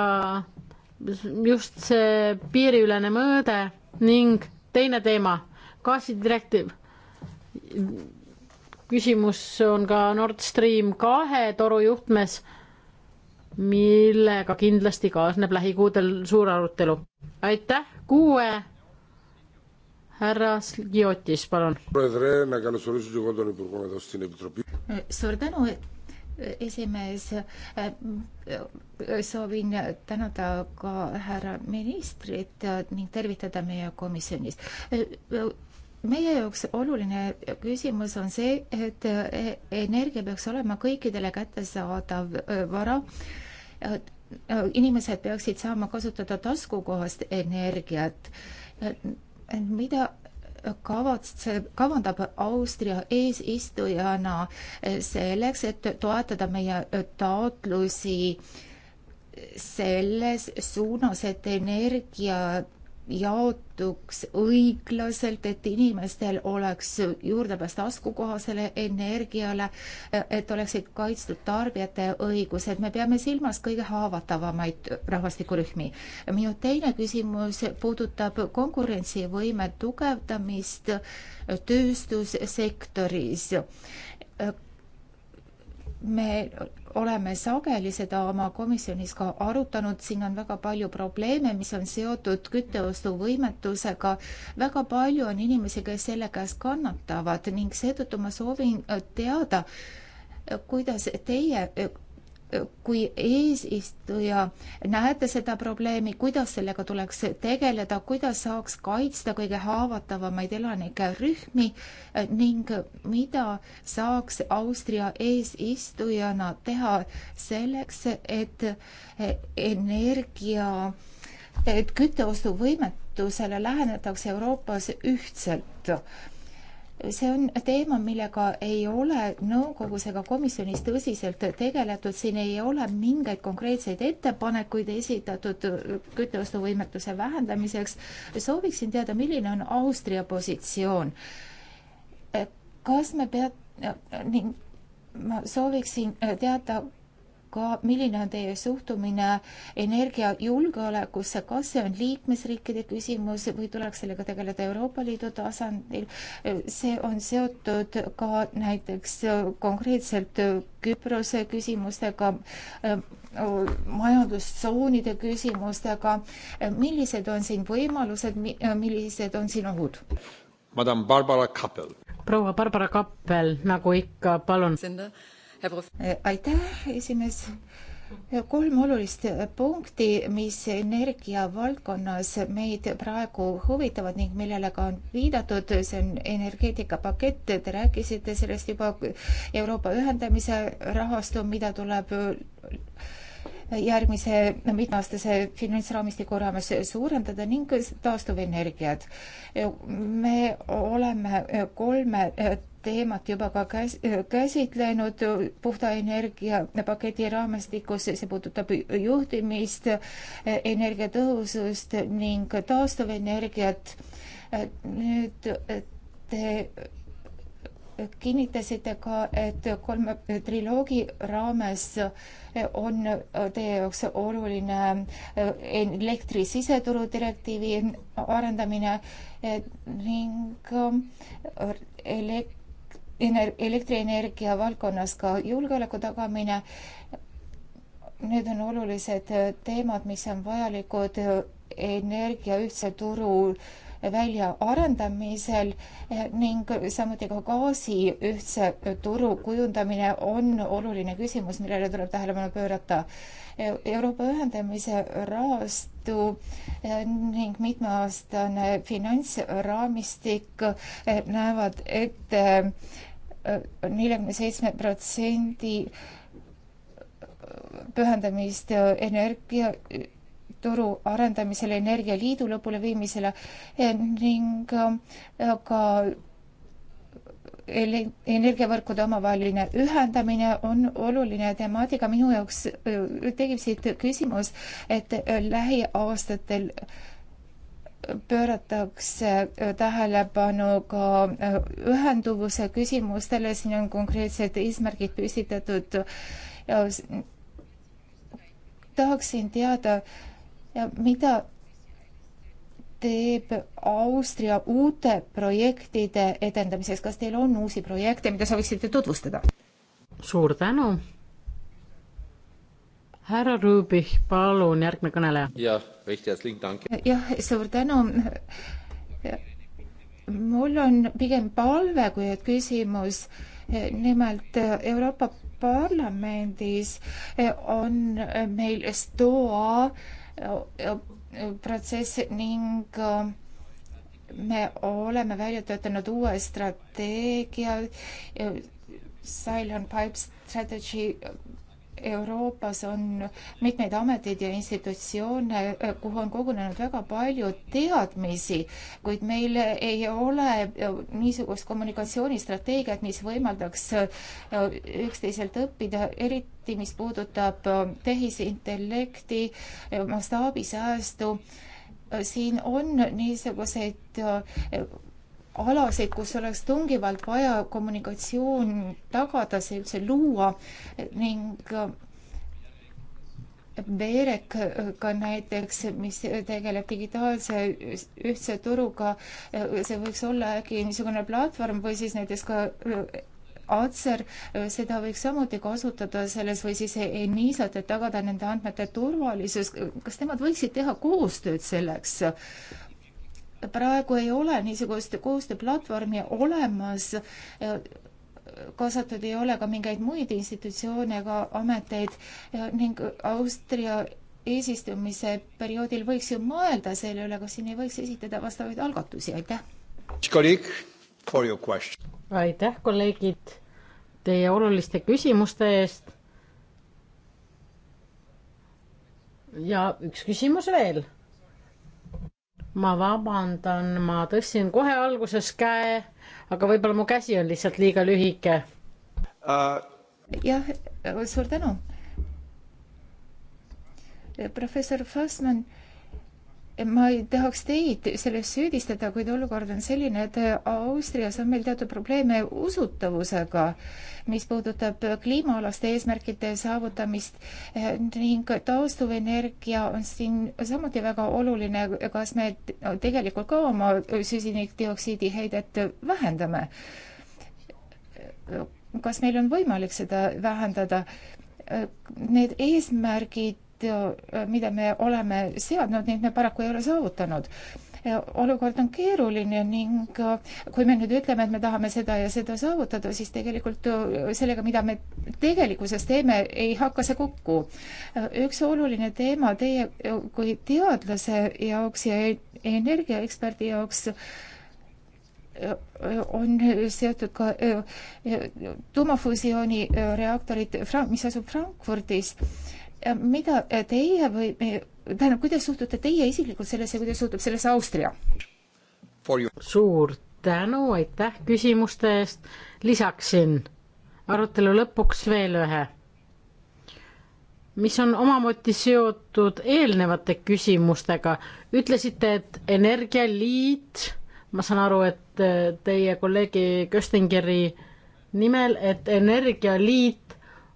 just see piiriülene mõõde ning teine teema, gaasidirektiiv. küsimus on ka Nord Stream kahe torujuhtmes, millega kindlasti kaasneb lähikuudel suur arutelu. aitäh, kuue härra Giotis, palun. suur tänu, esimees soovin tänada ka härra ministrit ning tervitada meie komisjonis. meie jaoks oluline küsimus on see, et energia peaks olema kõikidele kättesaadav vara. inimesed peaksid saama kasutada taskukohast energiat. mida kavatseb, kavandab Austria eesistujana selleks, et toetada meie taotlusi äh, selles suunas, et energia jaotuks õiglaselt, et inimestel oleks juurdepääs taskukohasele energiale, et oleksid kaitstud tarbijate õigused. me peame silmas kõige haavatavamaid rahvastikurühmi. minu teine küsimus puudutab konkurentsivõime tugevdamist tööstussektoris. me oleme sageli seda oma komisjonis ka arutanud, siin on väga palju probleeme, mis on seotud kütteostuvõimetusega. väga palju on inimesi, kes selle käes kannatavad ning seetõttu ma soovin teada, kuidas teie kui eesistuja näete seda probleemi, kuidas sellega tuleks tegeleda, kuidas saaks kaitsta kõige haavatavamaid elanike rühmi ning mida saaks Austria eesistujana teha selleks, et energia, et kütteostuvõimetusele lähenetakse Euroopas ühtselt see on teema, millega ei ole nõukogus ega komisjonis tõsiselt tegeletud, siin ei ole mingeid konkreetseid ettepanekuid esitatud kütteostuvõimetuse vähendamiseks. sooviksin teada, milline on Austria positsioon. kas me pea- ning ma sooviksin teada, ka, milline on teie suhtumine energiajulgeolekusse, kas see on liikmesriikide küsimus või tuleks sellega tegeleda Euroopa Liidu tasandil? see on seotud ka näiteks konkreetselt Küprose küsimustega, majandustsoonide küsimustega. millised on siin võimalused, millised on siin ohud? madam Barbara Kappel. proua Barbara Kappel, nagu ikka, palun. Äh, aitäh, esimees. kolm olulist punkti, mis energia valdkonnas meid praegu huvitavad ning millele ka on viidatud, see on energeetikapakett, te rääkisite sellest juba Euroopa ühendamise rahastu, mida tuleb järgmise mitmeaastase finantsraamistiku raames suurendada ning taastuvenergiat. me oleme kolme teemat juba ka käs-, käsitlenud puhta energia paketi raamistikus, see puudutab juhtimist, energiatõhusust ning taastuvenergiat. nüüd te kinnitasite ka, et kolme triloogi raames on teie jaoks oluline eh, elektri siseturu direktiivi arendamine eh, ning eh, elek-, elektrienergia valdkonnas ka julgeoleku tagamine. Need on olulised äh, teemad, mis on vajalikud äh, energia ühtse turu väljaarendamisel äh, ning samuti ka gaasi ühtse turu kujundamine on oluline küsimus, millele tuleb tähelepanu pöörata. Euroopa ühendamise rahastu ning mitmeaastane finantsraamistik näevad ette neljakümne seitsme protsendi pühendamist energiaturu arendamisele, Energialiidu lõpuleviimisele eh, ning eh, ka energiavõrkude omavaheline ühendamine on oluline temaatika. minu jaoks eh, tekib siit küsimus, et lähiaastatel äh, pööratakse äh, tähelepanu ka äh, ühenduvuse küsimustele, siin on konkreetsed eesmärgid püstitatud. tahaksin teada, mida teeb Austria uute projektide edendamiseks, kas teil on uusi projekte, mida sooviksite tutvustada? suur tänu härra Rüübih, palun, järgmine kõneleja. jah, jah, suur tänu. mul on pigem palve, kui et küsimus. nimelt Euroopa Parlamendis on meil STOA protsess ning me oleme välja töötanud uue strateegia, Silent Pipe Strategy Euroopas on mitmeid ameteid ja institutsioone, kuhu on kogunenud väga palju teadmisi, kuid meil ei ole niisugust kommunikatsioonistrateegiat, mis võimaldaks üksteiselt õppida, eriti mis puudutab tehisintellekti, mastaabisäästu. siin on niisuguseid alasid, kus oleks tungivalt vaja kommunikatsioon tagada, see üldse luua ning Veerek äh, äh, ka näiteks, mis tegeleb digitaalse ühtse turuga, äh, see võiks olla äkki niisugune platvorm või siis näiteks ka Atser, seda võiks samuti kasutada selles või siis ENISA-t, et tagada nende andmete turvalisus. kas nemad võiksid teha koostööd selleks? praegu ei ole niisugust koostööplatvormi olemas, kaasatud ei ole ka mingeid muid institutsioone ega ameteid ning Austria eesistumise perioodil võiks ju mõelda selle üle, kas siin ei võiks esitada vastavaid algatusi, aitäh! aitäh, kolleegid, teie oluliste küsimuste eest. ja üks küsimus veel ma vabandan, ma tõstsin kohe alguses käe, aga võib-olla mu käsi on lihtsalt liiga lühike uh.... jah, suur tänu. professor Fassmann ma ei tahaks teid selles süüdistada, kuid olukord on selline, et Austrias on meil teatud probleeme usutavusega, mis puudutab kliimaalaste eesmärkide saavutamist eh, ning taastuvenergia on siin samuti väga oluline, kas me tegelikult ka oma süsinikdioksiidi heidet vähendame. kas meil on võimalik seda vähendada? Need eesmärgid mida me oleme seadnud, neid me paraku ei ole saavutanud olukord on keeruline ning kui me nüüd ütleme, et me tahame seda ja seda saavutada, siis tegelikult sellega, mida me tegelikkuses teeme, ei hakka see kokku. üks oluline teema teie kui teadlase jaoks ja energiaeksperdi jaoks on seotud ka eh, eh, tuumafusioonireaktorid, mis asub Frankfurdis mida äh, teie või me, tähendab, kuidas suhtute teie isiklikult sellesse, kuidas suhtub sellesse Austria? suur tänu, aitäh küsimuste eest. lisaksin arutelu lõpuks veel ühe, mis on omamoodi seotud eelnevate küsimustega. ütlesite, et Energialiit, ma saan aru, et äh, teie kolleegi Köstingeri nimel, et Energialiit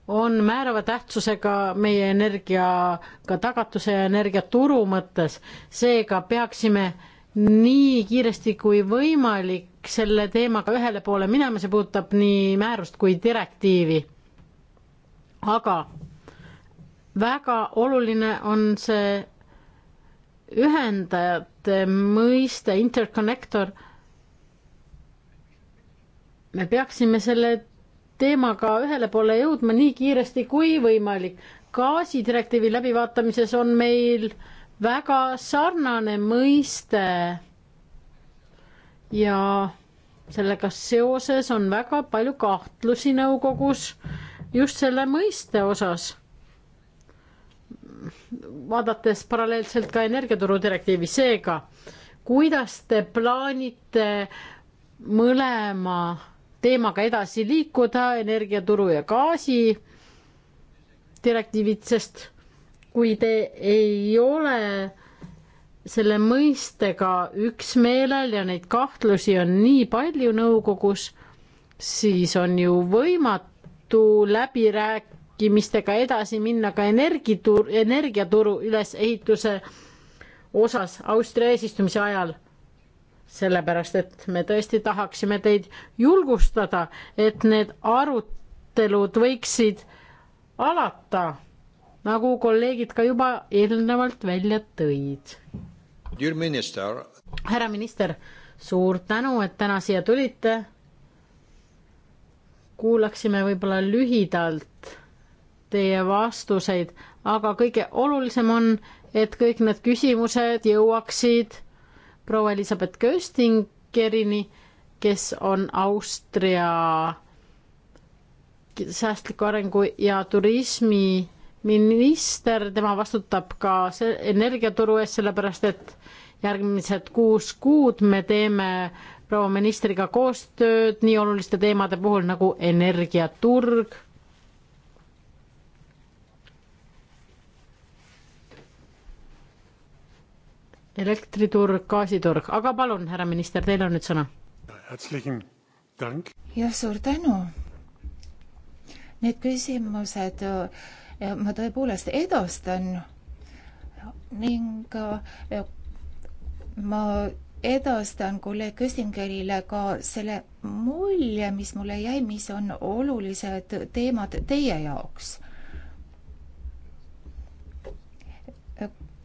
on määrava tähtsusega meie energiaga tagatuse ja energiaturu mõttes. seega peaksime nii kiiresti kui võimalik selle teemaga ühele poole minema, see puudutab nii määrust kui direktiivi. aga väga oluline on see ühendajate mõiste, interconnector. me peaksime selle teemaga ühele poole jõudma nii kiiresti kui võimalik. gaasidirektiivi läbivaatamises on meil väga sarnane mõiste ja sellega seoses on väga palju kahtlusi nõukogus just selle mõiste osas. vaadates paralleelselt ka energiaturu direktiivi, seega kuidas te plaanite mõlema teemaga edasi liikuda, energiaturu ja gaasi direktiivid, sest kui te ei ole selle mõistega üksmeelel ja neid kahtlusi on nii palju nõukogus, siis on ju võimatu läbirääkimistega edasi minna ka energiaturu, energiaturu ülesehituse osas Austria eesistumise ajal sellepärast et me tõesti tahaksime teid julgustada, et need arutelud võiksid alata, nagu kolleegid ka juba eelnevalt välja tõid. härra minister, suur tänu, et täna siia tulite. kuulaksime võib-olla lühidalt teie vastuseid, aga kõige olulisem on, et kõik need küsimused jõuaksid proua Elizabeth Köstingerini, kes on Austria säästliku arengu ja turismi minister, tema vastutab ka energiaturu eest, sellepärast et järgmised kuus kuud me teeme proua ministriga koostööd nii oluliste teemade puhul nagu energiaturg elektriturg, gaasiturg, aga palun, härra minister, teil on nüüd sõna. jah, suur tänu. Need küsimused äh, ma tõepoolest edastan ning äh, ma edastan kolleeg Köstingerile ka selle mulje, mis mulle jäi, mis on olulised teemad teie jaoks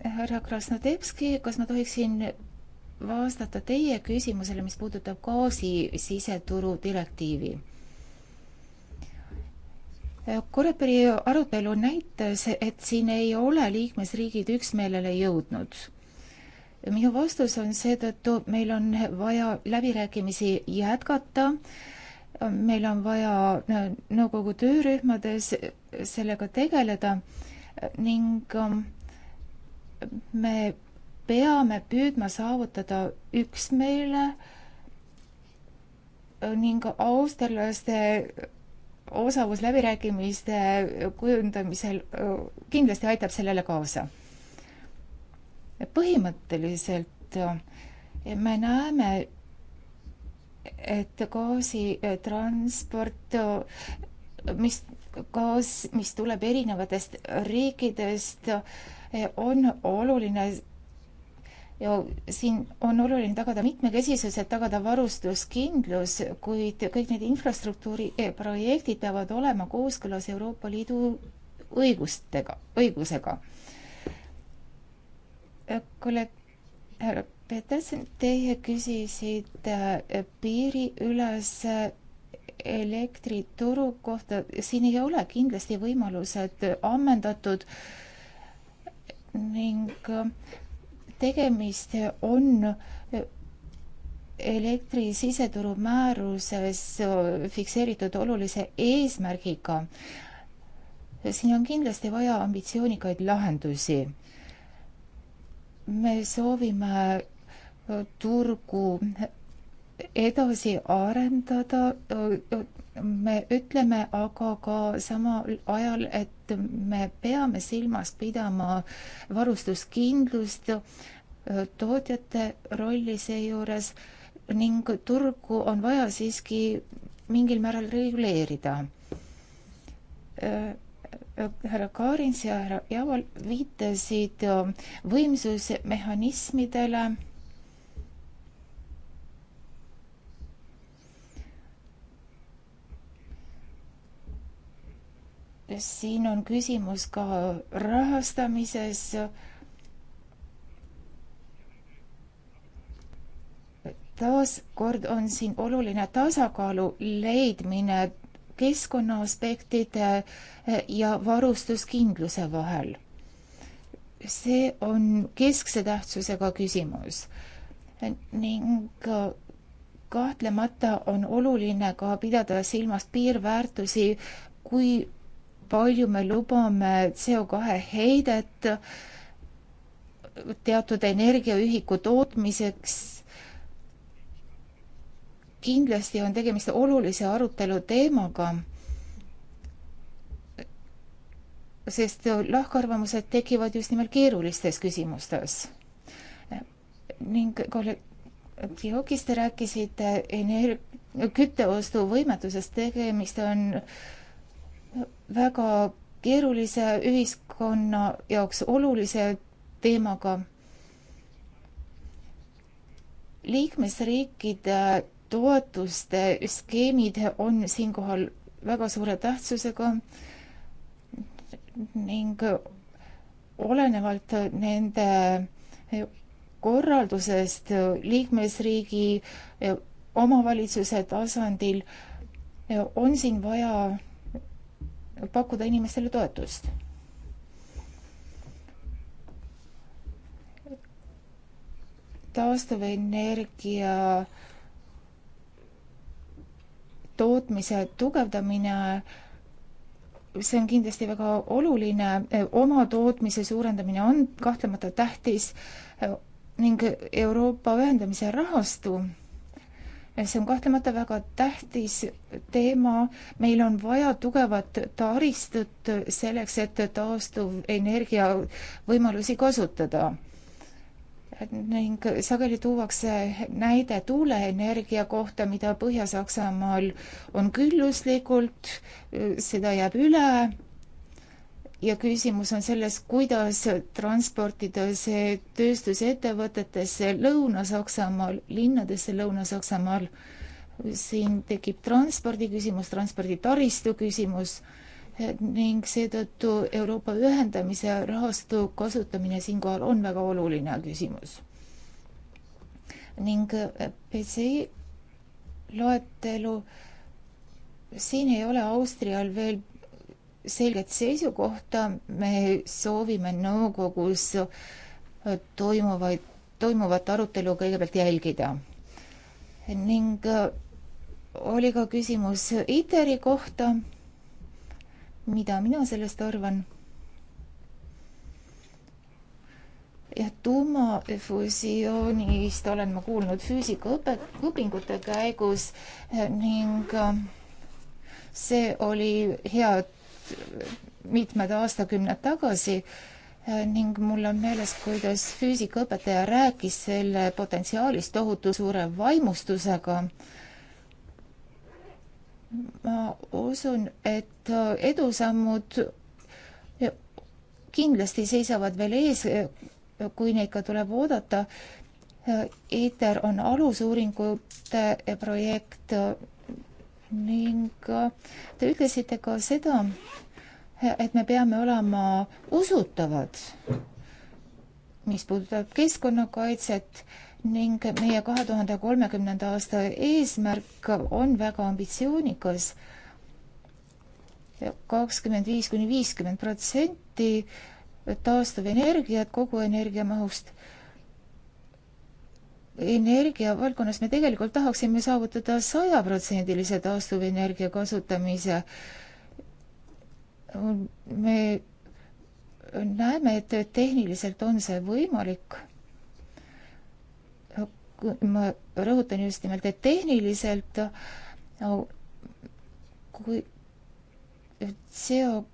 härra Krasnodebski, kas ma tohiksin vastata teie küsimusele, mis puudutab gaasi siseturu direktiivi? Koreperi arutelu näitas, et siin ei ole liikmesriigid üksmeelele jõudnud. minu vastus on seetõttu, meil on vaja läbirääkimisi jätkata, meil on vaja nõukogu töörühmades sellega tegeleda ning ähm, me peame püüdma saavutada üksmeele äh, ning austerlaste osavus läbirääkimiste kujundamisel äh, kindlasti aitab sellele kaasa. põhimõtteliselt äh, me näeme, et gaasitransport, mis gaas, mis tuleb erinevatest riikidest, Eh, on oluline ja siin on oluline tagada mitmekesisus, et tagada varustuskindlus, kuid kõik need infrastruktuuri eh, projektid peavad olema kooskõlas Euroopa Liidu õigustega, õigusega. Eh, kolleeg härra Peterson, teie küsisite piiriülese elektrituru kohta, siin ei ole kindlasti võimalused ammendatud ning äh, tegemist on äh, elektri siseturu määruses äh, fikseeritud olulise eesmärgiga. siin on kindlasti vaja ambitsioonikaid lahendusi. me soovime turgu edasi arendada me ütleme aga ka samal ajal, et me peame silmas pidama varustuskindlust, äh, tootjate rolli seejuures ning turgu on vaja siiski mingil määral reguleerida äh, äh, härra Kaarins ja härra Javal viitasid võimsusmehhanismidele siin on küsimus ka rahastamises. taaskord on siin oluline tasakaalu leidmine keskkonnaaspektide ja varustuskindluse vahel. see on keskse tähtsusega küsimus ning kahtlemata on oluline ka pidada silmas piirväärtusi, kui palju me lubame CO2 heidet teatud energiaühiku tootmiseks. kindlasti on tegemist olulise arutelu teemaga, sest lahkarvamused tekivad just nimelt keerulistes küsimustes. ning kolleeg Georgis, te rääkisite energia kütteostuvõimetusest, tegemist on äh, väga keerulise ühiskonna jaoks olulise teemaga. liikmesriikide toetuste skeemid on siinkohal väga suure tähtsusega ning olenevalt nende korraldusest liikmesriigi omavalitsuse tasandil on siin vaja pakkuda inimestele toetust. taastuvenergia tootmise tugevdamine, see on kindlasti väga oluline, oma tootmise suurendamine on kahtlemata tähtis ning Euroopa ühendamise rahastu see on kahtlemata väga tähtis teema, meil on vaja tugevat taristut selleks, et taastuvenergia võimalusi kasutada. ning sageli tuuakse näide tuuleenergia kohta, mida Põhja-Saksamaal on külluslikult, seda jääb üle ja küsimus on selles, kuidas transportida see tööstusettevõtetesse Lõuna-Saksamaal, linnadesse Lõuna-Saksamaal. siin tekib transpordi küsimus, transporditaristu küsimus ning seetõttu Euroopa ühendamise rahastu kasutamine siinkohal on väga oluline küsimus. ning äh, PCI loetelu, siin ei ole Austrial veel selget seisukohta, me soovime nõukogus toimuvaid, toimuvat arutelu kõigepealt jälgida. ning äh, oli ka küsimus ITER-i kohta, mida mina sellest arvan. jah, tuumafusioonist olen ma kuulnud füüsikaõpe, õpingute käigus ning äh, see oli hea mitmed aastakümned tagasi eh, ning mul on meeles, kuidas füüsikaõpetaja rääkis selle potentsiaalist tohutu suure vaimustusega. ma usun, et edusammud kindlasti seisavad veel ees, eh, kui neid ka tuleb oodata. Eh, ITER on alusuuringute projekt ning äh, te ütlesite ka seda, et me peame olema usutavad, mis puudutab keskkonnakaitset ning meie kahe tuhande kolmekümnenda aasta eesmärk on väga ambitsioonikas. kakskümmend viis kuni viiskümmend protsenti taastuvenergiat kogu energiamahust energiavaldkonnas me tegelikult tahaksime saavutada sajaprotsendilise taastuvenergia kasutamise. me näeme, et tehniliselt on see võimalik. ma rõhutan just nimelt, et tehniliselt no, kui CO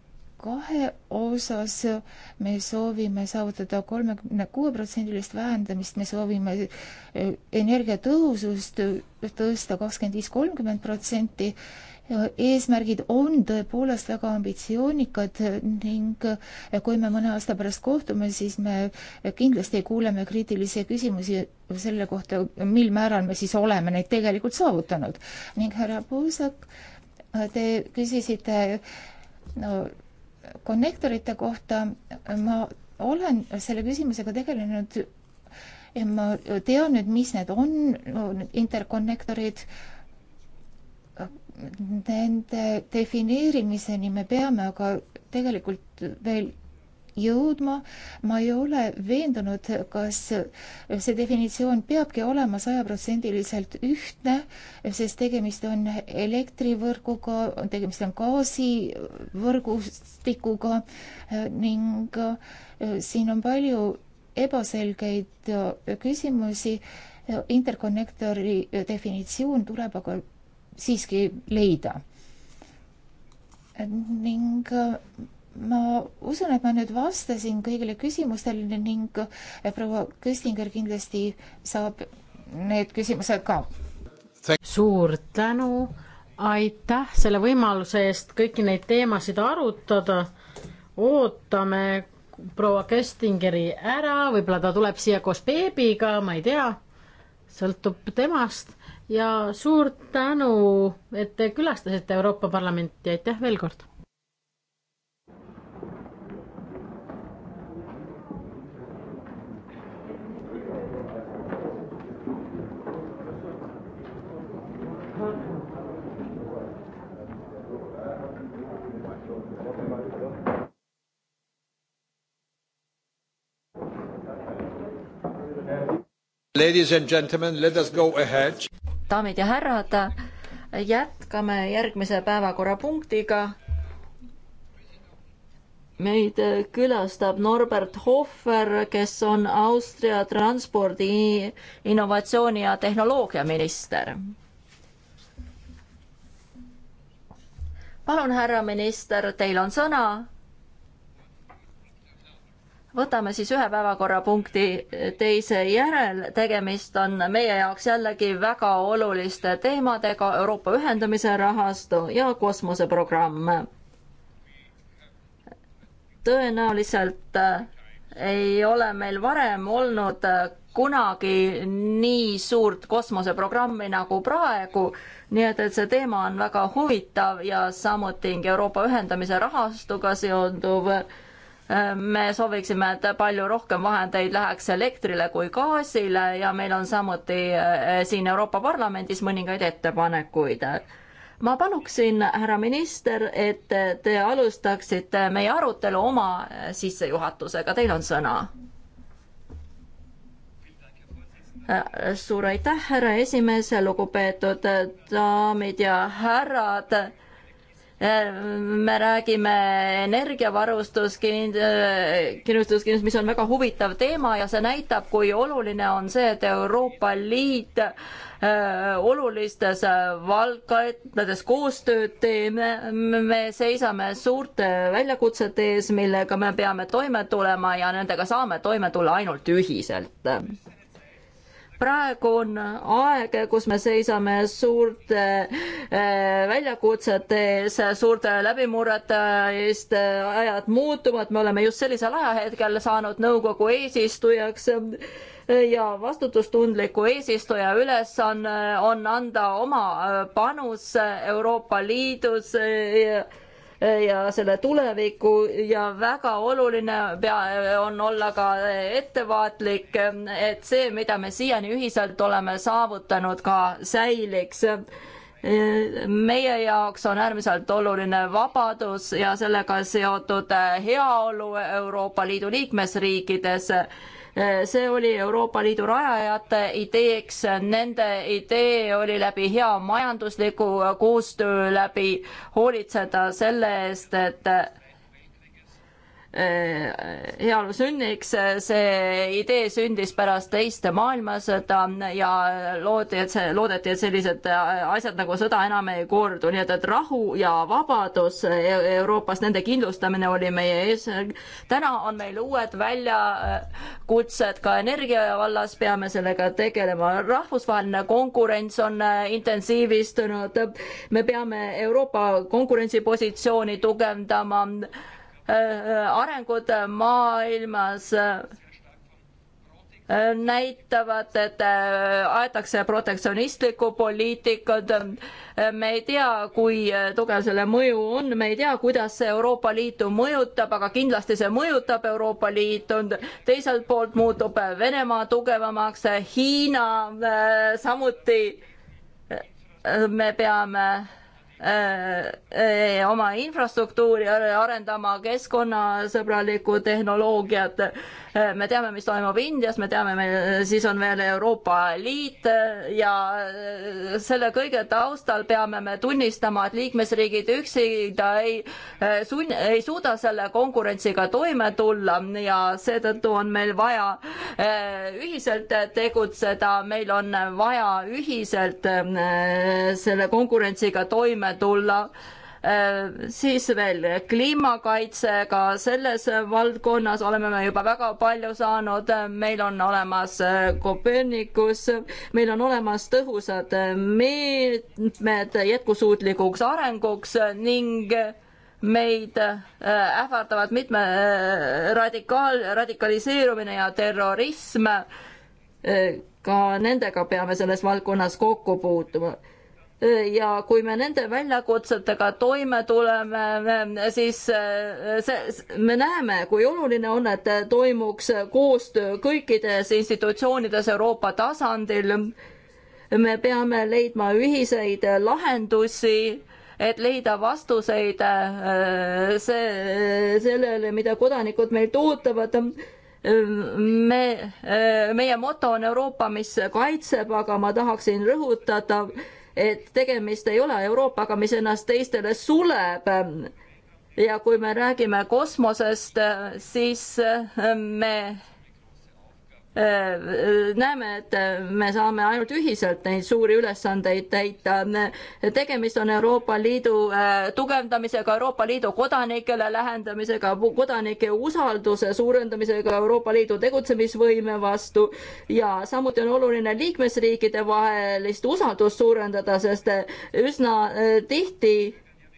kahe osas me soovime saavutada kolmekümne kuue protsendilist vähendamist, me soovime eh, energiatõhusust tõsta kakskümmend viis, kolmkümmend protsenti. eesmärgid on tõepoolest väga ambitsioonikad ning eh, kui me mõne aasta pärast kohtume, siis me kindlasti kuuleme kriitilisi küsimusi selle kohta, mil määral me siis oleme neid tegelikult saavutanud. ning härra Puusak, te küsisite no konnektorite kohta ma olen selle küsimusega tegelenud ja ma tean nüüd, mis need on, interkonnektorid. Nende defineerimiseni me peame aga tegelikult veel jõudma. ma ei ole veendunud, kas see definitsioon peabki olema sajaprotsendiliselt ühtne, sest tegemist on elektrivõrguga, tegemist on gaasivõrgustikuga ning siin on palju ebaselgeid küsimusi. interkonnektori definitsioon tuleb aga siiski leida. ning ma usun, et ma nüüd vastasin kõigile küsimustele ning eh, proua Köstinger kindlasti saab need küsimused ka. suur tänu, aitäh selle võimaluse eest kõiki neid teemasid arutada. ootame proua Köstingeri ära, võib-olla ta tuleb siia koos beebiga, ma ei tea, sõltub temast ja suur tänu, et te külastasite Euroopa Parlamenti, aitäh veel kord Ladies and gentlemen, let us go ahead. daamid ja härrad, jätkame järgmise päevakorrapunktiga. meid külastab Norbert Hofer, kes on Austria transpordi innovatsiooni ja tehnoloogiaminister. palun, härra minister, teil on sõna võtame siis ühe päevakorrapunkti teise järel, tegemist on meie jaoks jällegi väga oluliste teemadega, Euroopa ühendamise rahastu ja kosmoseprogramm. tõenäoliselt äh, ei ole meil varem olnud äh, kunagi nii suurt kosmoseprogrammi nagu praegu, nii et, et see teema on väga huvitav ja samuti Euroopa ühendamise rahastuga seonduv me sooviksime, et palju rohkem vahendeid läheks elektrile kui gaasile ja meil on samuti eh, siin Euroopa Parlamendis mõningaid ettepanekuid ma paluksin, härra minister, et te alustaksite meie arutelu oma sissejuhatusega, teil on sõna. suur aitäh, härra esimees, lugupeetud daamid ja härrad me räägime energiavarustuskindlustuskindlust, mis on väga huvitav teema ja see näitab, kui oluline on see, et Euroopa Liit äh, olulistes äh, valdkondades koostööd teeme. me seisame suurte väljakutsete ees, millega me peame toime tulema ja nendega saame toime tulla ainult ühiselt praegu on aeg, kus me seisame suurte eh, väljakutsete ees, suurte läbimurrete eest, ajad muutuvad, me oleme just sellisel ajahetkel saanud nõukogu eesistujaks ja vastutustundliku eesistuja ülesanne on, on anda oma panus Euroopa Liidus ja ja selle tuleviku ja väga oluline pea, on olla ka ettevaatlik, et see, mida me siiani ühiselt oleme saavutanud, ka säiliks meie jaoks on äärmiselt oluline vabadus ja sellega seotud heaolu Euroopa Liidu liikmesriikides see oli Euroopa Liidu rajajate ideeks, nende idee oli läbi hea majandusliku koostöö läbi hoolitseda selle eest, et Äh, äh, heaolu sünniks, äh, see idee sündis pärast teist maailmasõda ja loodi, et see, loodeti, et sellised asjad nagu sõda enam ei kordu, nii et, et rahu ja vabadus Euroopas, nende kindlustamine oli meie eesmärk. täna on meil uued väljakutsed ka energia vallas, peame sellega tegelema. rahvusvaheline konkurents on intensiivistunud, me peame Euroopa konkurentsipositsiooni tugevdama arengud maailmas äh, näitavad, et äh, aetakse protektsionistlikku poliitikat. me ei tea, kui äh, tugev selle mõju on, me ei tea, kuidas see Euroopa Liitu mõjutab, aga kindlasti see mõjutab Euroopa Liitu. teiselt poolt muutub Venemaa tugevamaks, Hiina samuti. me peame Äh, äh, oma infrastruktuuri arendama keskkonnasõbralikku tehnoloogiat me teame, mis toimub Indias, me teame, meil siis on veel Euroopa Liit äh, ja äh, selle kõige taustal peame me tunnistama, et liikmesriigid üksinda ei äh, sun-, ei suuda selle konkurentsiga toime tulla ja seetõttu on meil vaja ühiselt tegutseda, meil on vaja ühiselt selle konkurentsiga toime tulla Äh, siis veel kliimakaitsega, selles valdkonnas oleme me juba väga palju saanud, meil on olemas äh, Copernicus, meil on olemas tõhusad äh, meetmed jätkusuutlikuks arenguks ning meid ähvardavad mitme radikaal, radikaliseerumine ja terrorism. ka nendega peame selles valdkonnas kokku puutuma ja kui me nende väljakutsetega toime tuleme, siis see, me näeme, kui oluline on, et toimuks koostöö kõikides institutsioonides Euroopa tasandil. me peame leidma ühiseid lahendusi, et leida vastuseid äh, see, sellele, mida kodanikud meilt ootavad me, äh, meie moto on Euroopa, mis kaitseb, aga ma tahaksin rõhutada, et tegemist ei ole Euroopaga, mis ennast teistele suleb. ja kui me räägime kosmosest, siis me näeme, et me saame ainult ühiselt neid suuri ülesandeid täita. tegemist on Euroopa Liidu äh, tugevdamisega, Euroopa Liidu kodanikele lähendamisega, kodanike usalduse suurendamisega Euroopa Liidu tegutsemisvõime vastu ja samuti on oluline liikmesriikide vahelist usaldust suurendada, sest üsna äh, tihti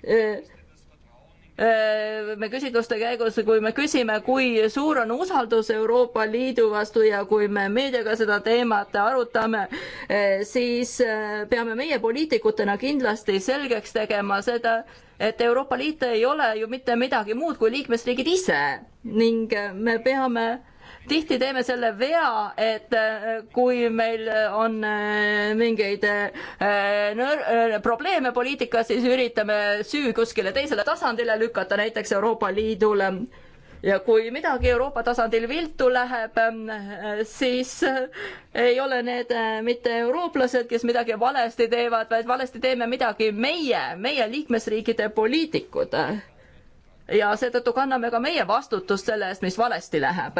äh, me küsitluste käigus, kui me küsime, kui suur on usaldus Euroopa Liidu vastu ja kui me meediaga seda teemat arutame, siis peame meie poliitikutena kindlasti selgeks tegema seda, et Euroopa Liit ei ole ju mitte midagi muud kui liikmesriigid ise ning me peame tihti teeme selle vea, et äh, kui meil on äh, mingeid äh, nõr-, probleeme poliitikas, siis üritame süü kuskile teisele tasandile lükata, näiteks Euroopa Liidule. ja kui midagi Euroopa tasandil viltu läheb, siis ei ole need mitte eurooplased, kes midagi valesti teevad, vaid valesti teeme midagi meie, meie liikmesriikide poliitikud ja seetõttu kanname ka meie vastutust selle eest, mis valesti läheb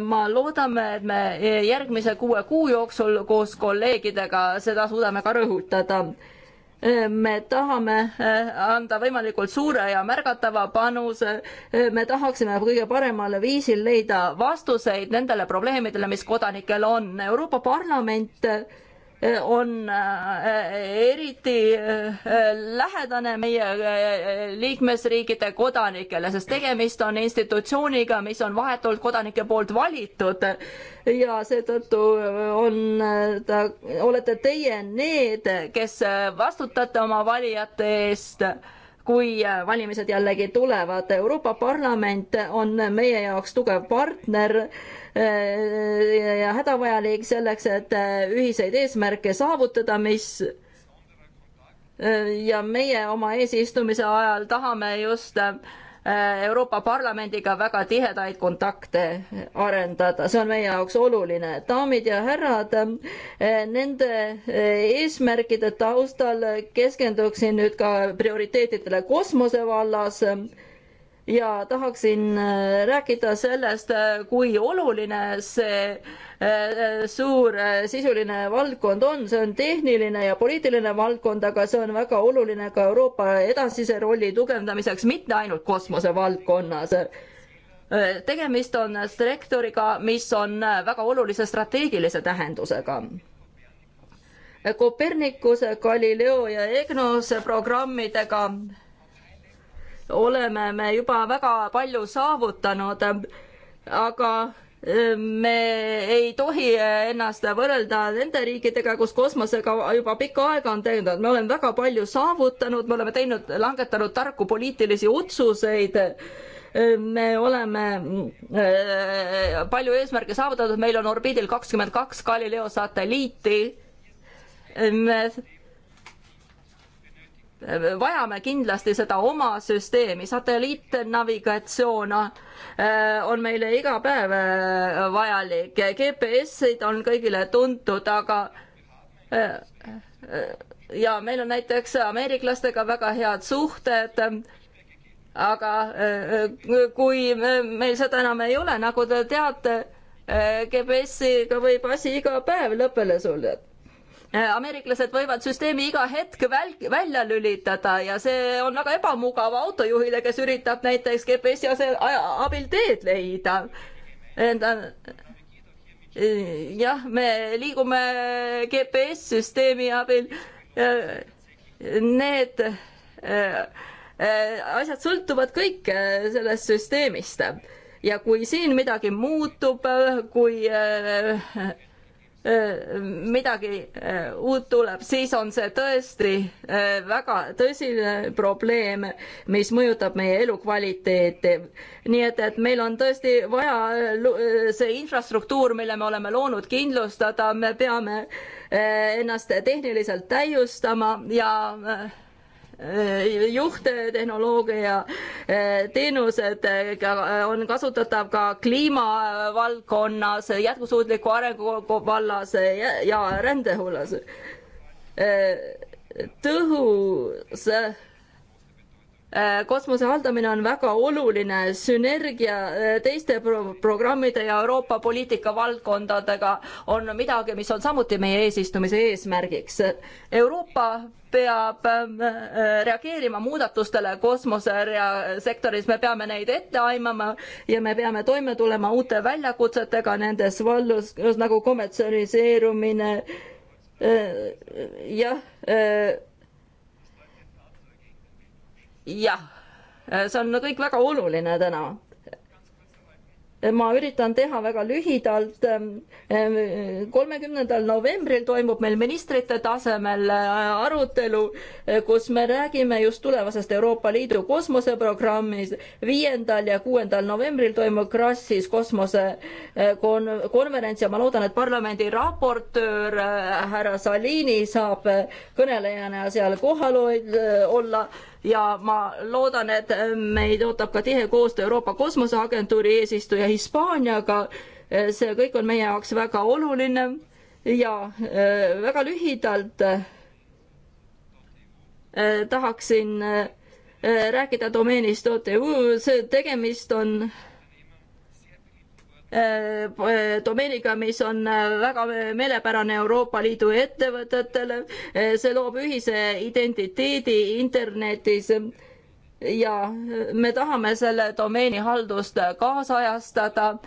ma loodame, et me järgmise kuue kuu jooksul koos kolleegidega seda suudame ka rõhutada me tahame äh, anda võimalikult suure ja märgatava panuse. Äh, me tahaksime kõige paremal viisil leida vastuseid nendele probleemidele, mis kodanikel on. Euroopa Parlament on äh, eriti äh, lähedane meie äh, liikmesriikide kodanikele, sest tegemist on institutsiooniga, mis on vahetult kodanike poolt valitud ja seetõttu on ta, olete teie need, kes vastutate oma valijate eest kui äh, valimised jällegi tulevad. Euroopa Parlament on meie jaoks tugev partner äh, ja hädavajalik selleks, et äh, ühiseid eesmärke saavutada, mis ja meie oma eesistumise ajal tahame just Äh, Euroopa Parlamendiga väga tihedaid kontakte arendada, see on meie jaoks oluline. daamid ja härrad, äh, nende äh, eesmärkide taustal keskenduksin nüüd ka prioriteetidele kosmose vallas ja tahaksin äh, rääkida sellest, äh, kui oluline see äh, suur sisuline valdkond on, see on tehniline ja poliitiline valdkond, aga see on väga oluline ka Euroopa edasise rolli tugevdamiseks, mitte ainult kosmose valdkonnas. tegemist on sektoriga, mis on väga olulise strateegilise tähendusega Kopernikuse, Galileo ja EGNOS programmidega oleme me juba väga palju saavutanud, aga eh, me ei tohi ennast võrrelda nende riikidega, kus kosmosega juba pikka aega on teinud, me oleme väga palju saavutanud, me oleme teinud, langetanud tarku poliitilisi otsuseid. Eh, me oleme eh, palju eesmärke saavutanud, meil on orbiidil kakskümmend kaks Galileo satelliiti. me vajame kindlasti seda oma süsteemi, satelliitnavigatsioon äh, on meile iga päev äh, vajalik, GPS-id on kõigile tuntud, aga äh, ja meil on näiteks ameeriklastega väga head suhted, aga kui meil seda enam ei ole, nagu te teate, GPS-iga võib asi iga päev lõpele sulle Äh, ameeriklased võivad süsteemi iga hetk väl-, välja lülitada ja see on väga ebamugav autojuhile, kes üritab näiteks GPS-i ase-, abil teed leida. Äh, jah, me liigume GPS-süsteemi abil. Äh, need asjad sõltuvad kõik sellest süsteemist ja kui siin midagi muutub, kui äh, Äh, midagi äh, uut tuleb, siis on see tõesti äh, väga tõsine probleem, mis mõjutab meie elukvaliteeti. nii et, et meil on tõesti vaja see infrastruktuur, mille me oleme loonud, kindlustada, me peame ennast tehniliselt täiustama ja Äh, juhttehnoloogia äh, teenused äh, on kasutatav ka kliimavaldkonnas, jätkusuutliku arengu vallas ja rände hullas. tõhus Äh, kosmose haldamine on väga oluline sünergia äh, teiste pro programmide ja Euroopa poliitika valdkondadega on midagi, mis on samuti meie eesistumise eesmärgiks. Euroopa peab äh, reageerima muudatustele kosmosesektoris, me peame neid ette aimama ja me peame toime tulema uute väljakutsetega nendes vallus, nagu kommertsialiseerumine. jah jah, see on kõik väga oluline täna ma üritan teha väga lühidalt. Ehm, ehm, kolmekümnendal novembril toimub meil ministrite tasemel äh, arutelu, äh, kus me räägime just tulevasest Euroopa Liidu kosmoseprogrammist. Viiendal ja kuuendal novembril toimub Krassis kosmosekonverents äh, ja ma loodan, et parlamendi raportöör härra Salini saab kõnelejana seal kohal olla ja ma loodan, et meid ootab ka tihe koostöö Euroopa Kosmoseagentuuri eesistuja Hispaaniaga. see kõik on meie jaoks väga oluline ja äh, väga lühidalt äh, tahaksin äh, rääkida domeenist OTU, see tegemist on Äh, domeeniga, mis on äh, väga meelepärane Euroopa Liidu ettevõtetele. Äh, see loob ühise identiteedi internetis ja me tahame selle domeeni haldust kaasajastada.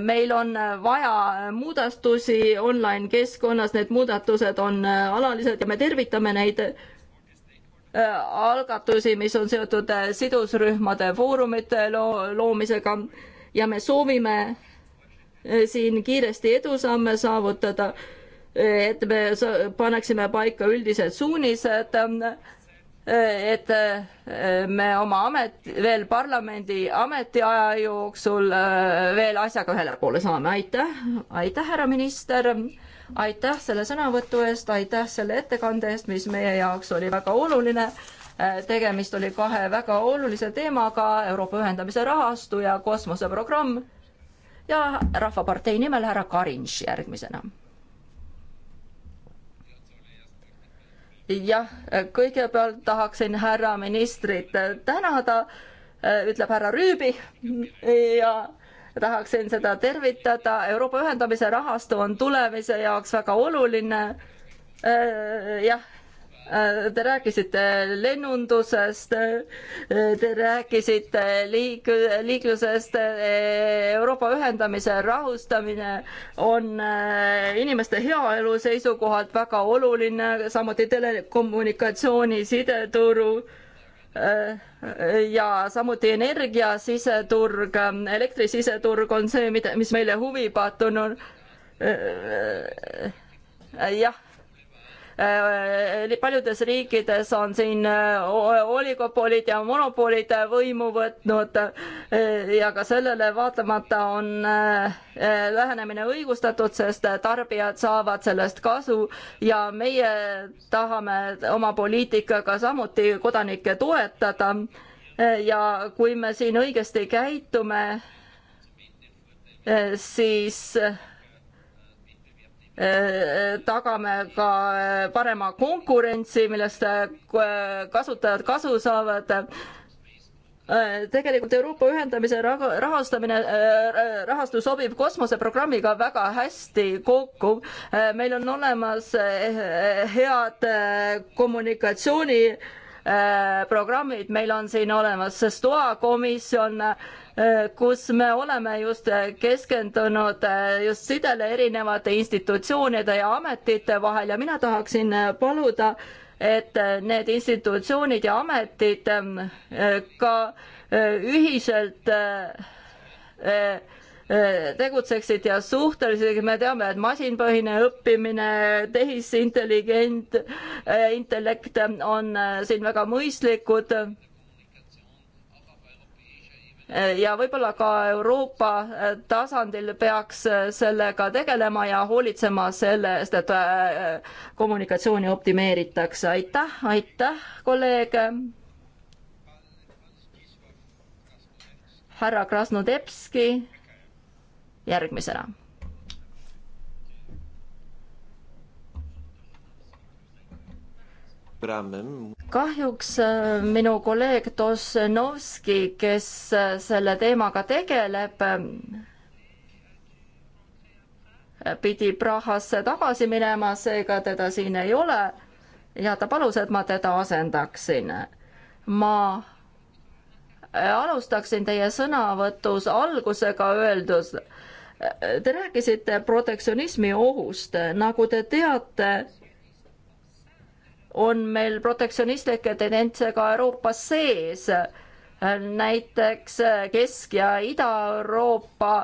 meil on vaja muudatusi online keskkonnas, need muudatused on alalised ja me tervitame neid algatusi, mis on seotud sidusrühmade foorumite loo loomisega ja me soovime Äh, siin kiiresti edusamme saavutada, äh, et me paneksime paika üldised suunised, äh, et me oma amet, veel parlamendi ametiaja jooksul veel asjaga ühele poole saame, aitäh, aitäh, härra minister, aitäh selle sõnavõtu eest, aitäh selle ettekande eest, mis meie jaoks oli väga oluline tegemist oli kahe väga olulise teemaga, Euroopa ühendamise rahastu ja kosmoseprogramm ja Rahvapartei nimel härra Karins järgmisena. jah, kõigepealt tahaksin härra ministrit tänada, ütleb härra Rüübi ja tahaksin seda tervitada. Euroopa ühendamise rahastu on tulemise jaoks väga oluline. jah, Äh, te rääkisite lennundusest, äh, te rääkisite liik-, liiklusest, äh, Euroopa ühendamise rahustamine on inimeste heaolu seisukohalt väga oluline, samuti telekommunikatsiooni sideturu ja samuti energia siseturg, elektri siseturg on see, mida, mis meile huvi pakkunud. jah, Äh, paljudes riikides on siin äh, oligopolid ja monopolid võimu võtnud äh, ja ka sellele vaatamata on lähenemine õigustatud, sest tarbijad saavad sellest kasu ja meie tahame oma poliitikaga samuti kodanikke toetada. ja kui me siin õigesti käitume, siis tagame ka parema konkurentsi, millest äh, kasutajad kasu saavad äh, tegelikult Euroopa ühendamise rahastamine, äh, rahastus sobib kosmoseprogrammiga väga hästi kokku. meil on olemas head kommunikatsiooniprogrammid, meil on siin olemas STOA komisjon kus me oleme just keskendunud eh, just sidele erinevate institutsioonide ja ametite vahel ja mina tahaksin eh, paluda, et eh, need institutsioonid ja ametid ka ühiselt tegutseksid ja suhtelisi, me teame, et masinpõhine õppimine, tehisintelligent, intellekt on siin väga mõistlikud ja võib-olla ka Euroopa äh, tasandil peaks äh, sellega tegelema ja hoolitsema selle eest, et äh, kommunikatsiooni optimeeritakse. aitäh, aitäh, kolleeg. härra Krasnodebski järgmisena kahjuks äh, minu kolleeg Tošenovski, kes äh, selle teemaga tegeleb, äh, pidi Prahasse tagasi minema, seega teda siin ei ole ja ta palus, et ma teda asendaksin. ma alustaksin teie sõnavõtus algusega öeldus. Te rääkisite protektsionismi ohust, nagu te teate, on meil protektsionistlikke tendentse ka Euroopas sees. näiteks Kesk- ja Ida-Euroopa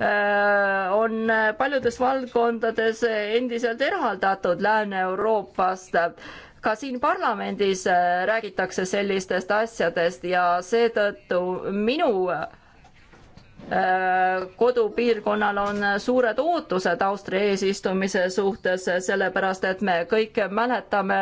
äh, on paljudes valdkondades endiselt eraldatud Lääne-Euroopast. ka siin parlamendis äh, räägitakse sellistest asjadest ja seetõttu minu Äh, kodupiirkonnal on suured ootused Austria eesistumise suhtes, sellepärast et me kõik mäletame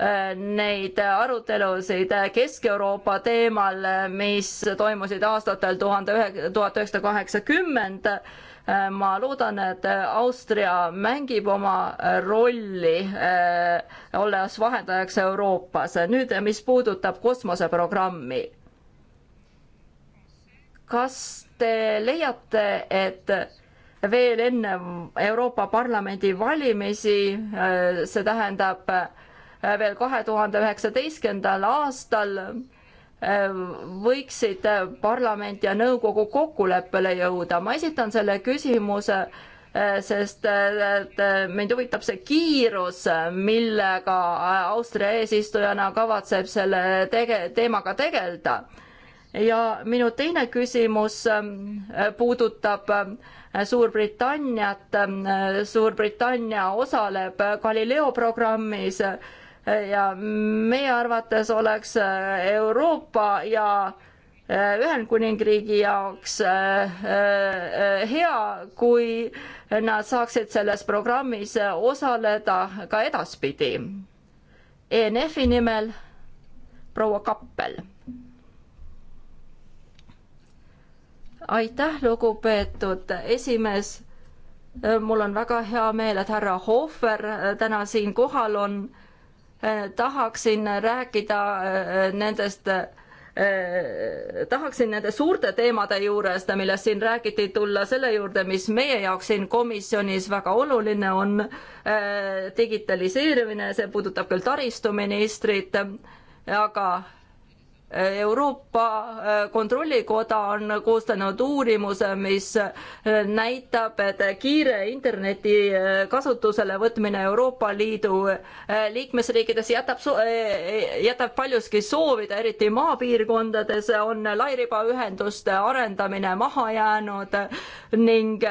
äh, neid arutelusid Kesk-Euroopa teemal, mis toimusid aastatel tuhande ühe, tuhat üheksasada kaheksakümmend. Äh, ma loodan, et Austria mängib oma rolli, olles vahendajaks Euroopas. nüüd, mis puudutab kosmoseprogrammi kas te leiate, et veel enne Euroopa Parlamendi valimisi, äh, see tähendab äh, veel kahe tuhande üheksateistkümnendal aastal, äh, võiksid parlament ja nõukogu kokkuleppele jõuda. ma esitan selle küsimuse, sest mind huvitab see kiirus, millega Austria eesistujana kavatseb selle tege-, teemaga tegeleda ja minu teine küsimus ähm, puudutab ähm, Suurbritanniat. Ähm, Suurbritannia osaleb Galileo programmis äh, ja meie arvates oleks äh, Euroopa ja äh, Ühendkuningriigi jaoks hea, kui nad saaksid selles programmis osaleda ka edaspidi. ENF-i nimel proua Kappel aitäh, lugupeetud esimees. Äh, mul on väga hea meel, et härra Hohver äh, täna siin kohal on. Äh, tahaksin rääkida nendest tahaksin nende suurte teemade juurest, millest siin räägiti, tulla selle juurde, mis meie jaoks siin komisjonis väga oluline on, digitaliseerimine, see puudutab küll taristuministrit, aga Euroopa äh, Kontrollikoda on koostanud uurimuse, mis äh, näitab, et kiire interneti äh, kasutusele võtmine Euroopa Liidu liikmesriikides jätab, jätab paljuski soovida, eriti maapiirkondades on lairibaühenduste arendamine maha jäänud ning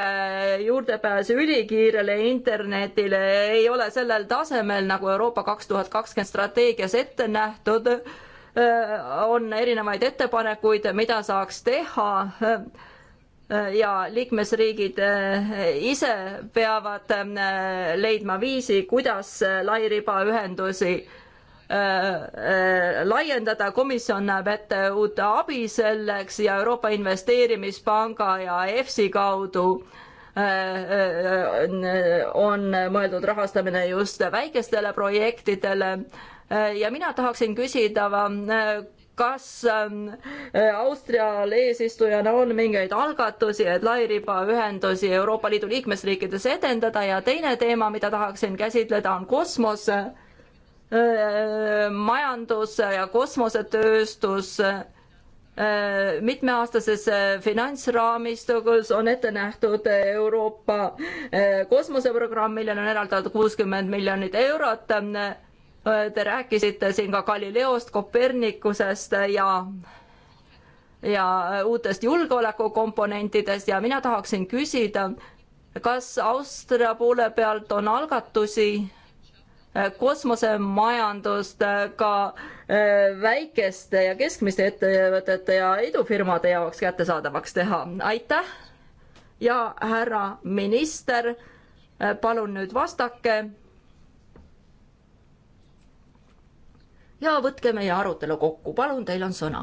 juurdepääs ülikiirele internetile ei ole sellel tasemel, nagu Euroopa kaks tuhat kakskümmend strateegias ette nähtud Äh, on erinevaid ettepanekuid, mida saaks teha äh, ja liikmesriigid äh, ise peavad leidma viisi, kuidas lairibaühendusi laiendada, komisjon näeb ette uut abi selleks ja Euroopa Investeerimispanga ja EFSI kaudu on mõeldud rahastamine just väikestele projektidele Äh, ja mina tahaksin küsida, äh, kas ähm, äh, Austrial eesistujana on mingeid algatusi, et lairibaühendusi Euroopa Liidu liikmesriikides edendada ja teine teema, mida tahaksin käsitleda, on kosmos, majandus ja kosmosetööstus mitmeaastases finantsraamistikus on ette nähtud Euroopa kosmoseprogramm, millele on eraldatud kuuskümmend miljonit eurot Te rääkisite siin ka Galileost, Kopernikusest ja ja uutest julgeolekukomponentidest ja mina tahaksin küsida, kas Austria poole pealt on algatusi eh, kosmosemajandust eh, ka eh, väikeste ja keskmiste ettevõtete ja idufirmade jaoks kättesaadavaks teha. aitäh ja härra minister, palun nüüd vastake ja võtke meie arutelu kokku, palun, teil on sõna.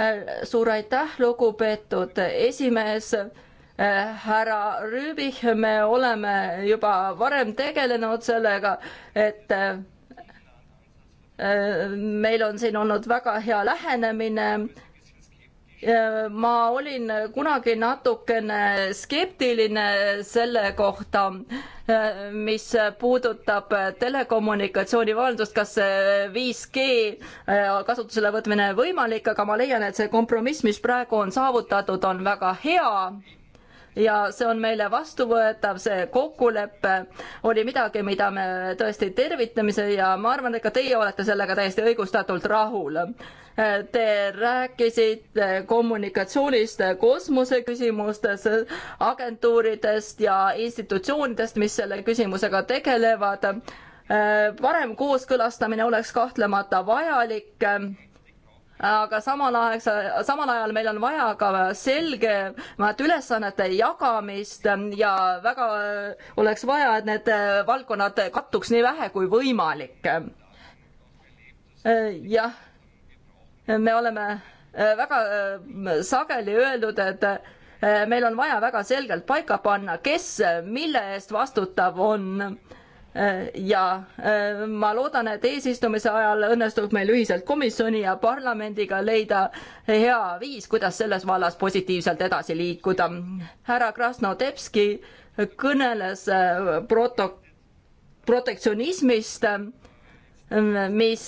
Äh, suur aitäh, lugupeetud esimees äh, härra Rüübich, me oleme juba varem tegelenud sellega, et äh, meil on siin olnud väga hea lähenemine ma olin kunagi natukene skeptiline selle kohta, mis puudutab telekommunikatsiooni valdust, kas 5G äh, kasutusele võtmine võimalik, aga ma leian, et see kompromiss, mis praegu on saavutatud, on väga hea ja see on meile vastuvõetav, see kokkulepe oli midagi, mida me tõesti tervitamise ja ma arvan, et ka teie olete sellega täiesti õigustatult rahul. Te rääkisite kommunikatsioonist kosmose küsimustes, agentuuridest ja institutsioonidest, mis selle küsimusega tegelevad. parem kooskõlastamine oleks kahtlemata vajalik aga samal ajal, samal ajal meil on vaja ka selgemat ülesannete jagamist ja väga äh, oleks vaja, et need äh, valdkonnad kattuks nii vähe kui võimalik. Äh, jah, me oleme väga sageli öeldud, et meil on vaja väga selgelt paika panna, kes mille eest vastutav on Äh, ja äh, ma loodan, et eesistumise ajal õnnestub meil ühiselt komisjoni ja parlamendiga leida hea viis, kuidas selles vallas positiivselt edasi liikuda. härra Krasnodebski kõneles äh, proto-, protektsionismist, mis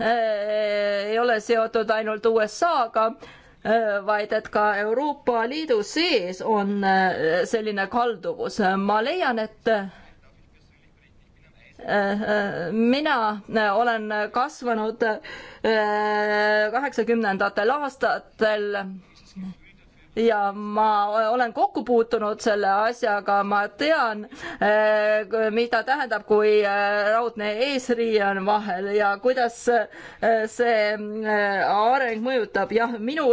ei ole seotud ainult USA-ga, vaid et ka Euroopa Liidu sees on selline kalduvus. ma leian, et mina äh, olen kasvanud äh, kaheksakümnendatel aastatel ja ma olen kokku puutunud selle asjaga, ma tean, eh, mida tähendab, kui eh, raudne eesriie on vahel ja kuidas eh, see areng mõjutab. jah, minu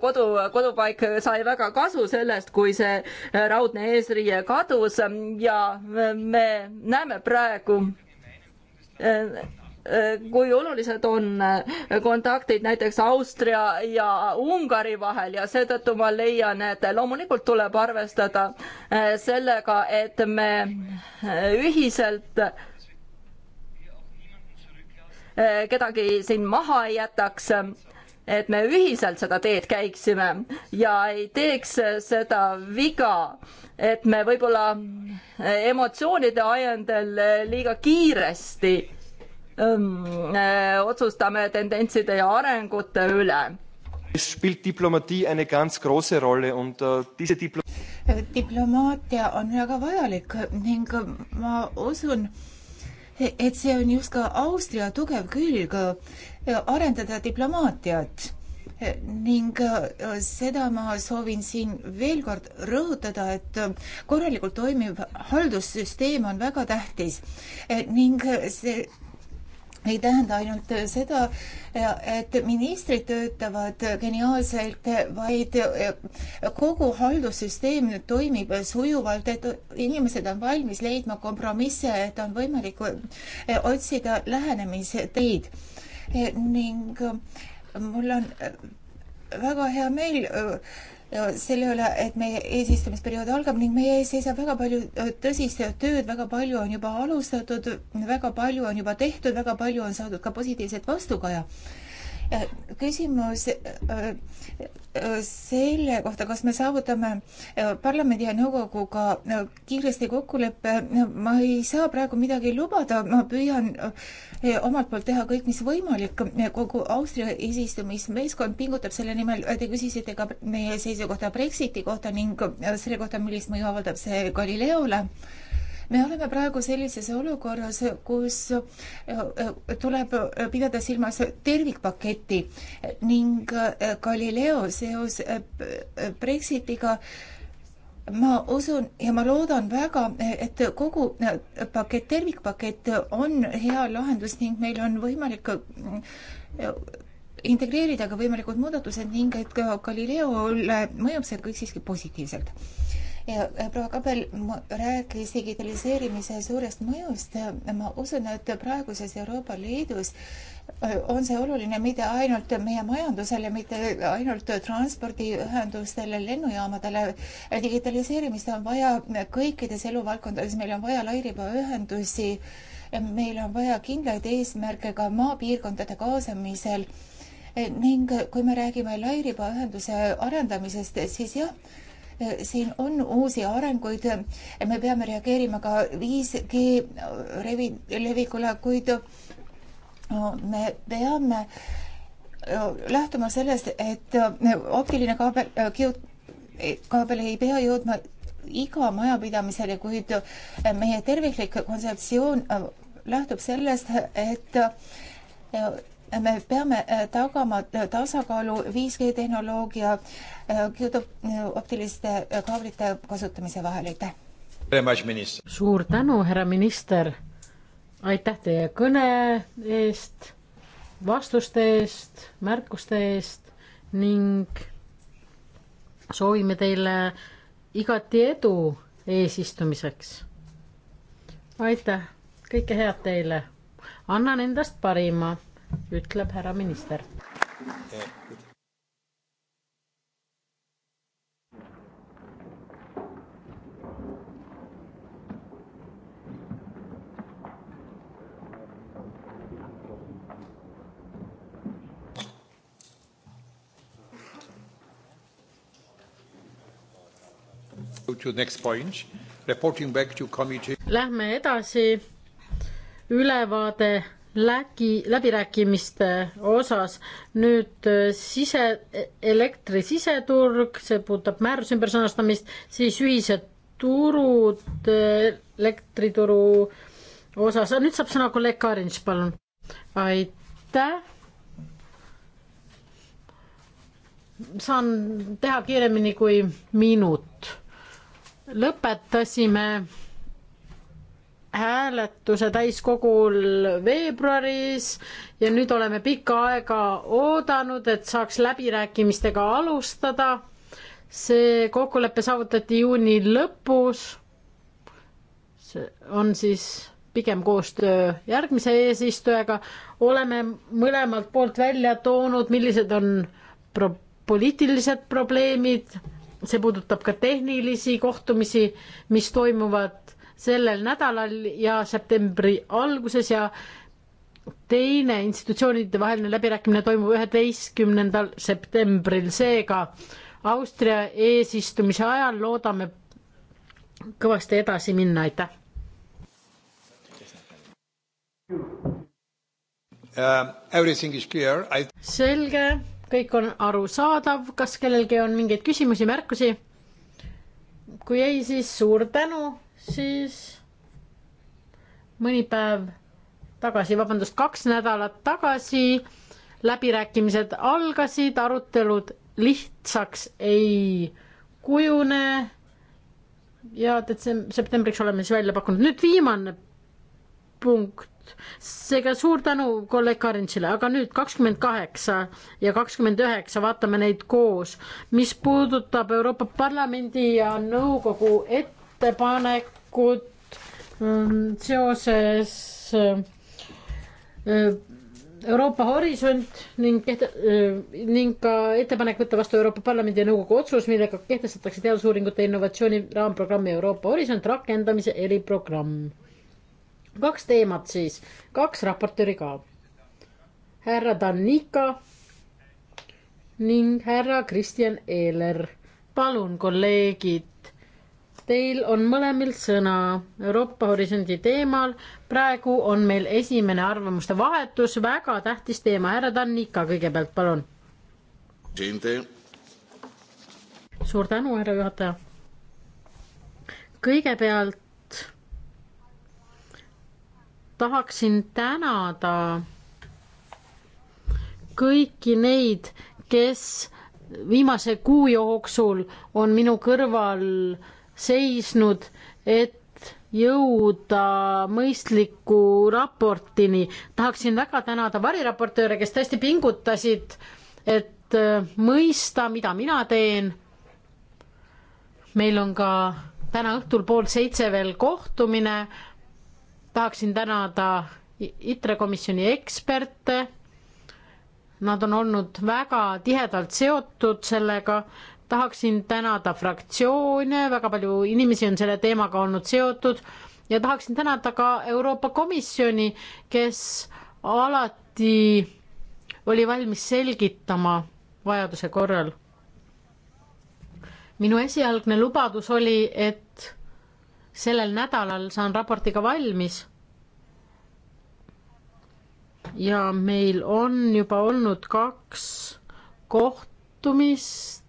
kodu, kodupaik sai väga kasu sellest, kui see raudne eesriie kadus ja me näeme praegu Äh, kui olulised on äh, kontaktid näiteks Austria ja Ungari vahel ja seetõttu ma leian, et loomulikult tuleb arvestada äh, sellega, et me ühiselt kedagi siin maha ei jätaks, et me ühiselt seda teed käiksime ja ei teeks seda viga, et me võib-olla emotsioonide ajendel liiga kiiresti Äh, otsustame tendentside ja arengute üle. Äh, äh, diplomaatia on väga vajalik ning ma usun, et see on just ka Austria tugev külg, arendada diplomaatiat ning seda ma soovin siin veel kord rõhutada, et korralikult toimiv haldussüsteem on väga tähtis ning see ei tähenda ainult seda, et ministrid töötavad geniaalselt, vaid kogu haldussüsteem toimib sujuvalt, et inimesed on valmis leidma kompromisse, et on võimalik otsida lähenemisteid. ning mul on väga hea meel selle üle, et meie eesistumisperiood algab ning meie ees seisab väga palju tõsist tööd, väga palju on juba alustatud, väga palju on juba tehtud, väga palju on saadud ka positiivset vastukaja. Äh, küsimus äh, äh, selle kohta, kas me saavutame parlamendi ja nõukoguga kiiresti kokkuleppe, ma ei saa praegu midagi lubada, ma püüan omalt poolt teha kõik, mis võimalik. kogu Austria eesistumismeeskond pingutab selle nimel, te küsisite ka meie seisukohta Brexiti kohta ning selle kohta, millist mõju avaldab see Galileole me oleme praegu sellises olukorras, kus eh, eh, tuleb eh, pidada silmas tervikpaketi ning Galileo seos Brexitiga ma usun ja ma loodan väga, et kogu pakett, tervikpakett on hea lahendus ning meil on võimalik integreerida ka võimalikud muudatused ning et ka Galileole mõjub see kõik siiski positiivselt. Äh, proua Kabel rääkis digitaliseerimise suurest mõjust. ma usun, et praeguses Euroopa Liidus äh, on see oluline mitte ainult meie majandusele, mitte ainult transpordiühendustele, lennujaamadele. digitaliseerimist on vaja kõikides eluvaldkondades, meil on vaja lairibaühendusi, meil on vaja kindlaid eesmärke ka maapiirkondade kaasamisel. ning kui me räägime lairibaühenduse arendamisest, siis jah siin on uusi arenguid, me peame reageerima ka 5G revi-, levikule, kuid me peame äh, lähtuma sellest, et optiline kaabel, äh, kaabel ei pea jõudma iga majapidamisele, kuid meie terviklik kontseptsioon äh, lähtub sellest, et me peame äh, tagama äh, tasakaalu 5G tehnoloogia äh, optiliste kaablite kasutamise vahel, aitäh! suur tänu, härra minister! aitäh teie kõne eest, vastuste eest, märkuste eest ning soovime teile igati edu eesistumiseks. aitäh, kõike head teile. annan endast parima ütleb härra minister. Lähme edasi, ülevaade lägi, läbirääkimiste osas. nüüd äh, sise, elektri siseturg, see puudutab määruse ümbersõnastamist, siis ühised turud äh, elektrituru osas. nüüd saab sõna kolleeg Karins, palun. aitäh. saan teha kiiremini kui minut. lõpetasime hääletuse täiskogul veebruaris ja nüüd oleme pikka aega oodanud, et saaks läbirääkimistega alustada. see kokkulepe saavutati juuni lõpus. see on siis pigem koostöö järgmise eesistujaga. oleme mõlemalt poolt välja toonud, millised on pro poliitilised probleemid see puudutab ka tehnilisi kohtumisi, mis toimuvad sellel nädalal ja septembri alguses ja teine institutsioonide vaheline läbirääkimine toimub üheteistkümnendal septembril, seega Austria eesistumise ajal loodame kõvasti edasi minna, aitäh. Uh, selge, kõik on arusaadav, kas kellelgi on mingeid küsimusi, märkusi? kui ei, siis suur tänu siis mõni päev tagasi, vabandust, kaks nädalat tagasi läbirääkimised algasid, arutelud lihtsaks ei kujune ja detsem-, septembriks oleme siis välja pakkunud. nüüd viimane punkt, seega suur tänu kolleeg Karintsile, aga nüüd kakskümmend kaheksa ja kakskümmend üheksa, vaatame neid koos, mis puudutab Euroopa Parlamendi ja nõukogu ettepanekut valikut ähm, seoses äh, äh, Euroopa Horisont ning kehte-, äh, ning ka ettepanek võtta vastu Euroopa Parlamendi ja Nõukogu otsus, millega kehtestatakse teadusuuringute innovatsiooni raamprogrammi Euroopa Horisont rakendamise eriprogramm. kaks teemat siis, kaks raportööri ka. härra Danika ning härra Kristjan Eeler. palun, kolleegid Teil on mõlemil sõna Euroopa Horisondi teemal. praegu on meil esimene arvamuste vahetus, väga tähtis teema. härra Tannika kõigepealt, palun. suur tänu, härra juhataja. kõigepealt tahaksin tänada kõiki neid, kes viimase kuu jooksul on minu kõrval äh, seisnud, et jõuda mõistliku raportini. tahaksin väga tänada variraportööre, kes tõesti pingutasid, et äh, mõista, mida mina teen. meil on ka täna õhtul pool seitse veel kohtumine. tahaksin tänada ITRE komisjoni eksperte. Nad on olnud väga tihedalt seotud sellega tahaksin tänada fraktsioone, väga palju inimesi on selle teemaga olnud seotud ja tahaksin tänada ka Euroopa Komisjoni, kes alati oli valmis selgitama vajaduse korral. minu esialgne lubadus oli, et sellel nädalal saan raportiga valmis. ja meil on juba olnud kaks kohtumist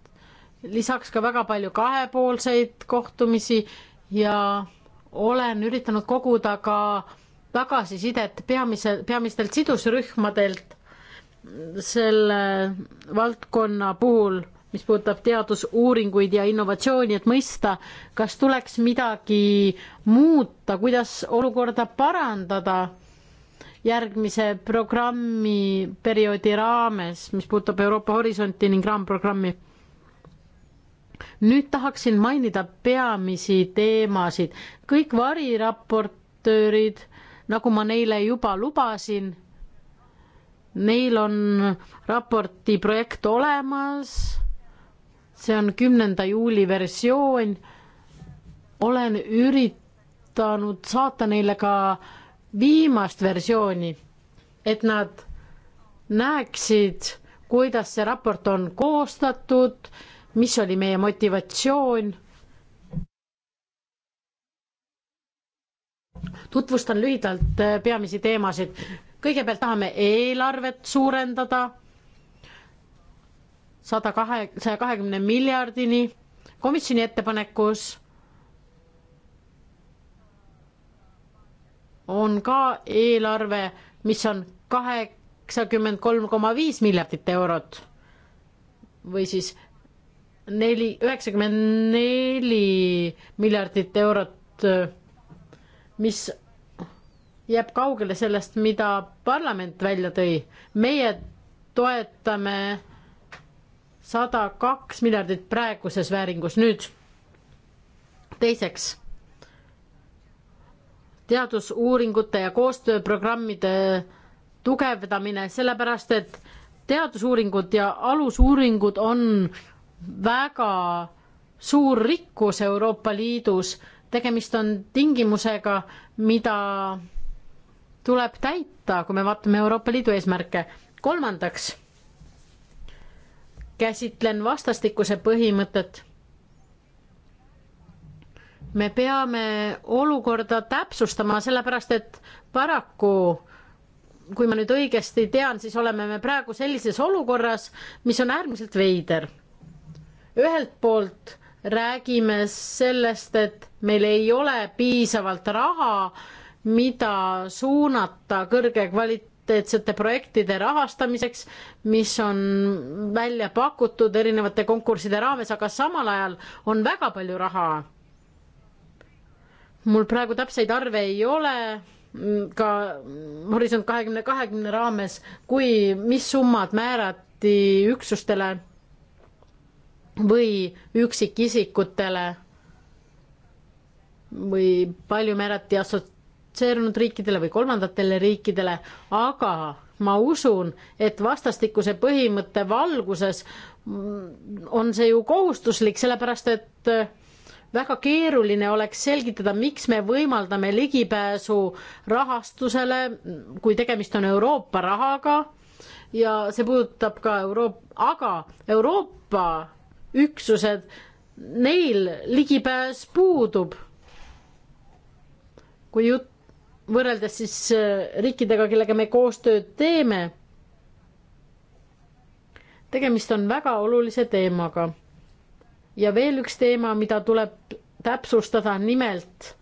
lisaks ka väga palju kahepoolseid kohtumisi ja olen üritanud koguda ka tagasisidet peamise, peamistelt sidusrühmadelt selle valdkonna puhul, mis puudutab teadusuuringuid ja innovatsiooni, et mõista, kas tuleks midagi muuta, kuidas olukorda parandada järgmise programmi perioodi raames, mis puudutab Euroopa Horisonti ning raamprogrammi nüüd tahaksin mainida peamisi teemasid. kõik variraportöörid, nagu ma neile juba lubasin, neil on raporti projekt olemas, see on kümnenda juuli versioon. olen üritanud saata neile ka viimast versiooni, et nad näeksid, kuidas see raport on koostatud mis oli meie motivatsioon. tutvustan lühidalt äh, peamisi teemasid. kõigepealt tahame eelarvet suurendada sada kahe, saja kahekümne miljardini komisjoni ettepanekus on ka eelarve, mis on kaheksakümmend kolm koma viis miljardit eurot või siis neli, üheksakümmend neli miljardit eurot, mis jääb kaugele sellest, mida parlament välja tõi. meie toetame sada kaks miljardit praeguses vääringus, nüüd teiseks, teadusuuringute ja koostööprogrammide tugevdamine, sellepärast et teadusuuringud ja alusuuringud on väga suur rikkus Euroopa Liidus, tegemist on tingimusega, mida tuleb täita, kui me vaatame Euroopa Liidu eesmärke. kolmandaks käsitlen vastastikuse põhimõtet. me peame olukorda täpsustama, sellepärast et paraku kui ma nüüd õigesti tean, siis oleme me praegu sellises olukorras, mis on äärmiselt veider ühelt poolt räägime sellest, et meil ei ole piisavalt raha, mida suunata kõrge kvaliteetsete projektide rahastamiseks, mis on välja pakutud erinevate konkursside raames, aga samal ajal on väga palju raha. mul praegu täpseid arve ei ole mm, ka Horisont kahekümne kahekümne raames, kui, mis summad määrati üksustele või üksikisikutele või palju määrati assotsieerunud riikidele või kolmandatele riikidele, aga ma usun, et vastastikuse põhimõtte valguses on see ju kohustuslik, sellepärast et väga keeruline oleks selgitada, miks me võimaldame ligipääsu rahastusele, kui tegemist on Euroopa rahaga ja see puudutab ka Euroop-, aga Euroopa üksused, neil ligipääs puudub. kui jutt, võrreldes siis äh, riikidega, kellega me koostööd teeme, tegemist on väga olulise teemaga. ja veel üks teema, mida tuleb täpsustada, nimelt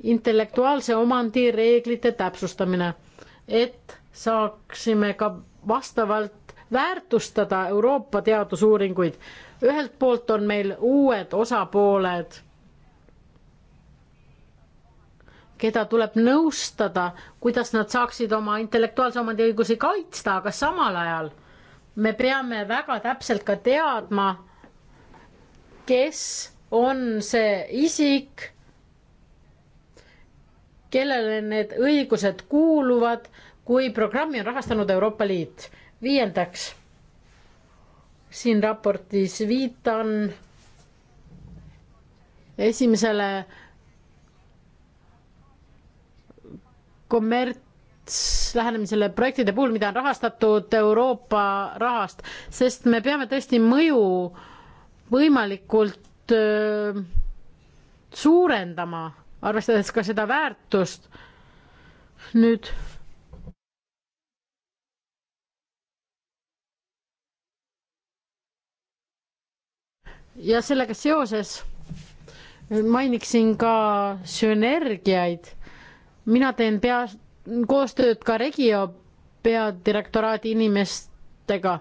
intellektuaalse omandi reeglite täpsustamine, et saaksime ka vastavalt väärtustada Euroopa teadusuuringuid ühelt poolt on meil uued osapooled, keda tuleb nõustada, kuidas nad saaksid oma intellektuaalse omandiõigusi kaitsta, aga samal ajal me peame väga täpselt ka teadma, kes on see isik, kellele need õigused kuuluvad, kui programmi on rahastanud Euroopa Liit. viiendaks siin raportis viitan esimesele kommertslähenemisele projektide puhul, mida on rahastatud Euroopa rahast, sest me peame tõesti mõju võimalikult öö, suurendama, arvestades ka seda väärtust. nüüd ja sellega seoses äh, mainiksin ka sünergiaid. mina teen pea, koostööd ka Regio peadirektoraadi inimestega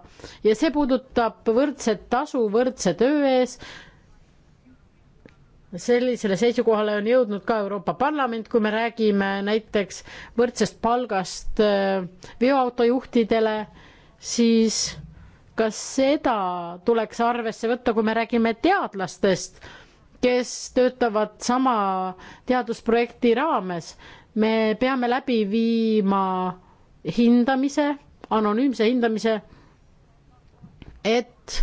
ja see puudutab võrdset tasu võrdse töö ees. sellisele seisukohale on jõudnud ka Euroopa Parlament, kui me räägime näiteks võrdsest palgast äh, veoautojuhtidele, siis kas seda tuleks arvesse võtta, kui me räägime teadlastest, kes töötavad sama teadusprojekti raames? me peame läbi viima hindamise, anonüümse hindamise, et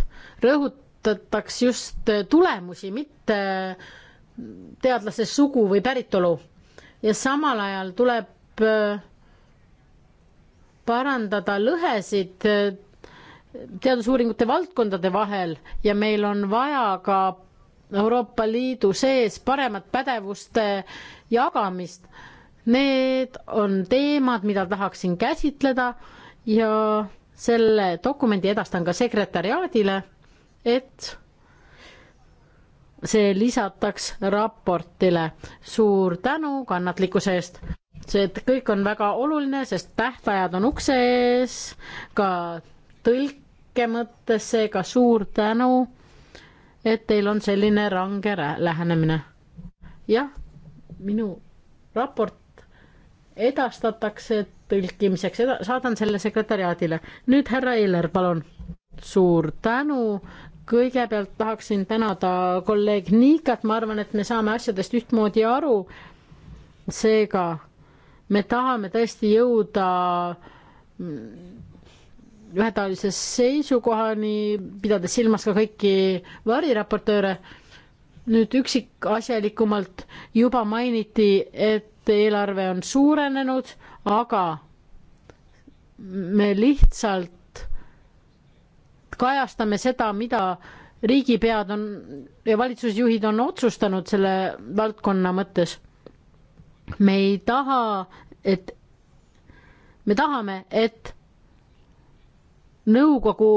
rõhutataks just tulemusi, mitte teadlase sugu või päritolu. ja samal ajal tuleb parandada lõhesid teadusuuringute valdkondade vahel ja meil on vaja ka Euroopa Liidu sees paremat pädevuste jagamist. Need on teemad, mida tahaksin käsitleda ja selle dokumendi edastan ka sekretäriaadile, et see lisataks raportile. suur tänu kannatlikkuse eest. see, et kõik on väga oluline, sest tähtajad on ukse ees, ka tõlk kõike mõttes, seega suur tänu, et teil on selline range lähenemine. jah, minu raport edastatakse tõlkimiseks, eda-, saadan selle sekretäriaadile. nüüd härra Eiler, palun. suur tänu, kõigepealt tahaksin tänada kolleeg Niikat, ma arvan, et me saame asjadest ühtmoodi aru, seega me tahame tõesti jõuda ühetaolise seisukohani, pidades silmas ka kõiki variraportööre. nüüd üksikasjalikumalt juba mainiti, et eelarve on suurenenud, aga me lihtsalt kajastame seda, mida riigipead on ja valitsusjuhid on otsustanud selle valdkonna mõttes. me ei taha, et, me tahame, et nõukogu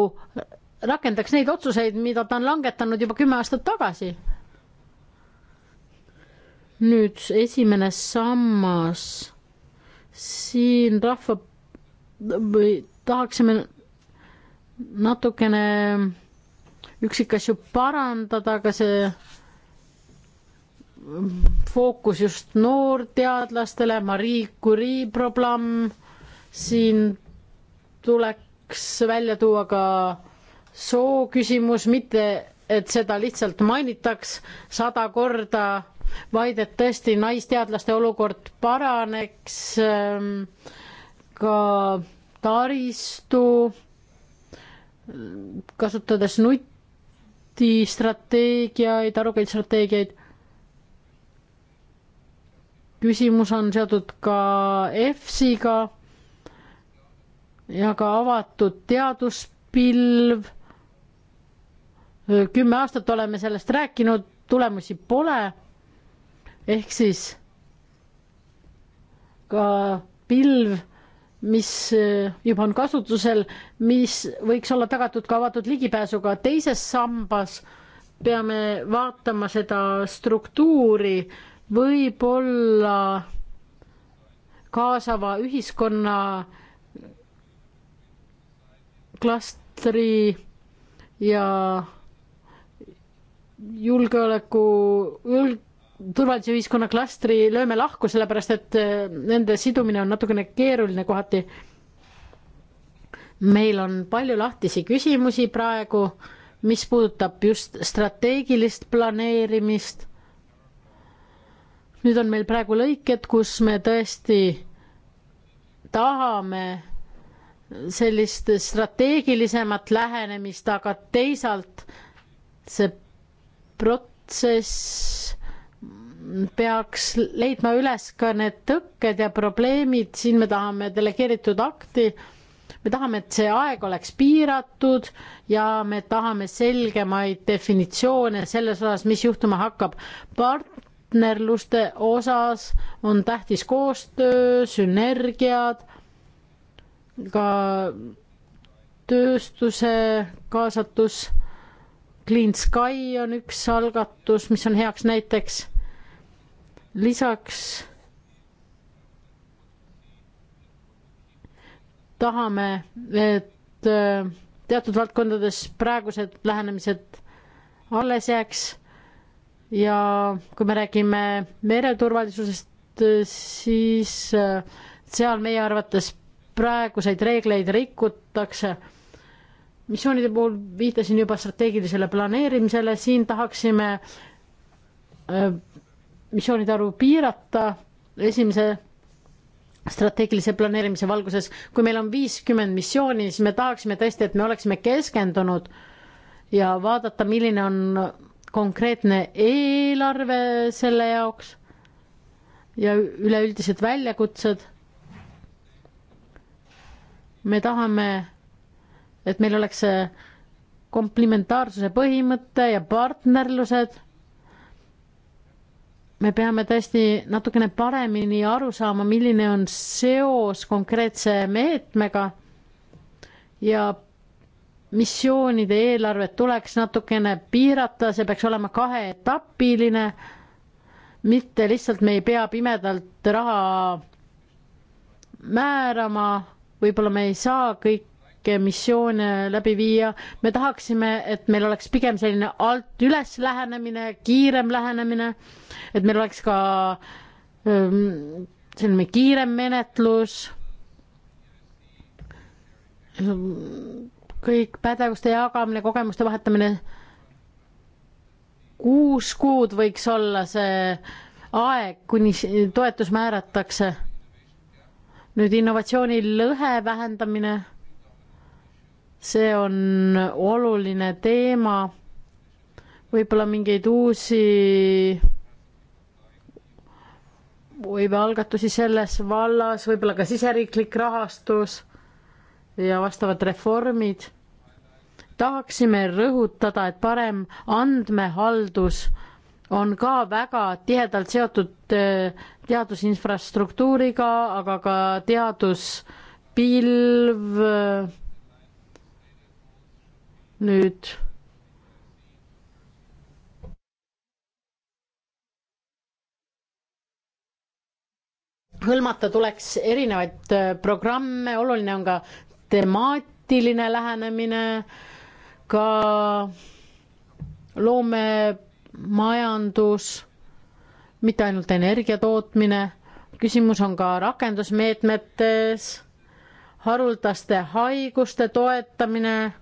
rakendaks neid otsuseid, mida ta on langetanud juba kümme aastat tagasi. nüüd esimene sammas. siin rahva või tahaksime natukene üksikasju parandada, aga see fookus just noorteadlastele, Marie Curie programm, siin tuleks tuleks välja tuua ka soo küsimus, mitte et seda lihtsalt mainitaks sada korda, vaid et tõesti naisteadlaste olukord paraneks, ähm, ka taristu, kasutades nutistrateegiaid, arukaid strateegiaid. küsimus on seotud ka EFSiga ja ka avatud teaduspilv. kümme aastat oleme sellest rääkinud, tulemusi pole. ehk siis ka pilv, mis äh, juba on kasutusel, mis võiks olla tagatud ka avatud ligipääsuga teises sambas, peame vaatama seda struktuuri, võib-olla kaasava ühiskonna äh, klastri ja julgeoleku julg, turvalise ühiskonna klastri lööme lahku, sellepärast et eh, nende sidumine on natukene keeruline kohati. meil on palju lahtisi küsimusi praegu, mis puudutab just strateegilist planeerimist. nüüd on meil praegu lõiked, kus me tõesti tahame sellist strateegilisemat lähenemist, aga teisalt see protsess peaks leidma üles ka need tõkked ja probleemid, siin me tahame delegeeritud akti, me tahame, et see aeg oleks piiratud ja me tahame selgemaid definitsioone selles osas, mis juhtuma hakkab. partnerluste osas on tähtis koostöö, sünergiad ka tööstuse kaasatus. Clean Sky on üks algatus, mis on heaks näiteks. lisaks tahame, et äh, teatud valdkondades praegused lähenemised alles jääks. ja kui me räägime mereturvalisusest, äh, siis äh, seal meie arvates praeguseid reegleid rikutakse. missioonide puhul viitasin juba strateegilisele planeerimisele, siin tahaksime missioonide arvu piirata esimese strateegilise planeerimise valguses, kui meil on viiskümmend missiooni, siis me tahaksime tõesti, et me oleksime keskendunud ja vaadata, milline on konkreetne eelarve selle jaoks ja üleüldised väljakutsed me tahame, et meil oleks see komplementaarsuse põhimõte ja partnerlused. me peame tõesti natukene paremini aru saama, milline on seos konkreetse meetmega ja missioonide eelarvet tuleks natukene piirata, see peaks olema kaheetapiline, mitte lihtsalt me ei pea pimedalt raha määrama võib-olla me ei saa kõiki missioone läbi viia, me tahaksime, et meil oleks pigem selline alt üles lähenemine, kiirem lähenemine, et meil oleks ka ähm, selline kiirem menetlus kõik pädevuste jagamine, kogemuste vahetamine. kuus kuud võiks olla see aeg, kuni toetus määratakse nüüd innovatsioonilõhe vähendamine, see on oluline teema, võib-olla mingeid uusi või algatusi selles vallas, võib-olla ka siseriiklik rahastus ja vastavad reformid. tahaksime rõhutada, et parem andmehaldus on ka väga tihedalt seotud eh, teadusinfrastruktuuriga, aga ka teaduspilv. Eh, nüüd. hõlmata tuleks erinevaid eh, programme, oluline on ka temaatiline lähenemine, ka loome majandus, mitte ainult energia tootmine, küsimus on ka rakendusmeetmetes, haruldaste haiguste toetamine,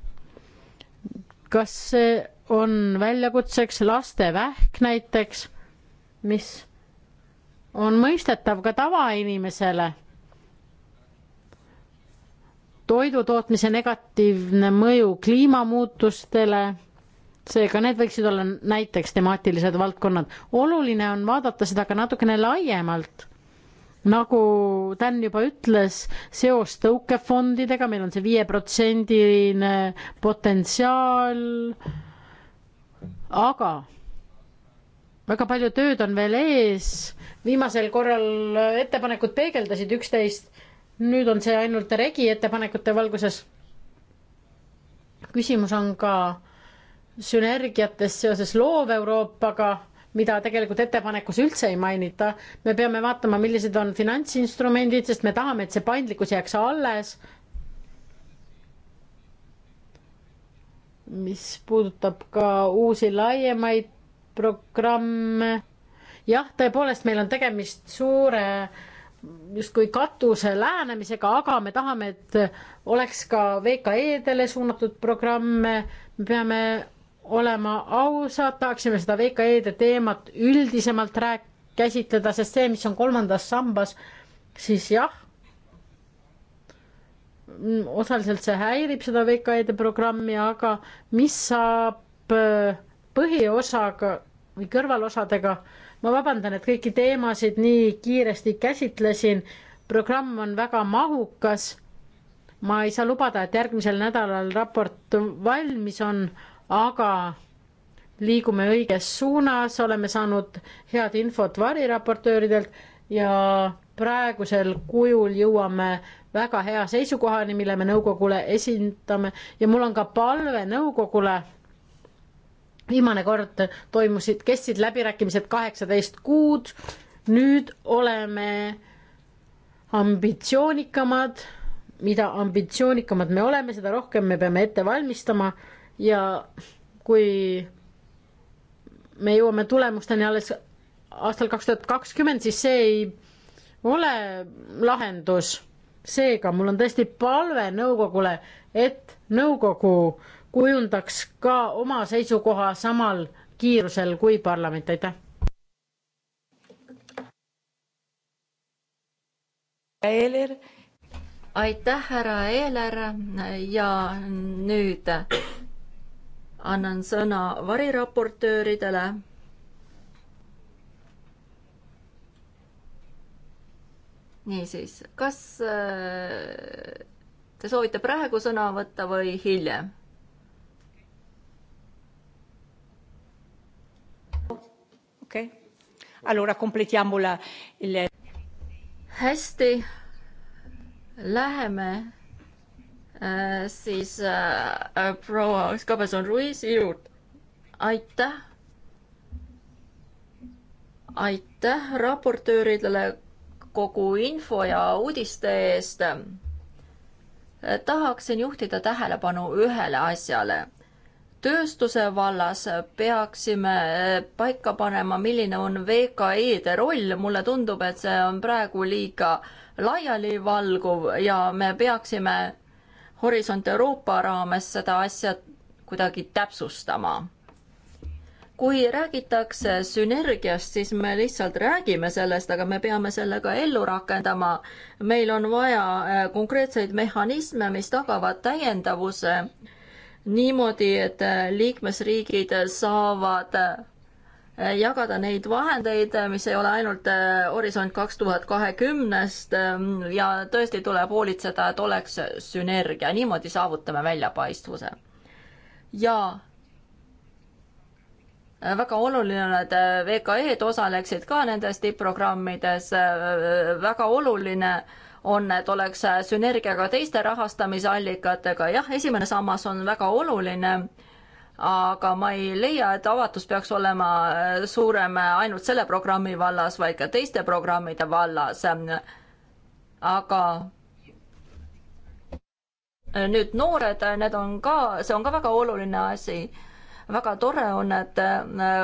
kas see on väljakutseks laste vähk näiteks, mis on mõistetav ka tavainimesele. toidu tootmise negatiivne mõju kliimamuutustele seega need võiksid olla näiteks temaatilised valdkonnad. oluline on vaadata seda ka natukene laiemalt. nagu Dan juba ütles, seos tõukefondidega, meil on see viieprotsendiline potentsiaal, aga väga palju tööd on veel ees, viimasel korral ettepanekud peegeldasid üksteist, nüüd on see ainult regi ettepanekute valguses. küsimus on ka sünergiatest seoses loov-Euroopaga, mida tegelikult ettepanekus üldse ei mainita. me peame vaatama, millised on finantsinstrumendid, sest me tahame, et see paindlikkus jääks alles. mis puudutab ka uusi laiemaid programme. jah, tõepoolest, meil on tegemist suure justkui katuse lähenemisega, aga me tahame, et oleks ka VKE-dele suunatud programme, me peame olema ausad, tahaksime seda VKE-de teemat üldisemalt rääk-, käsitleda, sest see, mis on kolmandas sambas, siis jah, osaliselt see häirib seda VKE-de programmi, aga mis saab äh, põhiosaga või kõrvalosadega, ma vabandan, et kõiki teemasid nii kiiresti käsitlesin, programm on väga mahukas, ma ei saa lubada, et järgmisel nädalal raport valmis on aga liigume õiges suunas, oleme saanud head infot variraportööridelt ja praegusel kujul jõuame väga hea seisukohani, mille me nõukogule esindame ja mul on ka palve nõukogule. viimane kord toimusid, kestsid läbirääkimised kaheksateist kuud, nüüd oleme ambitsioonikamad, mida ambitsioonikamad me oleme, seda rohkem me peame ette valmistama ja kui me jõuame tulemusteni alles aastal kaks tuhat kakskümmend, siis see ei ole lahendus. seega mul on tõesti palve nõukogule, et nõukogu kujundaks ka oma seisukoha samal kiirusel kui parlament, aitäh. Eeler. aitäh, härra Eeler ja nüüd annan sõna variraportööridele. niisiis, kas äh, te soovite praegu sõna võtta või hiljem? okei okay., allora completiamo la il.... hästi, läheme Äh, siis äh, äh, proua Kabeson-Ruiz, Irut, aitäh. aitäh raportööridele kogu info ja uudiste eest. tahaksin juhtida tähelepanu ühele asjale tööstuse vallas peaksime paika panema, milline on VKE-de roll, mulle tundub, et see on praegu liiga laialivalguv ja me peaksime Horisont Euroopa raames seda asja kuidagi täpsustama kui räägitakse sünergiast, siis me lihtsalt räägime sellest, aga me peame selle ka ellu rakendama. meil on vaja äh, konkreetseid mehhanisme, mis tagavad täiendavuse niimoodi, et äh, liikmesriigid saavad äh, Äh, jagada neid vahendeid, äh, mis ei ole ainult äh, Horisont kaks tuhat kahekümnest ähm, ja tõesti tuleb hoolitseda, et oleks sünergia, niimoodi saavutame väljapaistvuse. ja väga oluline on, et VKE-d osaleksid ka nendes tipp-programmides, väga oluline on, et oleks sünergia ka teiste rahastamisallikatega, jah, esimene sammas on väga oluline aga ma ei leia, et avatus peaks olema äh, suurem äh, ainult selle programmi vallas, vaid ka teiste programmide vallas. aga äh, nüüd noored, need on ka, see on ka väga oluline asi. väga tore on, et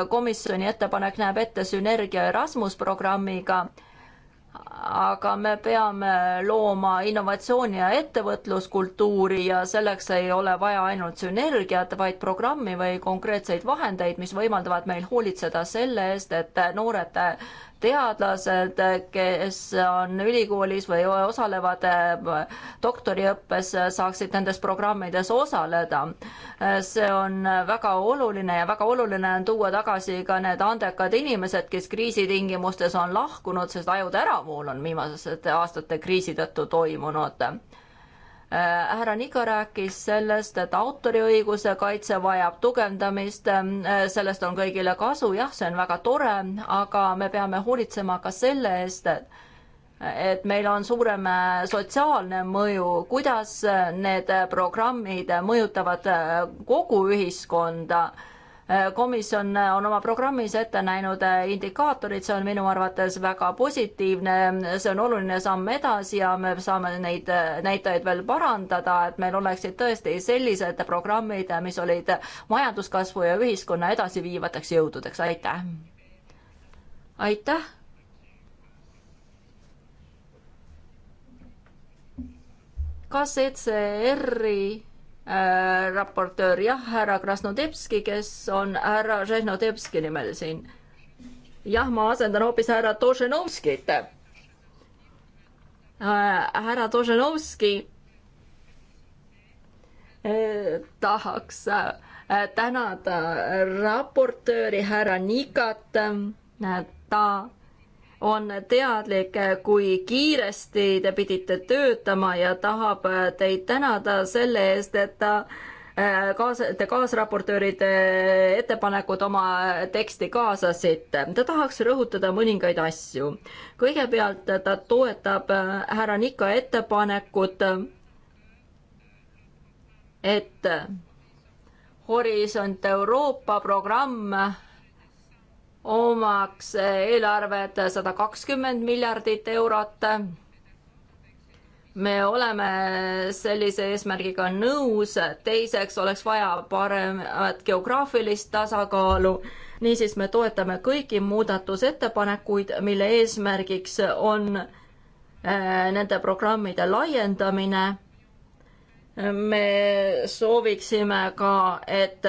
komisjoni ettepanek näeb ette sünergia Erasmus programmiga aga me peame looma innovatsiooni ja ettevõtluskultuuri ja selleks ei ole vaja ainult sünergiat, vaid programmi või konkreetseid vahendeid, mis võimaldavad meil hoolitseda selle eest, et noored teadlased, kes on ülikoolis või osalevad äh, doktoriõppes, saaksid nendes programmides osaleda. see on väga oluline ja väga oluline on tuua tagasi ka need andekad inimesed, kes kriisitingimustes on lahkunud, sest ajude äravool on viimased aastate kriisi tõttu toimunud Äh, härra Niko rääkis sellest, et autoriõiguse kaitse vajab tugevdamist, äh, sellest on kõigile kasu, jah, see on väga tore, aga me peame hoolitsema ka selle eest, et meil on suurem äh, sotsiaalne mõju, kuidas need programmid mõjutavad kogu ühiskonda Äh, komisjon äh, on oma programmis ette näinud äh, indikaatorid, see on minu arvates väga positiivne, see on oluline samm edasi ja me saame neid näitajaid veel parandada, et meil oleksid tõesti sellised programmid, mis olid majanduskasvu ja ühiskonna edasiviivateks jõududeks, aitäh! aitäh! kas ECR-i Äh, raportöör, jah, härra Krasnodebski, kes on härra Žehnodebski nimel siin. jah, ma asendan hoopis härra Tošenovskit. Äh, härra Tošenovski äh, tahaks tänada raportööri härra Nikat, ta on teadlik, kui kiiresti te pidite töötama ja tahab teid tänada selle eest, et ta äh, kaas-, te kaasraportööride ettepanekud oma teksti kaasasite. ta tahaks rõhutada mõningaid asju. kõigepealt ta toetab äh, härra Nika ettepanekut, et Horisont Euroopa programm omaks eelarved sada kakskümmend miljardit eurot. me oleme sellise eesmärgiga nõus, teiseks oleks vaja paremat geograafilist tasakaalu. niisiis me toetame kõiki muudatusettepanekuid, mille eesmärgiks on äh, nende programmide laiendamine. me sooviksime ka, et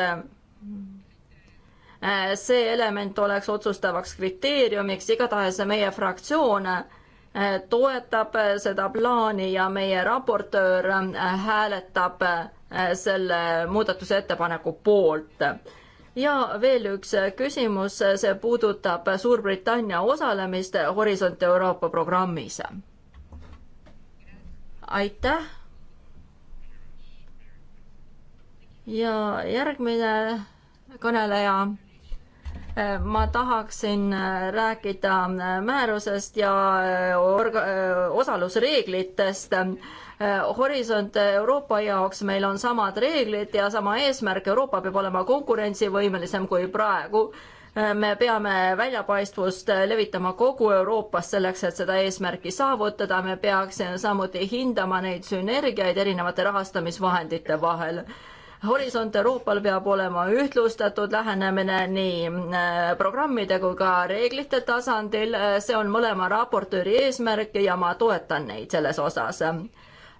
Äh, see element oleks otsustavaks kriteeriumiks, igatahes meie fraktsioon äh, toetab äh, seda plaani ja meie raportöör hääletab selle muudatusettepaneku poolt. ja veel üks küsimus, see puudutab Suurbritannia osalemist Horisont Euroopa programmis. aitäh. ja järgmine kõneleja ma tahaksin äh, rääkida äh, määrusest ja äh, orga-, osalusreeglitest. Horisont Euroopa jaoks meil on samad reeglid ja sama eesmärk, Euroopa peab olema konkurentsivõimelisem kui praegu. me peame väljapaistvust levitama kogu Euroopas selleks, et seda eesmärki saavutada, me peaksime samuti hindama neid sünergiaid erinevate rahastamisvahendite vahel Horisont Euroopal peab olema ühtlustatud lähenemine nii äh, programmide kui ka reeglite tasandil, äh, see on mõlema raportööri eesmärk ja ma toetan neid selles osas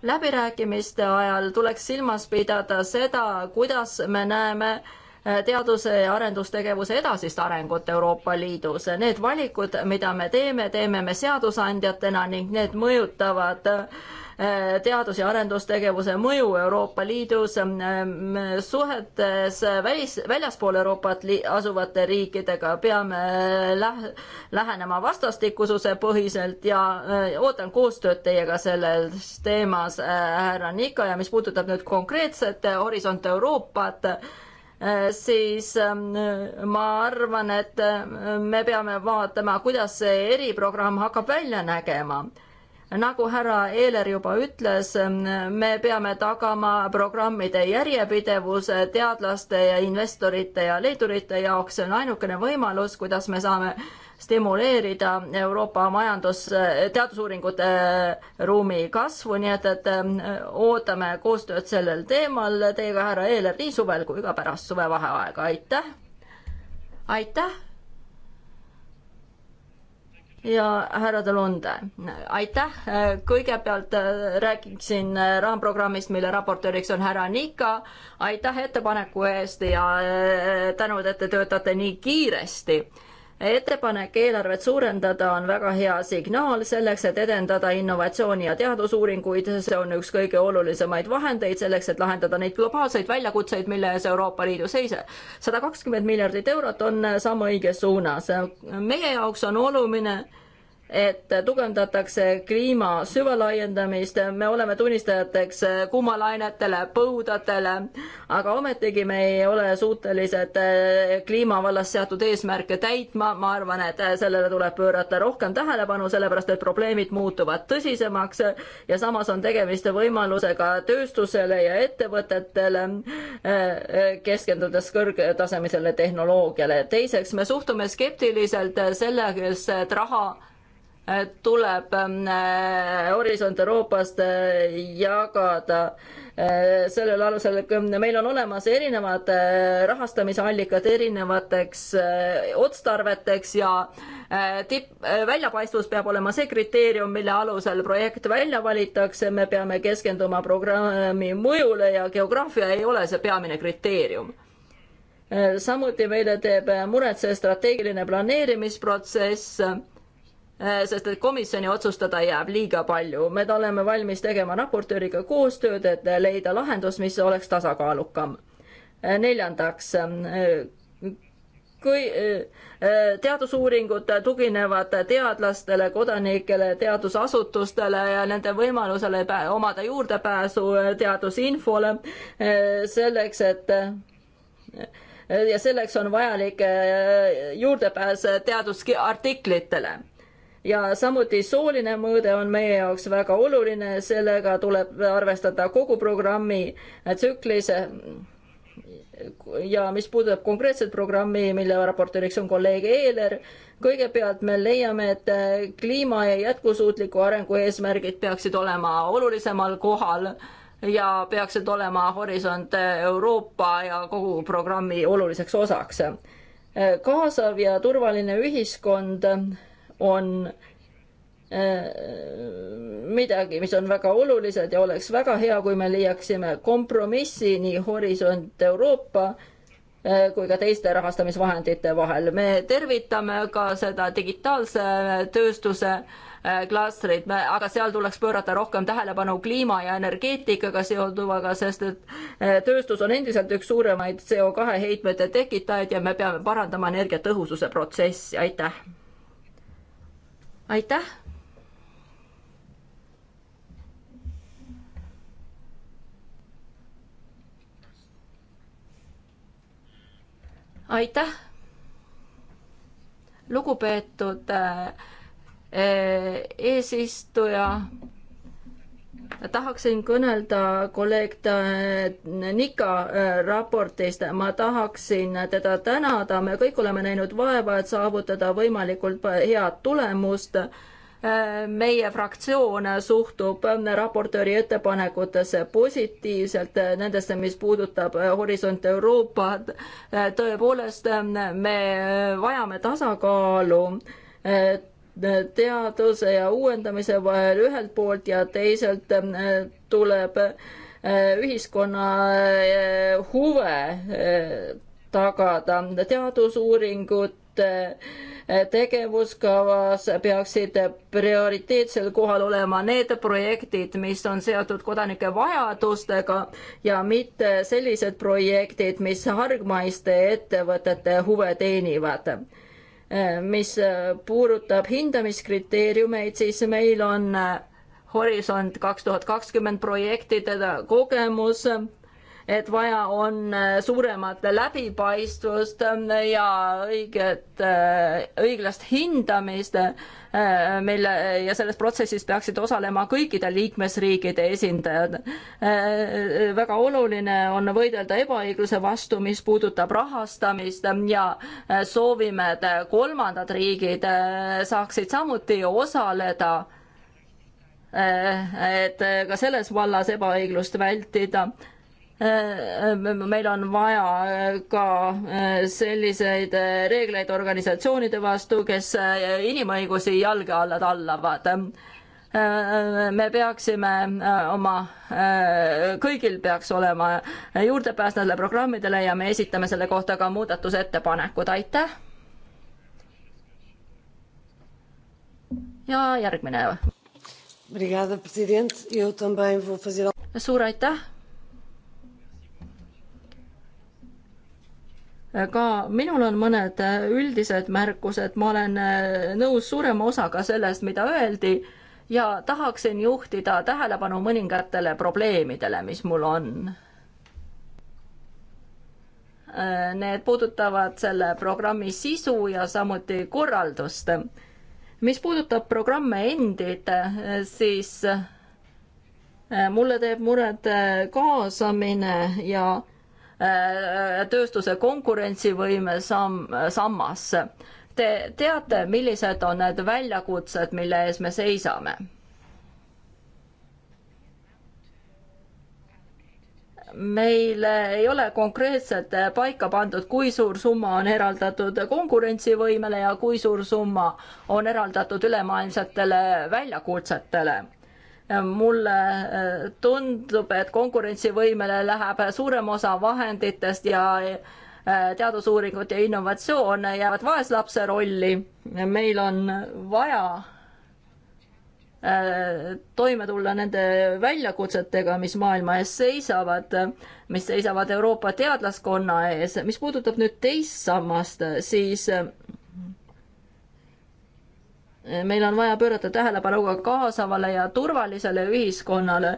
läbirääkimiste ajal tuleks silmas pidada seda, kuidas me näeme äh, teaduse ja arendustegevuse edasist arengut Euroopa Liidus. Need valikud, mida me teeme, teeme me seadusandjatena ning need mõjutavad äh, Äh, teadus- ja arendustegevuse mõju Euroopa Liidus ähm, suhetes välis, väljaspool Euroopat asuvate riikidega peame äh, läh-, lähenema vastastikususe põhiselt ja äh, ootan koostööd teiega selles teemas, härra Nika, ja mis puudutab nüüd konkreetset Horisont Euroopat, siis ähm, ma arvan, et me peame vaatama, kuidas see eriprogramm hakkab välja nägema nagu härra Eeler juba ütles, me peame tagama programmide järjepidevuse teadlaste ja investorite ja leidurite jaoks, see on ainukene võimalus, kuidas me saame stimuleerida Euroopa majandus, teadusuuringute ruumi kasvu, nii et, et äh, ootame koostööd sellel teemal teiega, härra Eeler, nii suvel kui ka pärast suvevaheaega, aitäh! aitäh! ja härra Delonde, aitäh, kõigepealt äh, räägiksin äh, raamprogrammist, mille raportööriks on härra Nika, aitäh ettepaneku eest ja äh, tänud, et te töötate nii kiiresti ettepanek eelarvet suurendada on väga hea signaal selleks, et edendada innovatsiooni ja teadusuuringuid, see on üks kõige olulisemaid vahendeid selleks, et lahendada neid globaalseid väljakutseid, mille ees Euroopa Liidu seisab. sada kakskümmend miljardit eurot on samm õiges suunas. meie jaoks on oluline et tugevdatakse kliima süvalaiendamist, me oleme tunnistajateks kuumalainetele, põudadele, aga ometigi me ei ole suutelised eh, kliima vallas seatud eesmärke täitma, ma arvan, et sellele tuleb pöörata rohkem tähelepanu, sellepärast et probleemid muutuvad tõsisemaks ja samas on tegemist võimalusega tööstusele ja ettevõtetele eh, keskendudes kõrgetasemelisele tehnoloogiale. teiseks, me suhtume skeptiliselt sellesse, et raha tuleb ähm, äh, Horisont Euroopast äh, jagada äh, sellel alusel, meil on olemas erinevad rahastamisallikad erinevateks otstarveteks ja tipp, väljapaistvus peab olema see kriteerium, mille alusel projekt välja valitakse, me peame keskenduma programmi mõjule ja geograafia ei ole see peamine kriteerium samuti meile teeb muret see strateegiline planeerimisprotsess Äh, sest et komisjoni otsustada jääb liiga palju. me oleme valmis tegema raportööriga koostööd, et leida lahendus, mis oleks tasakaalukam. Äh, neljandaks, äh, kui teadusuuringud tuginevad teadlastele, kodanikele, teadusasutustele ja nende võimalusele omada juurdepääsu teadusinfole selleks, et ja selleks on vajalik juurdepääs teadusartiklitele ja samuti sooline mõõde on meie jaoks väga oluline, sellega tuleb arvestada kogu programmi tsüklis. ja mis puudutab konkreetset programmi, mille raportööriks on kolleeg Eeler, kõigepealt me leiame, et kliima ja jätkusuutliku arengu eesmärgid peaksid olema olulisemal kohal ja peaksid olema Horisont Euroopa ja kogu programmi oluliseks osaks. kaasav ja turvaline ühiskond on äh, midagi, mis on väga olulised ja oleks väga hea, kui me leiaksime kompromissi nii Horisont Euroopa äh, kui ka teiste rahastamisvahendite vahel. me tervitame ka seda digitaalse tööstuse äh, klastrit, aga seal tuleks pöörata rohkem tähelepanu kliima ja energeetikaga seonduvaga, sest et tööstus on endiselt üks suuremaid CO2 heitmete tekitajaid ja me peame parandama energiatõhususe protsessi, aitäh aitäh. aitäh, lugupeetud äh, äh, eesistuja tahaksin kõnelda kolleeg Nika äh, raportist, ma tahaksin teda tänada, me kõik oleme näinud vaeva, et saavutada võimalikult head tulemust. Äh, meie fraktsioon suhtub äh, raportööri ettepanekutesse positiivselt, nendesse, mis puudutab Horisont Euroopat. tõepoolest, me vajame tasakaalu teaduse ja uuendamise vahel ühelt poolt ja teiselt äh, tuleb äh, ühiskonna äh, huve tagada. teadusuuringute tegevuskavas peaksid prioriteetsel kohal olema need projektid, mis on seotud kodanike vajadustega ja mitte sellised projektid, mis hargmaiste ettevõtete huve teenivad mis äh, puudutab hindamiskriteeriumeid, siis meil on äh, Horisont kaks tuhat kakskümmend projektide kogemus, et vaja on äh, suuremat läbipaistvust ja õiget, õiglast hindamist Äh, mille äh, ja selles protsessis peaksid osalema kõikide liikmesriikide esindajad. Äh, väga oluline on võidelda ebaõigluse vastu, mis puudutab rahastamist ja soovime, et kolmandad riigid saaksid samuti osaleda et ka selles vallas ebaõiglust vältida Äh, äh, meil on vaja äh, ka selliseid reegleid organisatsioonide vastu, kes inimõigusi jalge alla tallavad me peaksime oma, kõigil peaks olema juurdepääs nendele programmidele ja me esitame selle kohta ka muudatusettepanekud, aitäh. ja järgmine. suur aitäh ka minul on mõned äh, üldised märkused, ma olen äh, nõus suurema osaga sellest, mida öeldi ja tahaksin juhtida tähelepanu mõningatele probleemidele, mis mul on. Äh, need puudutavad selle programmi sisu ja samuti korraldust. mis puudutab programme endid, siis mulle teeb muret kaasamine ja Äh, tööstuse konkurentsivõime samm, sammasse. Te teate, millised on need väljakutsed, mille ees me seisame? meil ei ole konkreetselt paika pandud, kui suur summa on eraldatud konkurentsivõimele ja kui suur summa on eraldatud ülemaailmsetele väljakutsetele mulle äh, tundub, et konkurentsivõimele läheb suurem osa vahenditest ja äh, teadusuuringud ja innovatsioon jäävad vaeslapse rolli. meil on vaja äh, toime tulla nende väljakutsetega, mis maailma ees seisavad, mis seisavad Euroopa teadlaskonna ees. mis puudutab nüüd teist sammast, siis meil on vaja pöörata tähelepanu ka kaasavale ja turvalisele ühiskonnale.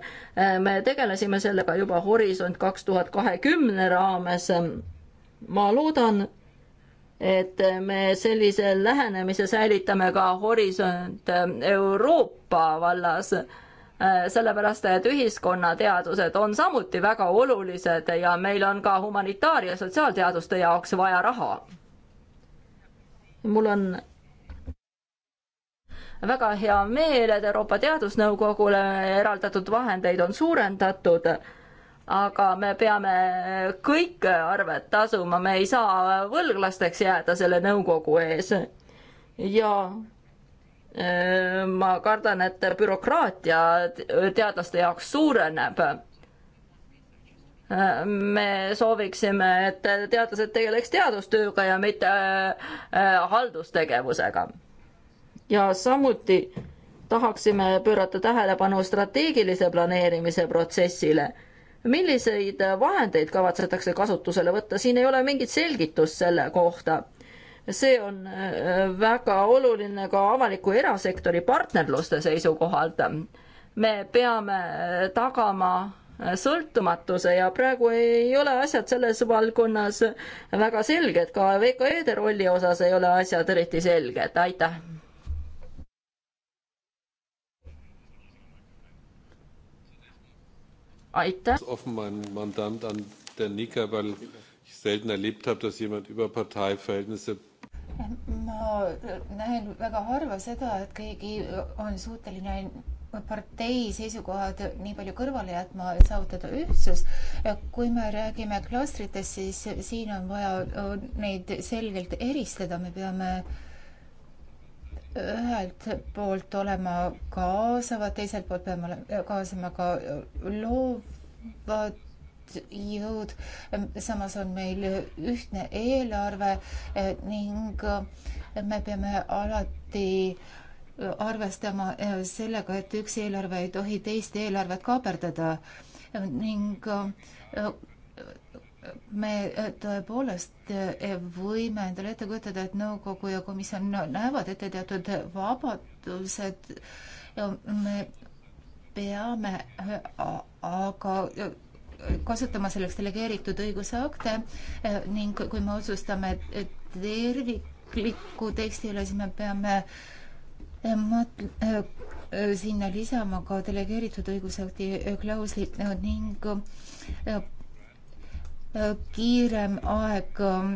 me tegelesime sellega juba Horisont kaks tuhat kahekümne raames. ma loodan, et me sellise lähenemise säilitame ka Horisont Euroopa vallas, sellepärast et ühiskonnateadused on samuti väga olulised ja meil on ka humanitaar- ja sotsiaalteaduste jaoks vaja raha. mul on väga hea meel, et Euroopa Teadusnõukogule eraldatud vahendeid on suurendatud, aga me peame kõik arved tasuma, me ei saa võlglasteks jääda selle nõukogu ees. ja äh, ma kardan, et bürokraatia teadlaste jaoks suureneb äh, me sooviksime, et teadlased tegeleks teadustööga ja mitte äh, haldustegevusega ja samuti tahaksime pöörata tähelepanu strateegilise planeerimise protsessile. milliseid vahendeid kavatsetakse kasutusele võtta, siin ei ole mingit selgitust selle kohta. see on äh, väga oluline ka avaliku erasektori partnerluste seisukohalt. me peame äh, tagama äh, sõltumatuse ja praegu ei ole asjad selles valdkonnas väga selged, ka VKE-de rolli osas ei ole asjad eriti selged, aitäh aitäh. ma näen väga harva seda, et keegi on suuteline partei seisukohad nii palju kõrvale jätma, et saavutada ühtsus. kui me räägime klastritest, siis siin on vaja neid selgelt eristada, me peame äh, ühelt poolt olema kaasavad, teiselt poolt peame kaasama ka loovad jõud. samas on meil ühtne eelarve e, ning me peame alati arvestama e, sellega, et üks eelarve ei tohi teist eelarvet kaaperdada ning e, me äh, tõepoolest äh, võime endale ette kujutada, et nõukogu ja komisjon näevad ette teatud vabadused ja me peame äh, aga kasutama selleks delegeeritud õigusakte ning kui me otsustame terviklikku teksti üle, siis me peame sinna lisama ka delegeeritud õigusakti klausli ning kiirem aeg ähm,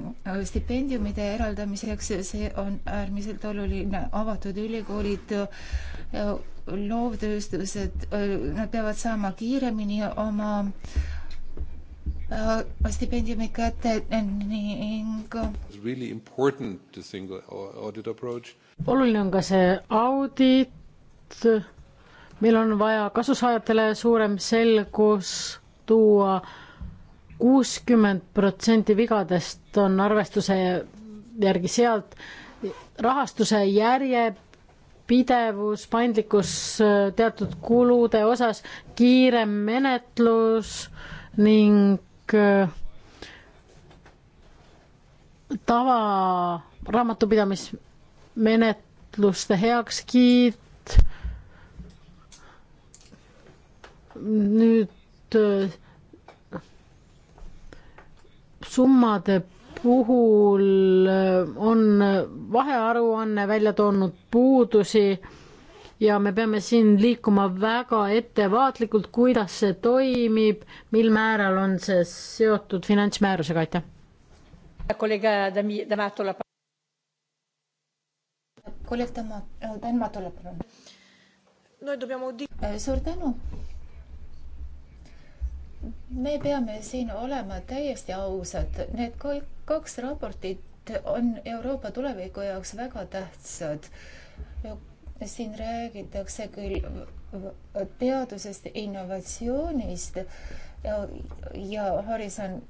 stipendiumide eraldamiseks, see on äärmiselt oluline, avatud ülikoolid, äh, loovtööstused, äh, nad peavad saama kiiremini oma äh, stipendiumid kätte ning oluline on ka see audit, meil on vaja kasusaajatele suurem selgus tuua kuuskümmend protsenti vigadest on arvestuse järgi sealt, rahastuse järjepidevus, paindlikkus teatud kulude osas, kiirem menetlus ning tavaraamatupidamismenetluste heakskiit, nüüd summade puhul äh, on äh, vahearuanne välja toonud puudusi ja me peame siin liikuma väga ettevaatlikult, kuidas see toimib, mil määral on see seotud finantsmäärusega, aitäh. kolleeg Damatula. kolleeg Damatula, palun. suur tänu me peame siin olema täiesti ausad, need kaks raportit on Euroopa tuleviku jaoks väga tähtsad. siin räägitakse küll teadusest, innovatsioonist ja, ja horisont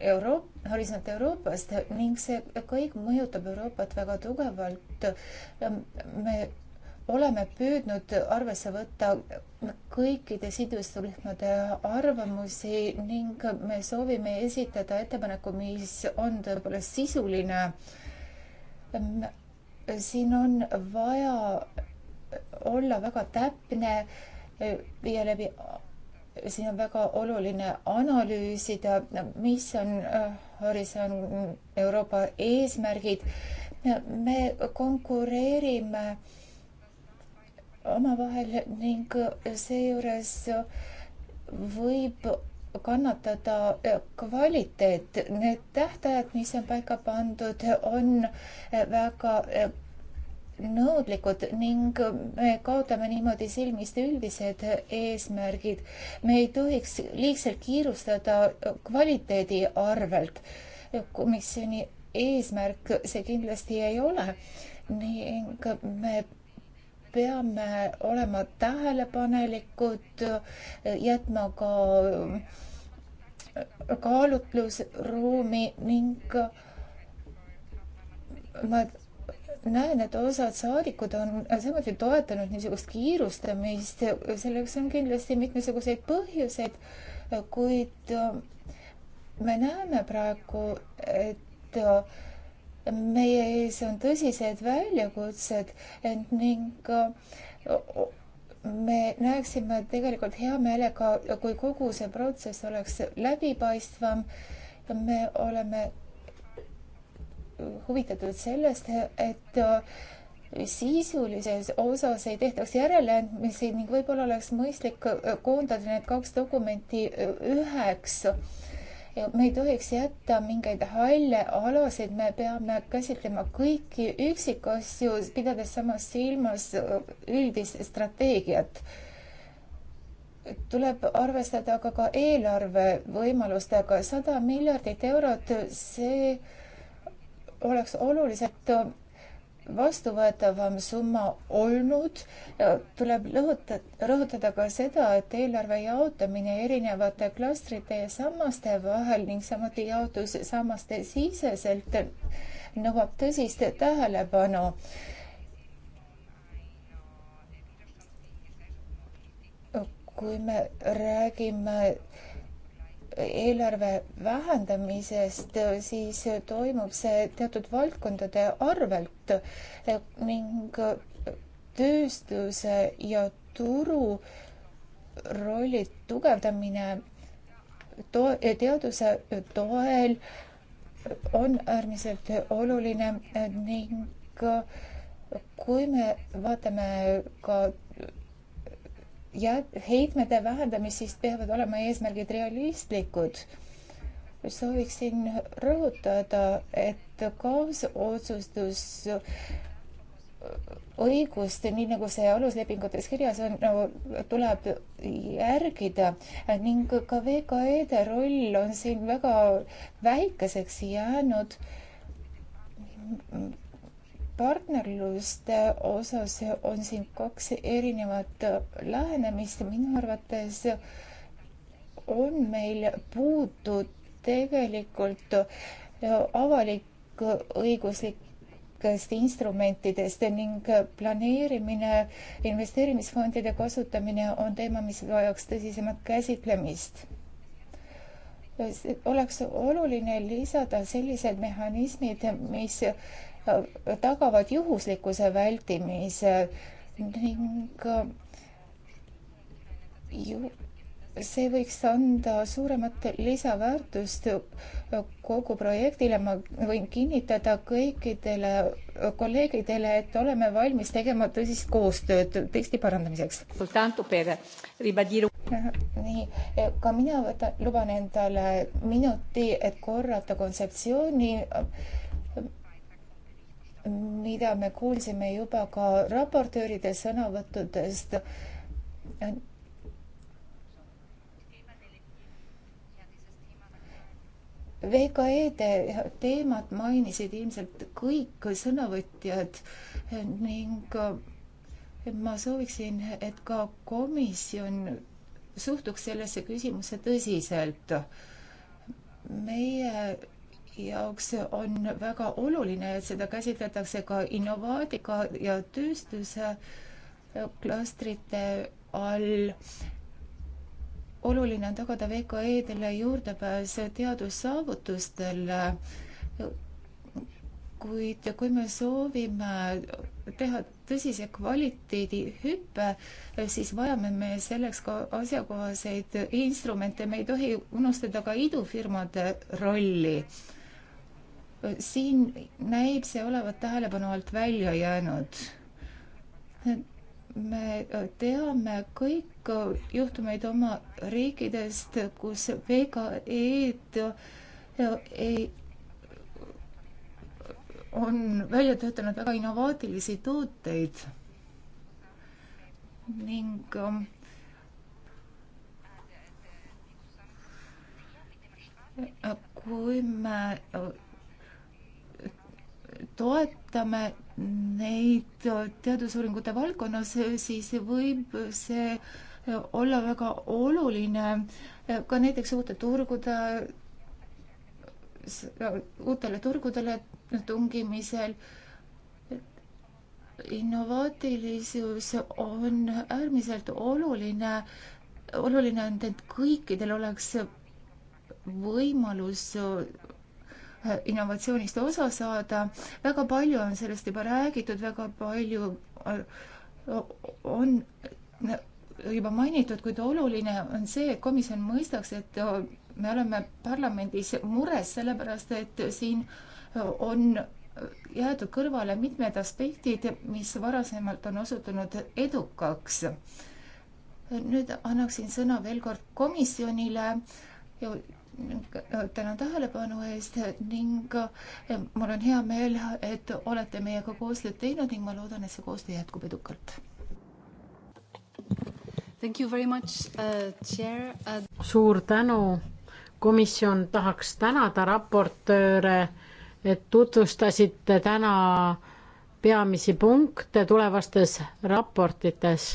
Euroop-, Horisont Euroopast ning see kõik mõjutab Euroopat väga tugevalt. me oleme püüdnud arvesse võtta kõikide sidusrühmade arvamusi ning me soovime esitada ettepaneku, mis on tõepoolest sisuline. siin on vaja olla väga täpne, viia läbi, siin on väga oluline analüüsida, mis on äh, Horisont Euroopa eesmärgid. me konkureerime äh, omavahel ning seejuures võib kannatada kvaliteet. Need tähtajad, mis on paika pandud, on väga nõudlikud ning me kaotame niimoodi silmist üldised eesmärgid. me ei tohiks liigselt kiirustada kvaliteedi arvelt. komisjoni eesmärk see kindlasti ei ole ning me peame olema tähelepanelikud, jätma ka kaalutlusruumi ning ma näen, et osad saadikud on samuti toetanud niisugust kiirustamist, selleks on kindlasti mitmesuguseid põhjuseid, kuid me näeme praegu, et meie ees on tõsised väljakutsed ning me näeksime tegelikult hea meelega, kui kogu see protsess oleks läbipaistvam. me oleme huvitatud sellest, et sisulises osas ei tehtaks järeleandmisi ning võib-olla oleks mõistlik koondada need kaks dokumenti üheks ja me ei tohiks jätta mingeid halle alasid, me peame käsitlema kõiki üksikasju, pidades samas silmas üldist strateegiat. tuleb arvestada aga ka eelarve võimalustega, sada miljardit eurot, see oleks oluliselt vastuvõetavam summa olnud. tuleb rõhutada, rõhutada ka seda, et eelarve jaotamine erinevate klastrite ja sammaste vahel ning samuti jaotus sammaste siseselt nõuab tõsist tähelepanu kui me räägime eelarve vähendamisest, siis toimub see teatud valdkondade arvelt ning tööstuse ja turu rolli tugevdamine to-, teaduse toel on äärmiselt oluline ning kui me vaatame ka ja heitmete vähendamisest peavad olema eesmärgid realistlikud. sooviksin rõhutada, et kaasotsustus õigust, nii nagu see aluslepingutes kirjas on no,, tuleb järgida ning ka VKE-de roll on siin väga väikeseks jäänud partnerluste osas on siin kaks erinevat lähenemist ja minu arvates on meil puudu tegelikult avalik-õiguslikest instrumentidest ning planeerimine, investeerimisfondide kasutamine on teema, mis vajaks tõsisemat käsitlemist oleks oluline lisada sellised mehhanismid, mis tagavad juhuslikkuse vältimise ning ju see võiks anda suuremat lisaväärtust kogu projektile. ma võin kinnitada kõikidele kolleegidele, et oleme valmis tegema tõsist koostööd teksti parandamiseks. Äh, nii, ka mina võtan, luban endale minuti, et korrata kontseptsiooni mida me kuulsime juba ka raportööride sõnavõttudest. VKE-de teemat mainisid ilmselt kõik sõnavõtjad ning ma sooviksin, et ka komisjon suhtuks sellesse küsimusse tõsiselt. meie jaoks on väga oluline, et seda käsitletakse ka innovaatika ja tööstuse klastrite all. oluline on tagada VKE-dele juurdepääs teadussaavutustele kuid kui me soovime teha tõsise kvaliteedihüppe, siis vajame me selleks ka asjakohaseid instrumente, me ei tohi unustada ka idufirmade rolli siin näib see olevat tähelepanu alt välja jäänud. me teame kõik juhtumeid oma riikidest, kus VKE-d ei, on välja töötanud väga innovaatilisi tooteid ning äh, kui me toetame neid teadusuuringute valdkonnas, siis võib see olla väga oluline ka näiteks uute turgude, uutele turgudele tungimisel. innovaatilisus on äärmiselt oluline, oluline on, et kõikidel oleks võimalus innovatsioonist osa saada. väga palju on sellest juba räägitud, väga palju on juba mainitud, kuid oluline on see, et komisjon mõistaks, et me oleme parlamendis mures, sellepärast et siin on jäetud kõrvale mitmed aspektid, mis varasemalt on osutunud edukaks. nüüd annaksin sõna veel kord komisjonile Äh, tänan tähelepanu eest ning äh, mul on hea meel, et olete meiega koostööd teinud ning ma loodan, et see koostöö jätkub edukalt. Thank you very much uh,, chair uh.... suur tänu. komisjon tahaks tänada raportööre, et tutvustasite täna peamisi punkte tulevastes raportites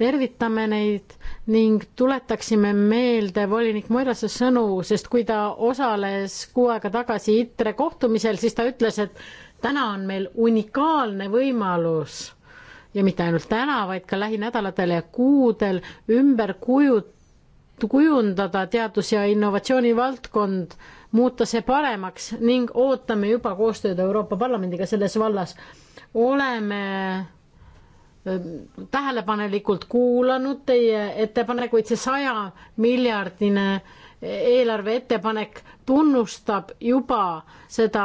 tervitame neid ning tuletaksime meelde volinik Moirase sõnu, sest kui ta osales kuu aega tagasi ITRE kohtumisel, siis ta ütles, et täna on meil unikaalne võimalus ja mitte ainult täna, vaid ka lähinädalatel ja kuudel ümber kujut-, kujundada teadus- ja innovatsioonivaldkond, muuta see paremaks ning ootame juba koostööd Euroopa Parlamendiga selles vallas. oleme tähelepanelikult kuulanud teie ettepanekuid, see saja miljardine eelarve ettepanek tunnustab juba seda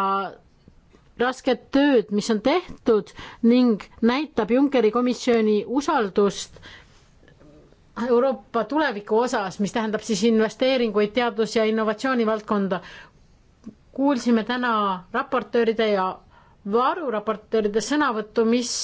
rasket tööd, mis on tehtud ning näitab Junckeri komisjoni usaldust Euroopa tuleviku osas, mis tähendab siis investeeringuid teadus- ja innovatsioonivaldkonda. kuulsime täna raportööride ja varuraportööride sõnavõttu, mis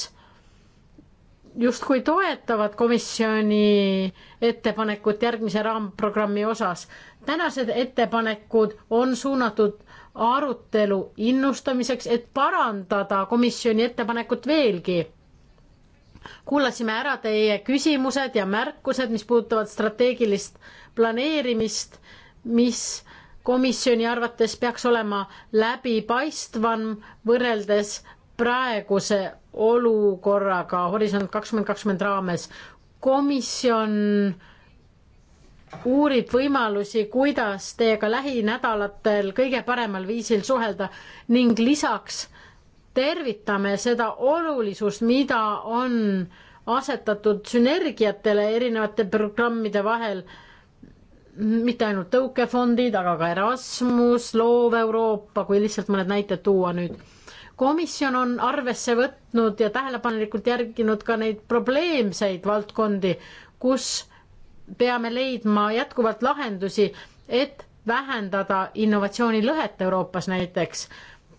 justkui toetavad komisjoni ettepanekut järgmise raamprogrammi osas. tänased ettepanekud on suunatud arutelu innustamiseks, et parandada komisjoni ettepanekut veelgi. kuulasime ära teie küsimused ja märkused, mis puudutavad strateegilist planeerimist, mis komisjoni arvates peaks olema läbipaistvam võrreldes praeguse olukorraga Horisont kakskümmend kakskümmend raames. komisjon uurib võimalusi, kuidas teiega lähinädalatel kõige paremal viisil suhelda ning lisaks tervitame seda olulisust, mida on asetatud sünergiatele erinevate programmide vahel, mitte ainult tõukefondid, aga ka Erasmus, loov Euroopa, kui lihtsalt mõned näited tuua nüüd komisjon on arvesse võtnud ja tähelepanelikult järginud ka neid probleemseid valdkondi, kus peame leidma jätkuvalt lahendusi, et vähendada innovatsioonilõhet Euroopas näiteks.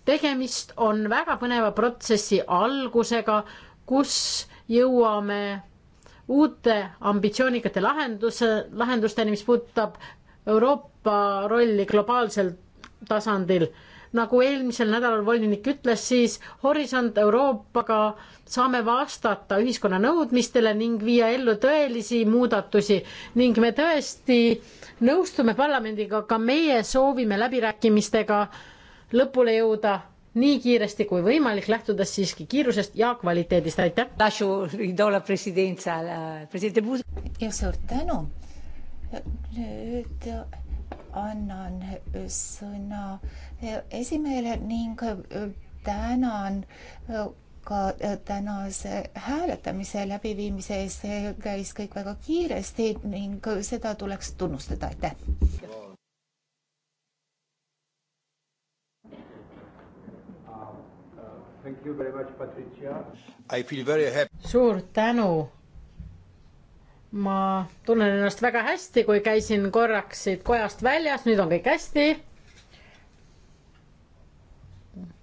tegemist on väga põneva protsessi algusega, kus jõuame uute ambitsioonikate lahenduse, lahendusteni, mis puudutab Euroopa rolli globaalsel tasandil nagu eelmisel nädalal volinik ütles, siis Horisont Euroopaga saame vastata ühiskonna nõudmistele ning viia ellu tõelisi muudatusi ning me tõesti nõustume parlamendiga, ka meie soovime läbirääkimistega lõpule jõuda nii kiiresti kui võimalik, lähtudes siiski kiirusest ja kvaliteedist, aitäh. jah, suur tänu. nüüd annan eh, sõna eh, esimehele ning eh, tänan ka tänase hääletamise läbiviimise eest, see käis kõik väga kiiresti ning seda tuleks tunnustada, aitäh. suur tänu ma tunnen ennast väga hästi, kui käisin korraks siit kojast väljas, nüüd on kõik hästi.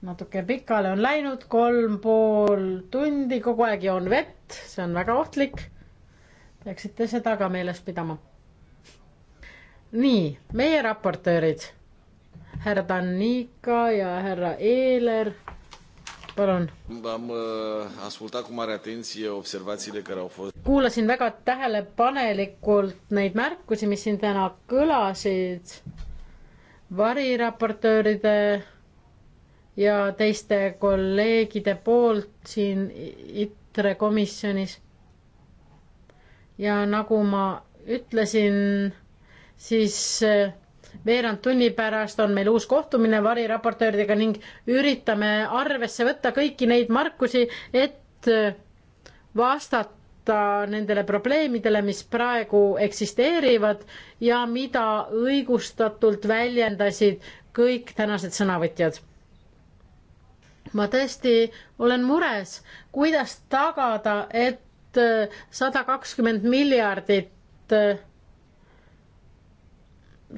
natuke pikale on läinud, kolm pool tundi, kogu aeg joon vett, see on väga ohtlik. peaksite seda ka meeles pidama. nii, meie raportöörid, härra Danica ja härra Eeler palun. Uh, kuulasin väga tähelepanelikult neid märkusi, mis siin täna kõlasid variraportööride ja teiste kolleegide poolt siin ITRE komisjonis. ja nagu ma ütlesin, siis eh, veerand tunni pärast on meil uus kohtumine variraportööridega ning üritame arvesse võtta kõiki neid markusi, et vastata nendele probleemidele, mis praegu eksisteerivad ja mida õigustatult väljendasid kõik tänased sõnavõtjad ma tõesti olen mures, kuidas tagada, et äh, sada kakskümmend miljardit äh,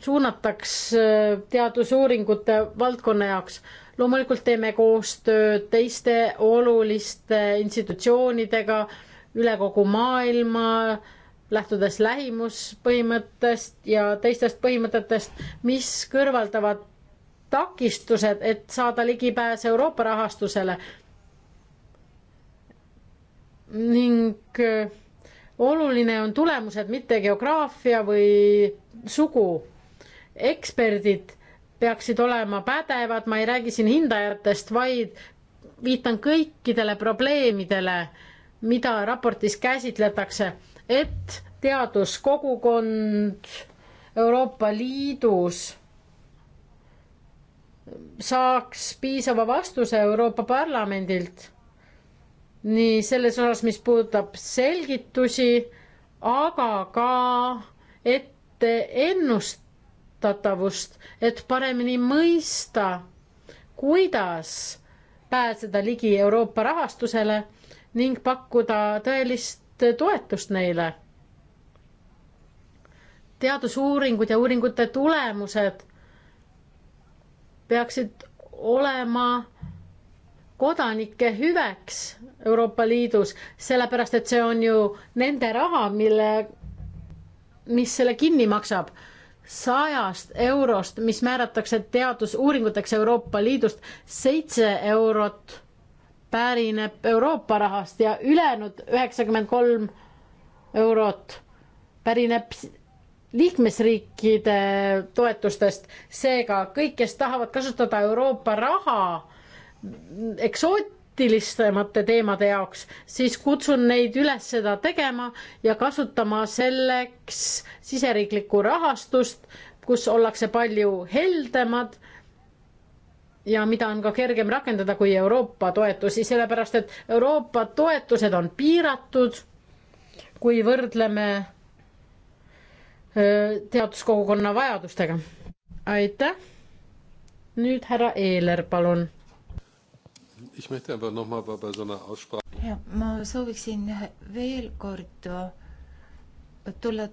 suunataks äh, teadusuuringute valdkonna jaoks. loomulikult teeme koostööd teiste oluliste institutsioonidega üle kogu maailma, lähtudes lähimuspõhimõttest ja teistest põhimõtetest, mis kõrvaldavad takistused, et saada ligipääs Euroopa rahastusele. ning äh, oluline on tulemused, mitte geograafia või sugu eksperdid peaksid olema pädevad, ma ei räägi siin hindajatest, vaid viitan kõikidele probleemidele, mida raportis käsitletakse, et teaduskogukond Euroopa Liidus saaks piisava vastuse Euroopa Parlamendilt nii selles osas, mis puudutab selgitusi, aga ka ette ennust-, kasutatavust, et paremini mõista, kuidas pääseda ligi Euroopa rahastusele ning pakkuda tõelist toetust neile. teadusuuringud ja uuringute tulemused peaksid olema kodanike hüveks Euroopa Liidus, sellepärast et see on ju nende raha, mille, mis selle kinni maksab sajast eurost, mis määratakse teadusuuringuteks Euroopa Liidust, seitse eurot pärineb Euroopa rahast ja ülejäänud üheksakümmend kolm eurot pärineb liikmesriikide toetustest. seega kõik, kes tahavad kasutada Euroopa raha eksoot-, poliitilisemate teemade jaoks, siis kutsun neid üles seda tegema ja kasutama selleks siseriiklikku rahastust, kus ollakse palju heldemad ja mida on ka kergem rakendada kui Euroopa toetusi, sellepärast et Euroopa toetused on piiratud, kui võrdleme teaduskogukonna vajadustega. aitäh. nüüd härra Eeler, palun ja ma sooviksin veel kord äh, tulla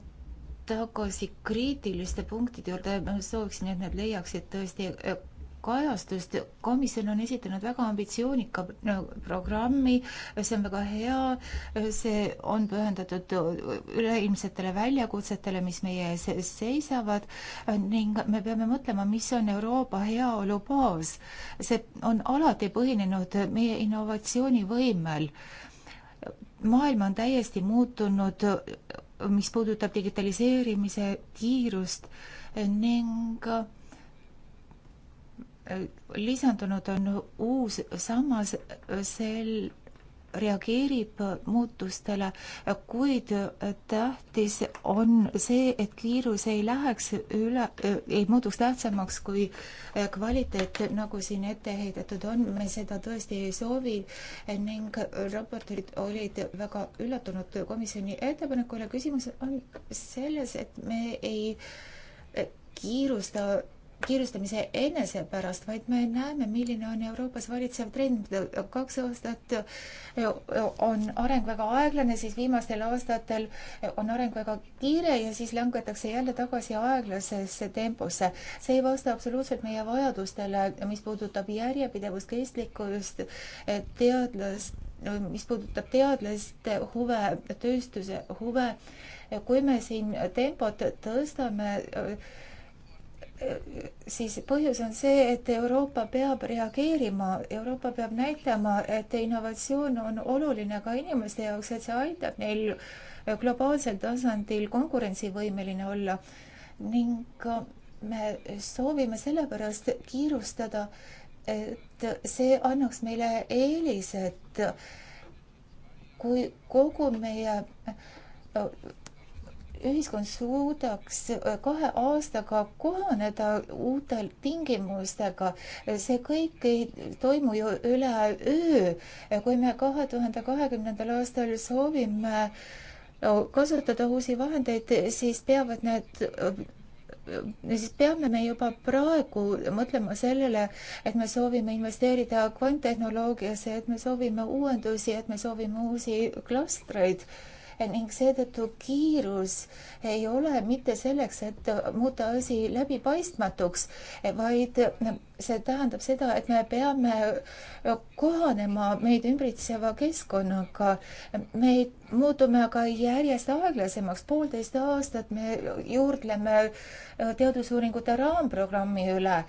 tagasi kriitiliste punktide juurde, ma sooviksin, et need leiaksid tõesti äh, kajastust. komisjon on esitanud väga ambitsioonika no, programmi, see on väga hea, see on pühendatud üleilmsetele väljakutsetele, mis meie ees seisavad ning me peame mõtlema, mis on Euroopa heaolu baas. see on alati põhinenud meie innovatsioonivõimel. maailm on täiesti muutunud, mis puudutab digitaliseerimise kiirust ning lisandunud on uus sammas, sel reageerib muutustele, kuid tähtis on see, et kiirus ei läheks üle, ei muutuks tähtsamaks kui kvaliteet, nagu siin ette heidetud on, me seda tõesti ei soovi ning raportöörid olid väga üllatunud komisjoni ettepanekule, küsimus on selles, et me ei kiirusta kiirustamise enese pärast, vaid me näeme, milline on Euroopas valitsev trend. kaks aastat eh, on areng väga aeglane, siis viimastel aastatel on areng väga kiire ja siis langetakse jälle tagasi aeglasesse temposse. see ei vasta absoluutselt meie vajadustele, mis puudutab järjepidevust, kestlikkust, eh, teadlast, mis puudutab teadlaste huve, tööstuse huve. kui me siin tempot tõstame, eh, siis põhjus on see, et Euroopa peab reageerima, Euroopa peab näitama, et innovatsioon on oluline ka inimeste jaoks, et see aitab neil globaalsel tasandil konkurentsivõimeline olla ning äh, me soovime sellepärast kiirustada, et see annaks meile eelised, kui kogu meie äh, ühiskond suudaks äh, kahe aastaga kohaneda uutel tingimustega. see kõik ei toimu ju üleöö. kui me kahe tuhande kahekümnendal aastal soovime kasutada uusi vahendeid, siis peavad need äh, siis peame me juba praegu mõtlema sellele, et me soovime investeerida kvanttehnoloogiasse, et me soovime uuendusi, et me soovime uusi klastreid äh, ning seetõttu kiirus ei ole mitte selleks, et muuta asi läbipaistmatuks, vaid see tähendab seda, et me peame kohanema meid ümbritseva keskkonnaga. me muutume aga järjest aeglasemaks, poolteist aastat me juurdleme teadusuuringute raamprogrammi üle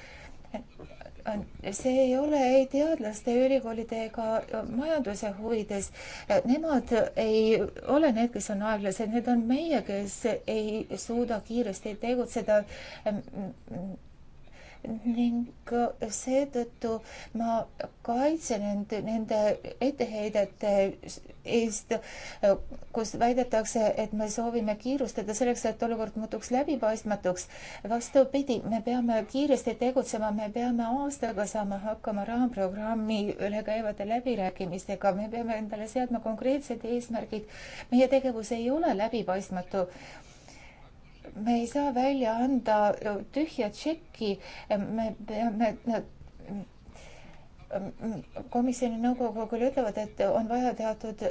see ei ole ei teadlaste, ülikoolide ega äh, majanduse huvides. Äh, nemad ei ole need, kes on aeglased, need on meie, kes ei suuda kiiresti tegutseda. Äh, ning äh, seetõttu ma kaitsen end nende etteheidete eest, äh, kus väidetakse, et me soovime kiirustada selleks, et olukord muutuks läbipaistmatuks. vastupidi, me peame kiiresti tegutsema, me peame aastaga saama hakkama raamprogrammi üle käivate läbirääkimistega, me peame endale seadma konkreetsed eesmärgid. meie tegevus ei ole läbipaistmatu me ei saa välja anda tühja tšekki, me peame komisjoni nõukogu küll ütlevad, et on vaja teatud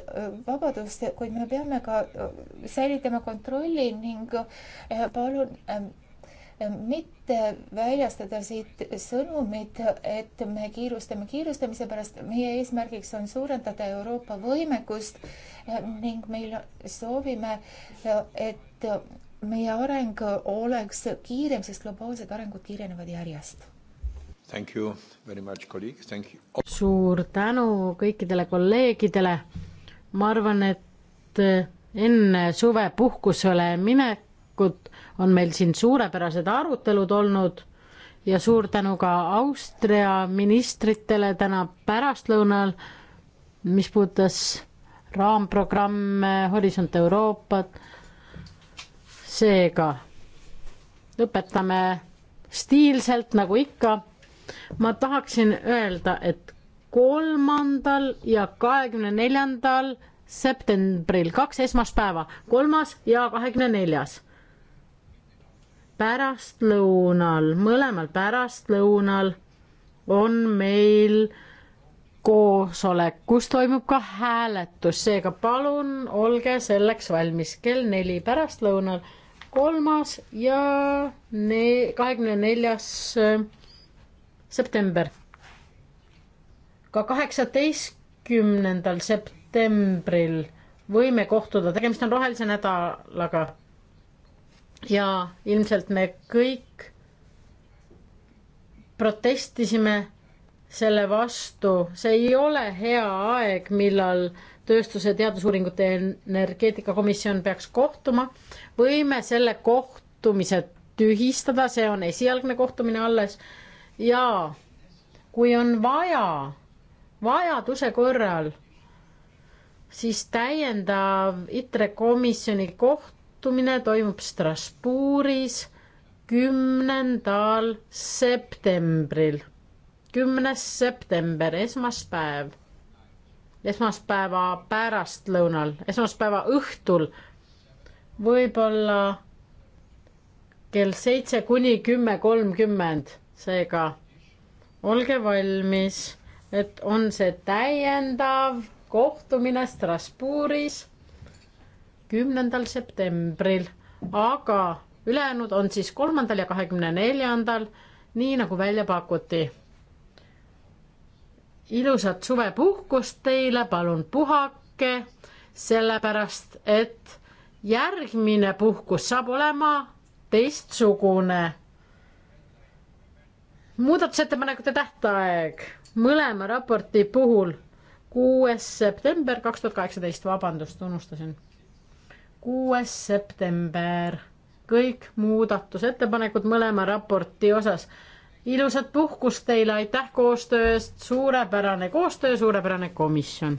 vabadust, kuid me peame ka säilitama kontrolli ning palun ähm, ähm, mitte väljastada siit sõnumit, et me kiirustame kiirustamise pärast. meie eesmärgiks on suurendada Euroopa võimekust ning meil soovime, et meie areng oleks kiirem, sest globaalsed arengud kiirenevad järjest. Thank you very much, kolleeg, thank you. suur tänu kõikidele kolleegidele. ma arvan, et enne suvepuhkusele minekut on meil siin suurepärased arutelud olnud ja suur tänu ka Austria ministritele täna pärastlõunal, mis puudutas raamprogramme, Horisont Euroopat seega õpetame stiilselt nagu ikka. ma tahaksin öelda, et kolmandal ja kahekümne neljandal septembril, kaks esmaspäeva, kolmas ja kahekümne neljas. pärastlõunal, mõlemal pärastlõunal on meil koosolek, kus toimub ka hääletus, seega palun olge selleks valmis kell neli pärastlõunal kolmas ja kahekümne neljas äh, september. ka kaheksateistkümnendal septembril võime kohtuda, tegemist on rohelise nädalaga. ja ilmselt me kõik protestisime selle vastu, see ei ole hea aeg, millal äh, tööstuse teadusuuringute energeetikakomisjon peaks kohtuma, võime selle kohtumise tühistada, see on esialgne kohtumine alles ja kui on vaja, vajaduse korral, siis täiendav ITRE komisjoni kohtumine toimub Strasbourgis kümnendal septembril, kümnes september, esmaspäev esmaspäeva pärastlõunal, esmaspäeva õhtul, võib-olla kell seitse kuni kümme kolmkümmend, seega olge valmis, et on see täiendav kohtumine Strasbourgis kümnendal septembril, aga ülejäänud on siis kolmandal ja kahekümne neljandal, nii nagu välja pakuti ilusat suvepuhkust teile, palun puhake, sellepärast et järgmine puhkus saab olema teistsugune. muudatusettepanekute tähtaeg mõlema raporti puhul kuues september kaks tuhat kaheksateist, vabandust, unustasin. kuues september, kõik muudatusettepanekud mõlema raporti osas ilusat puhkust teile, aitäh koostöö eest, suurepärane koostöö, suurepärane komisjon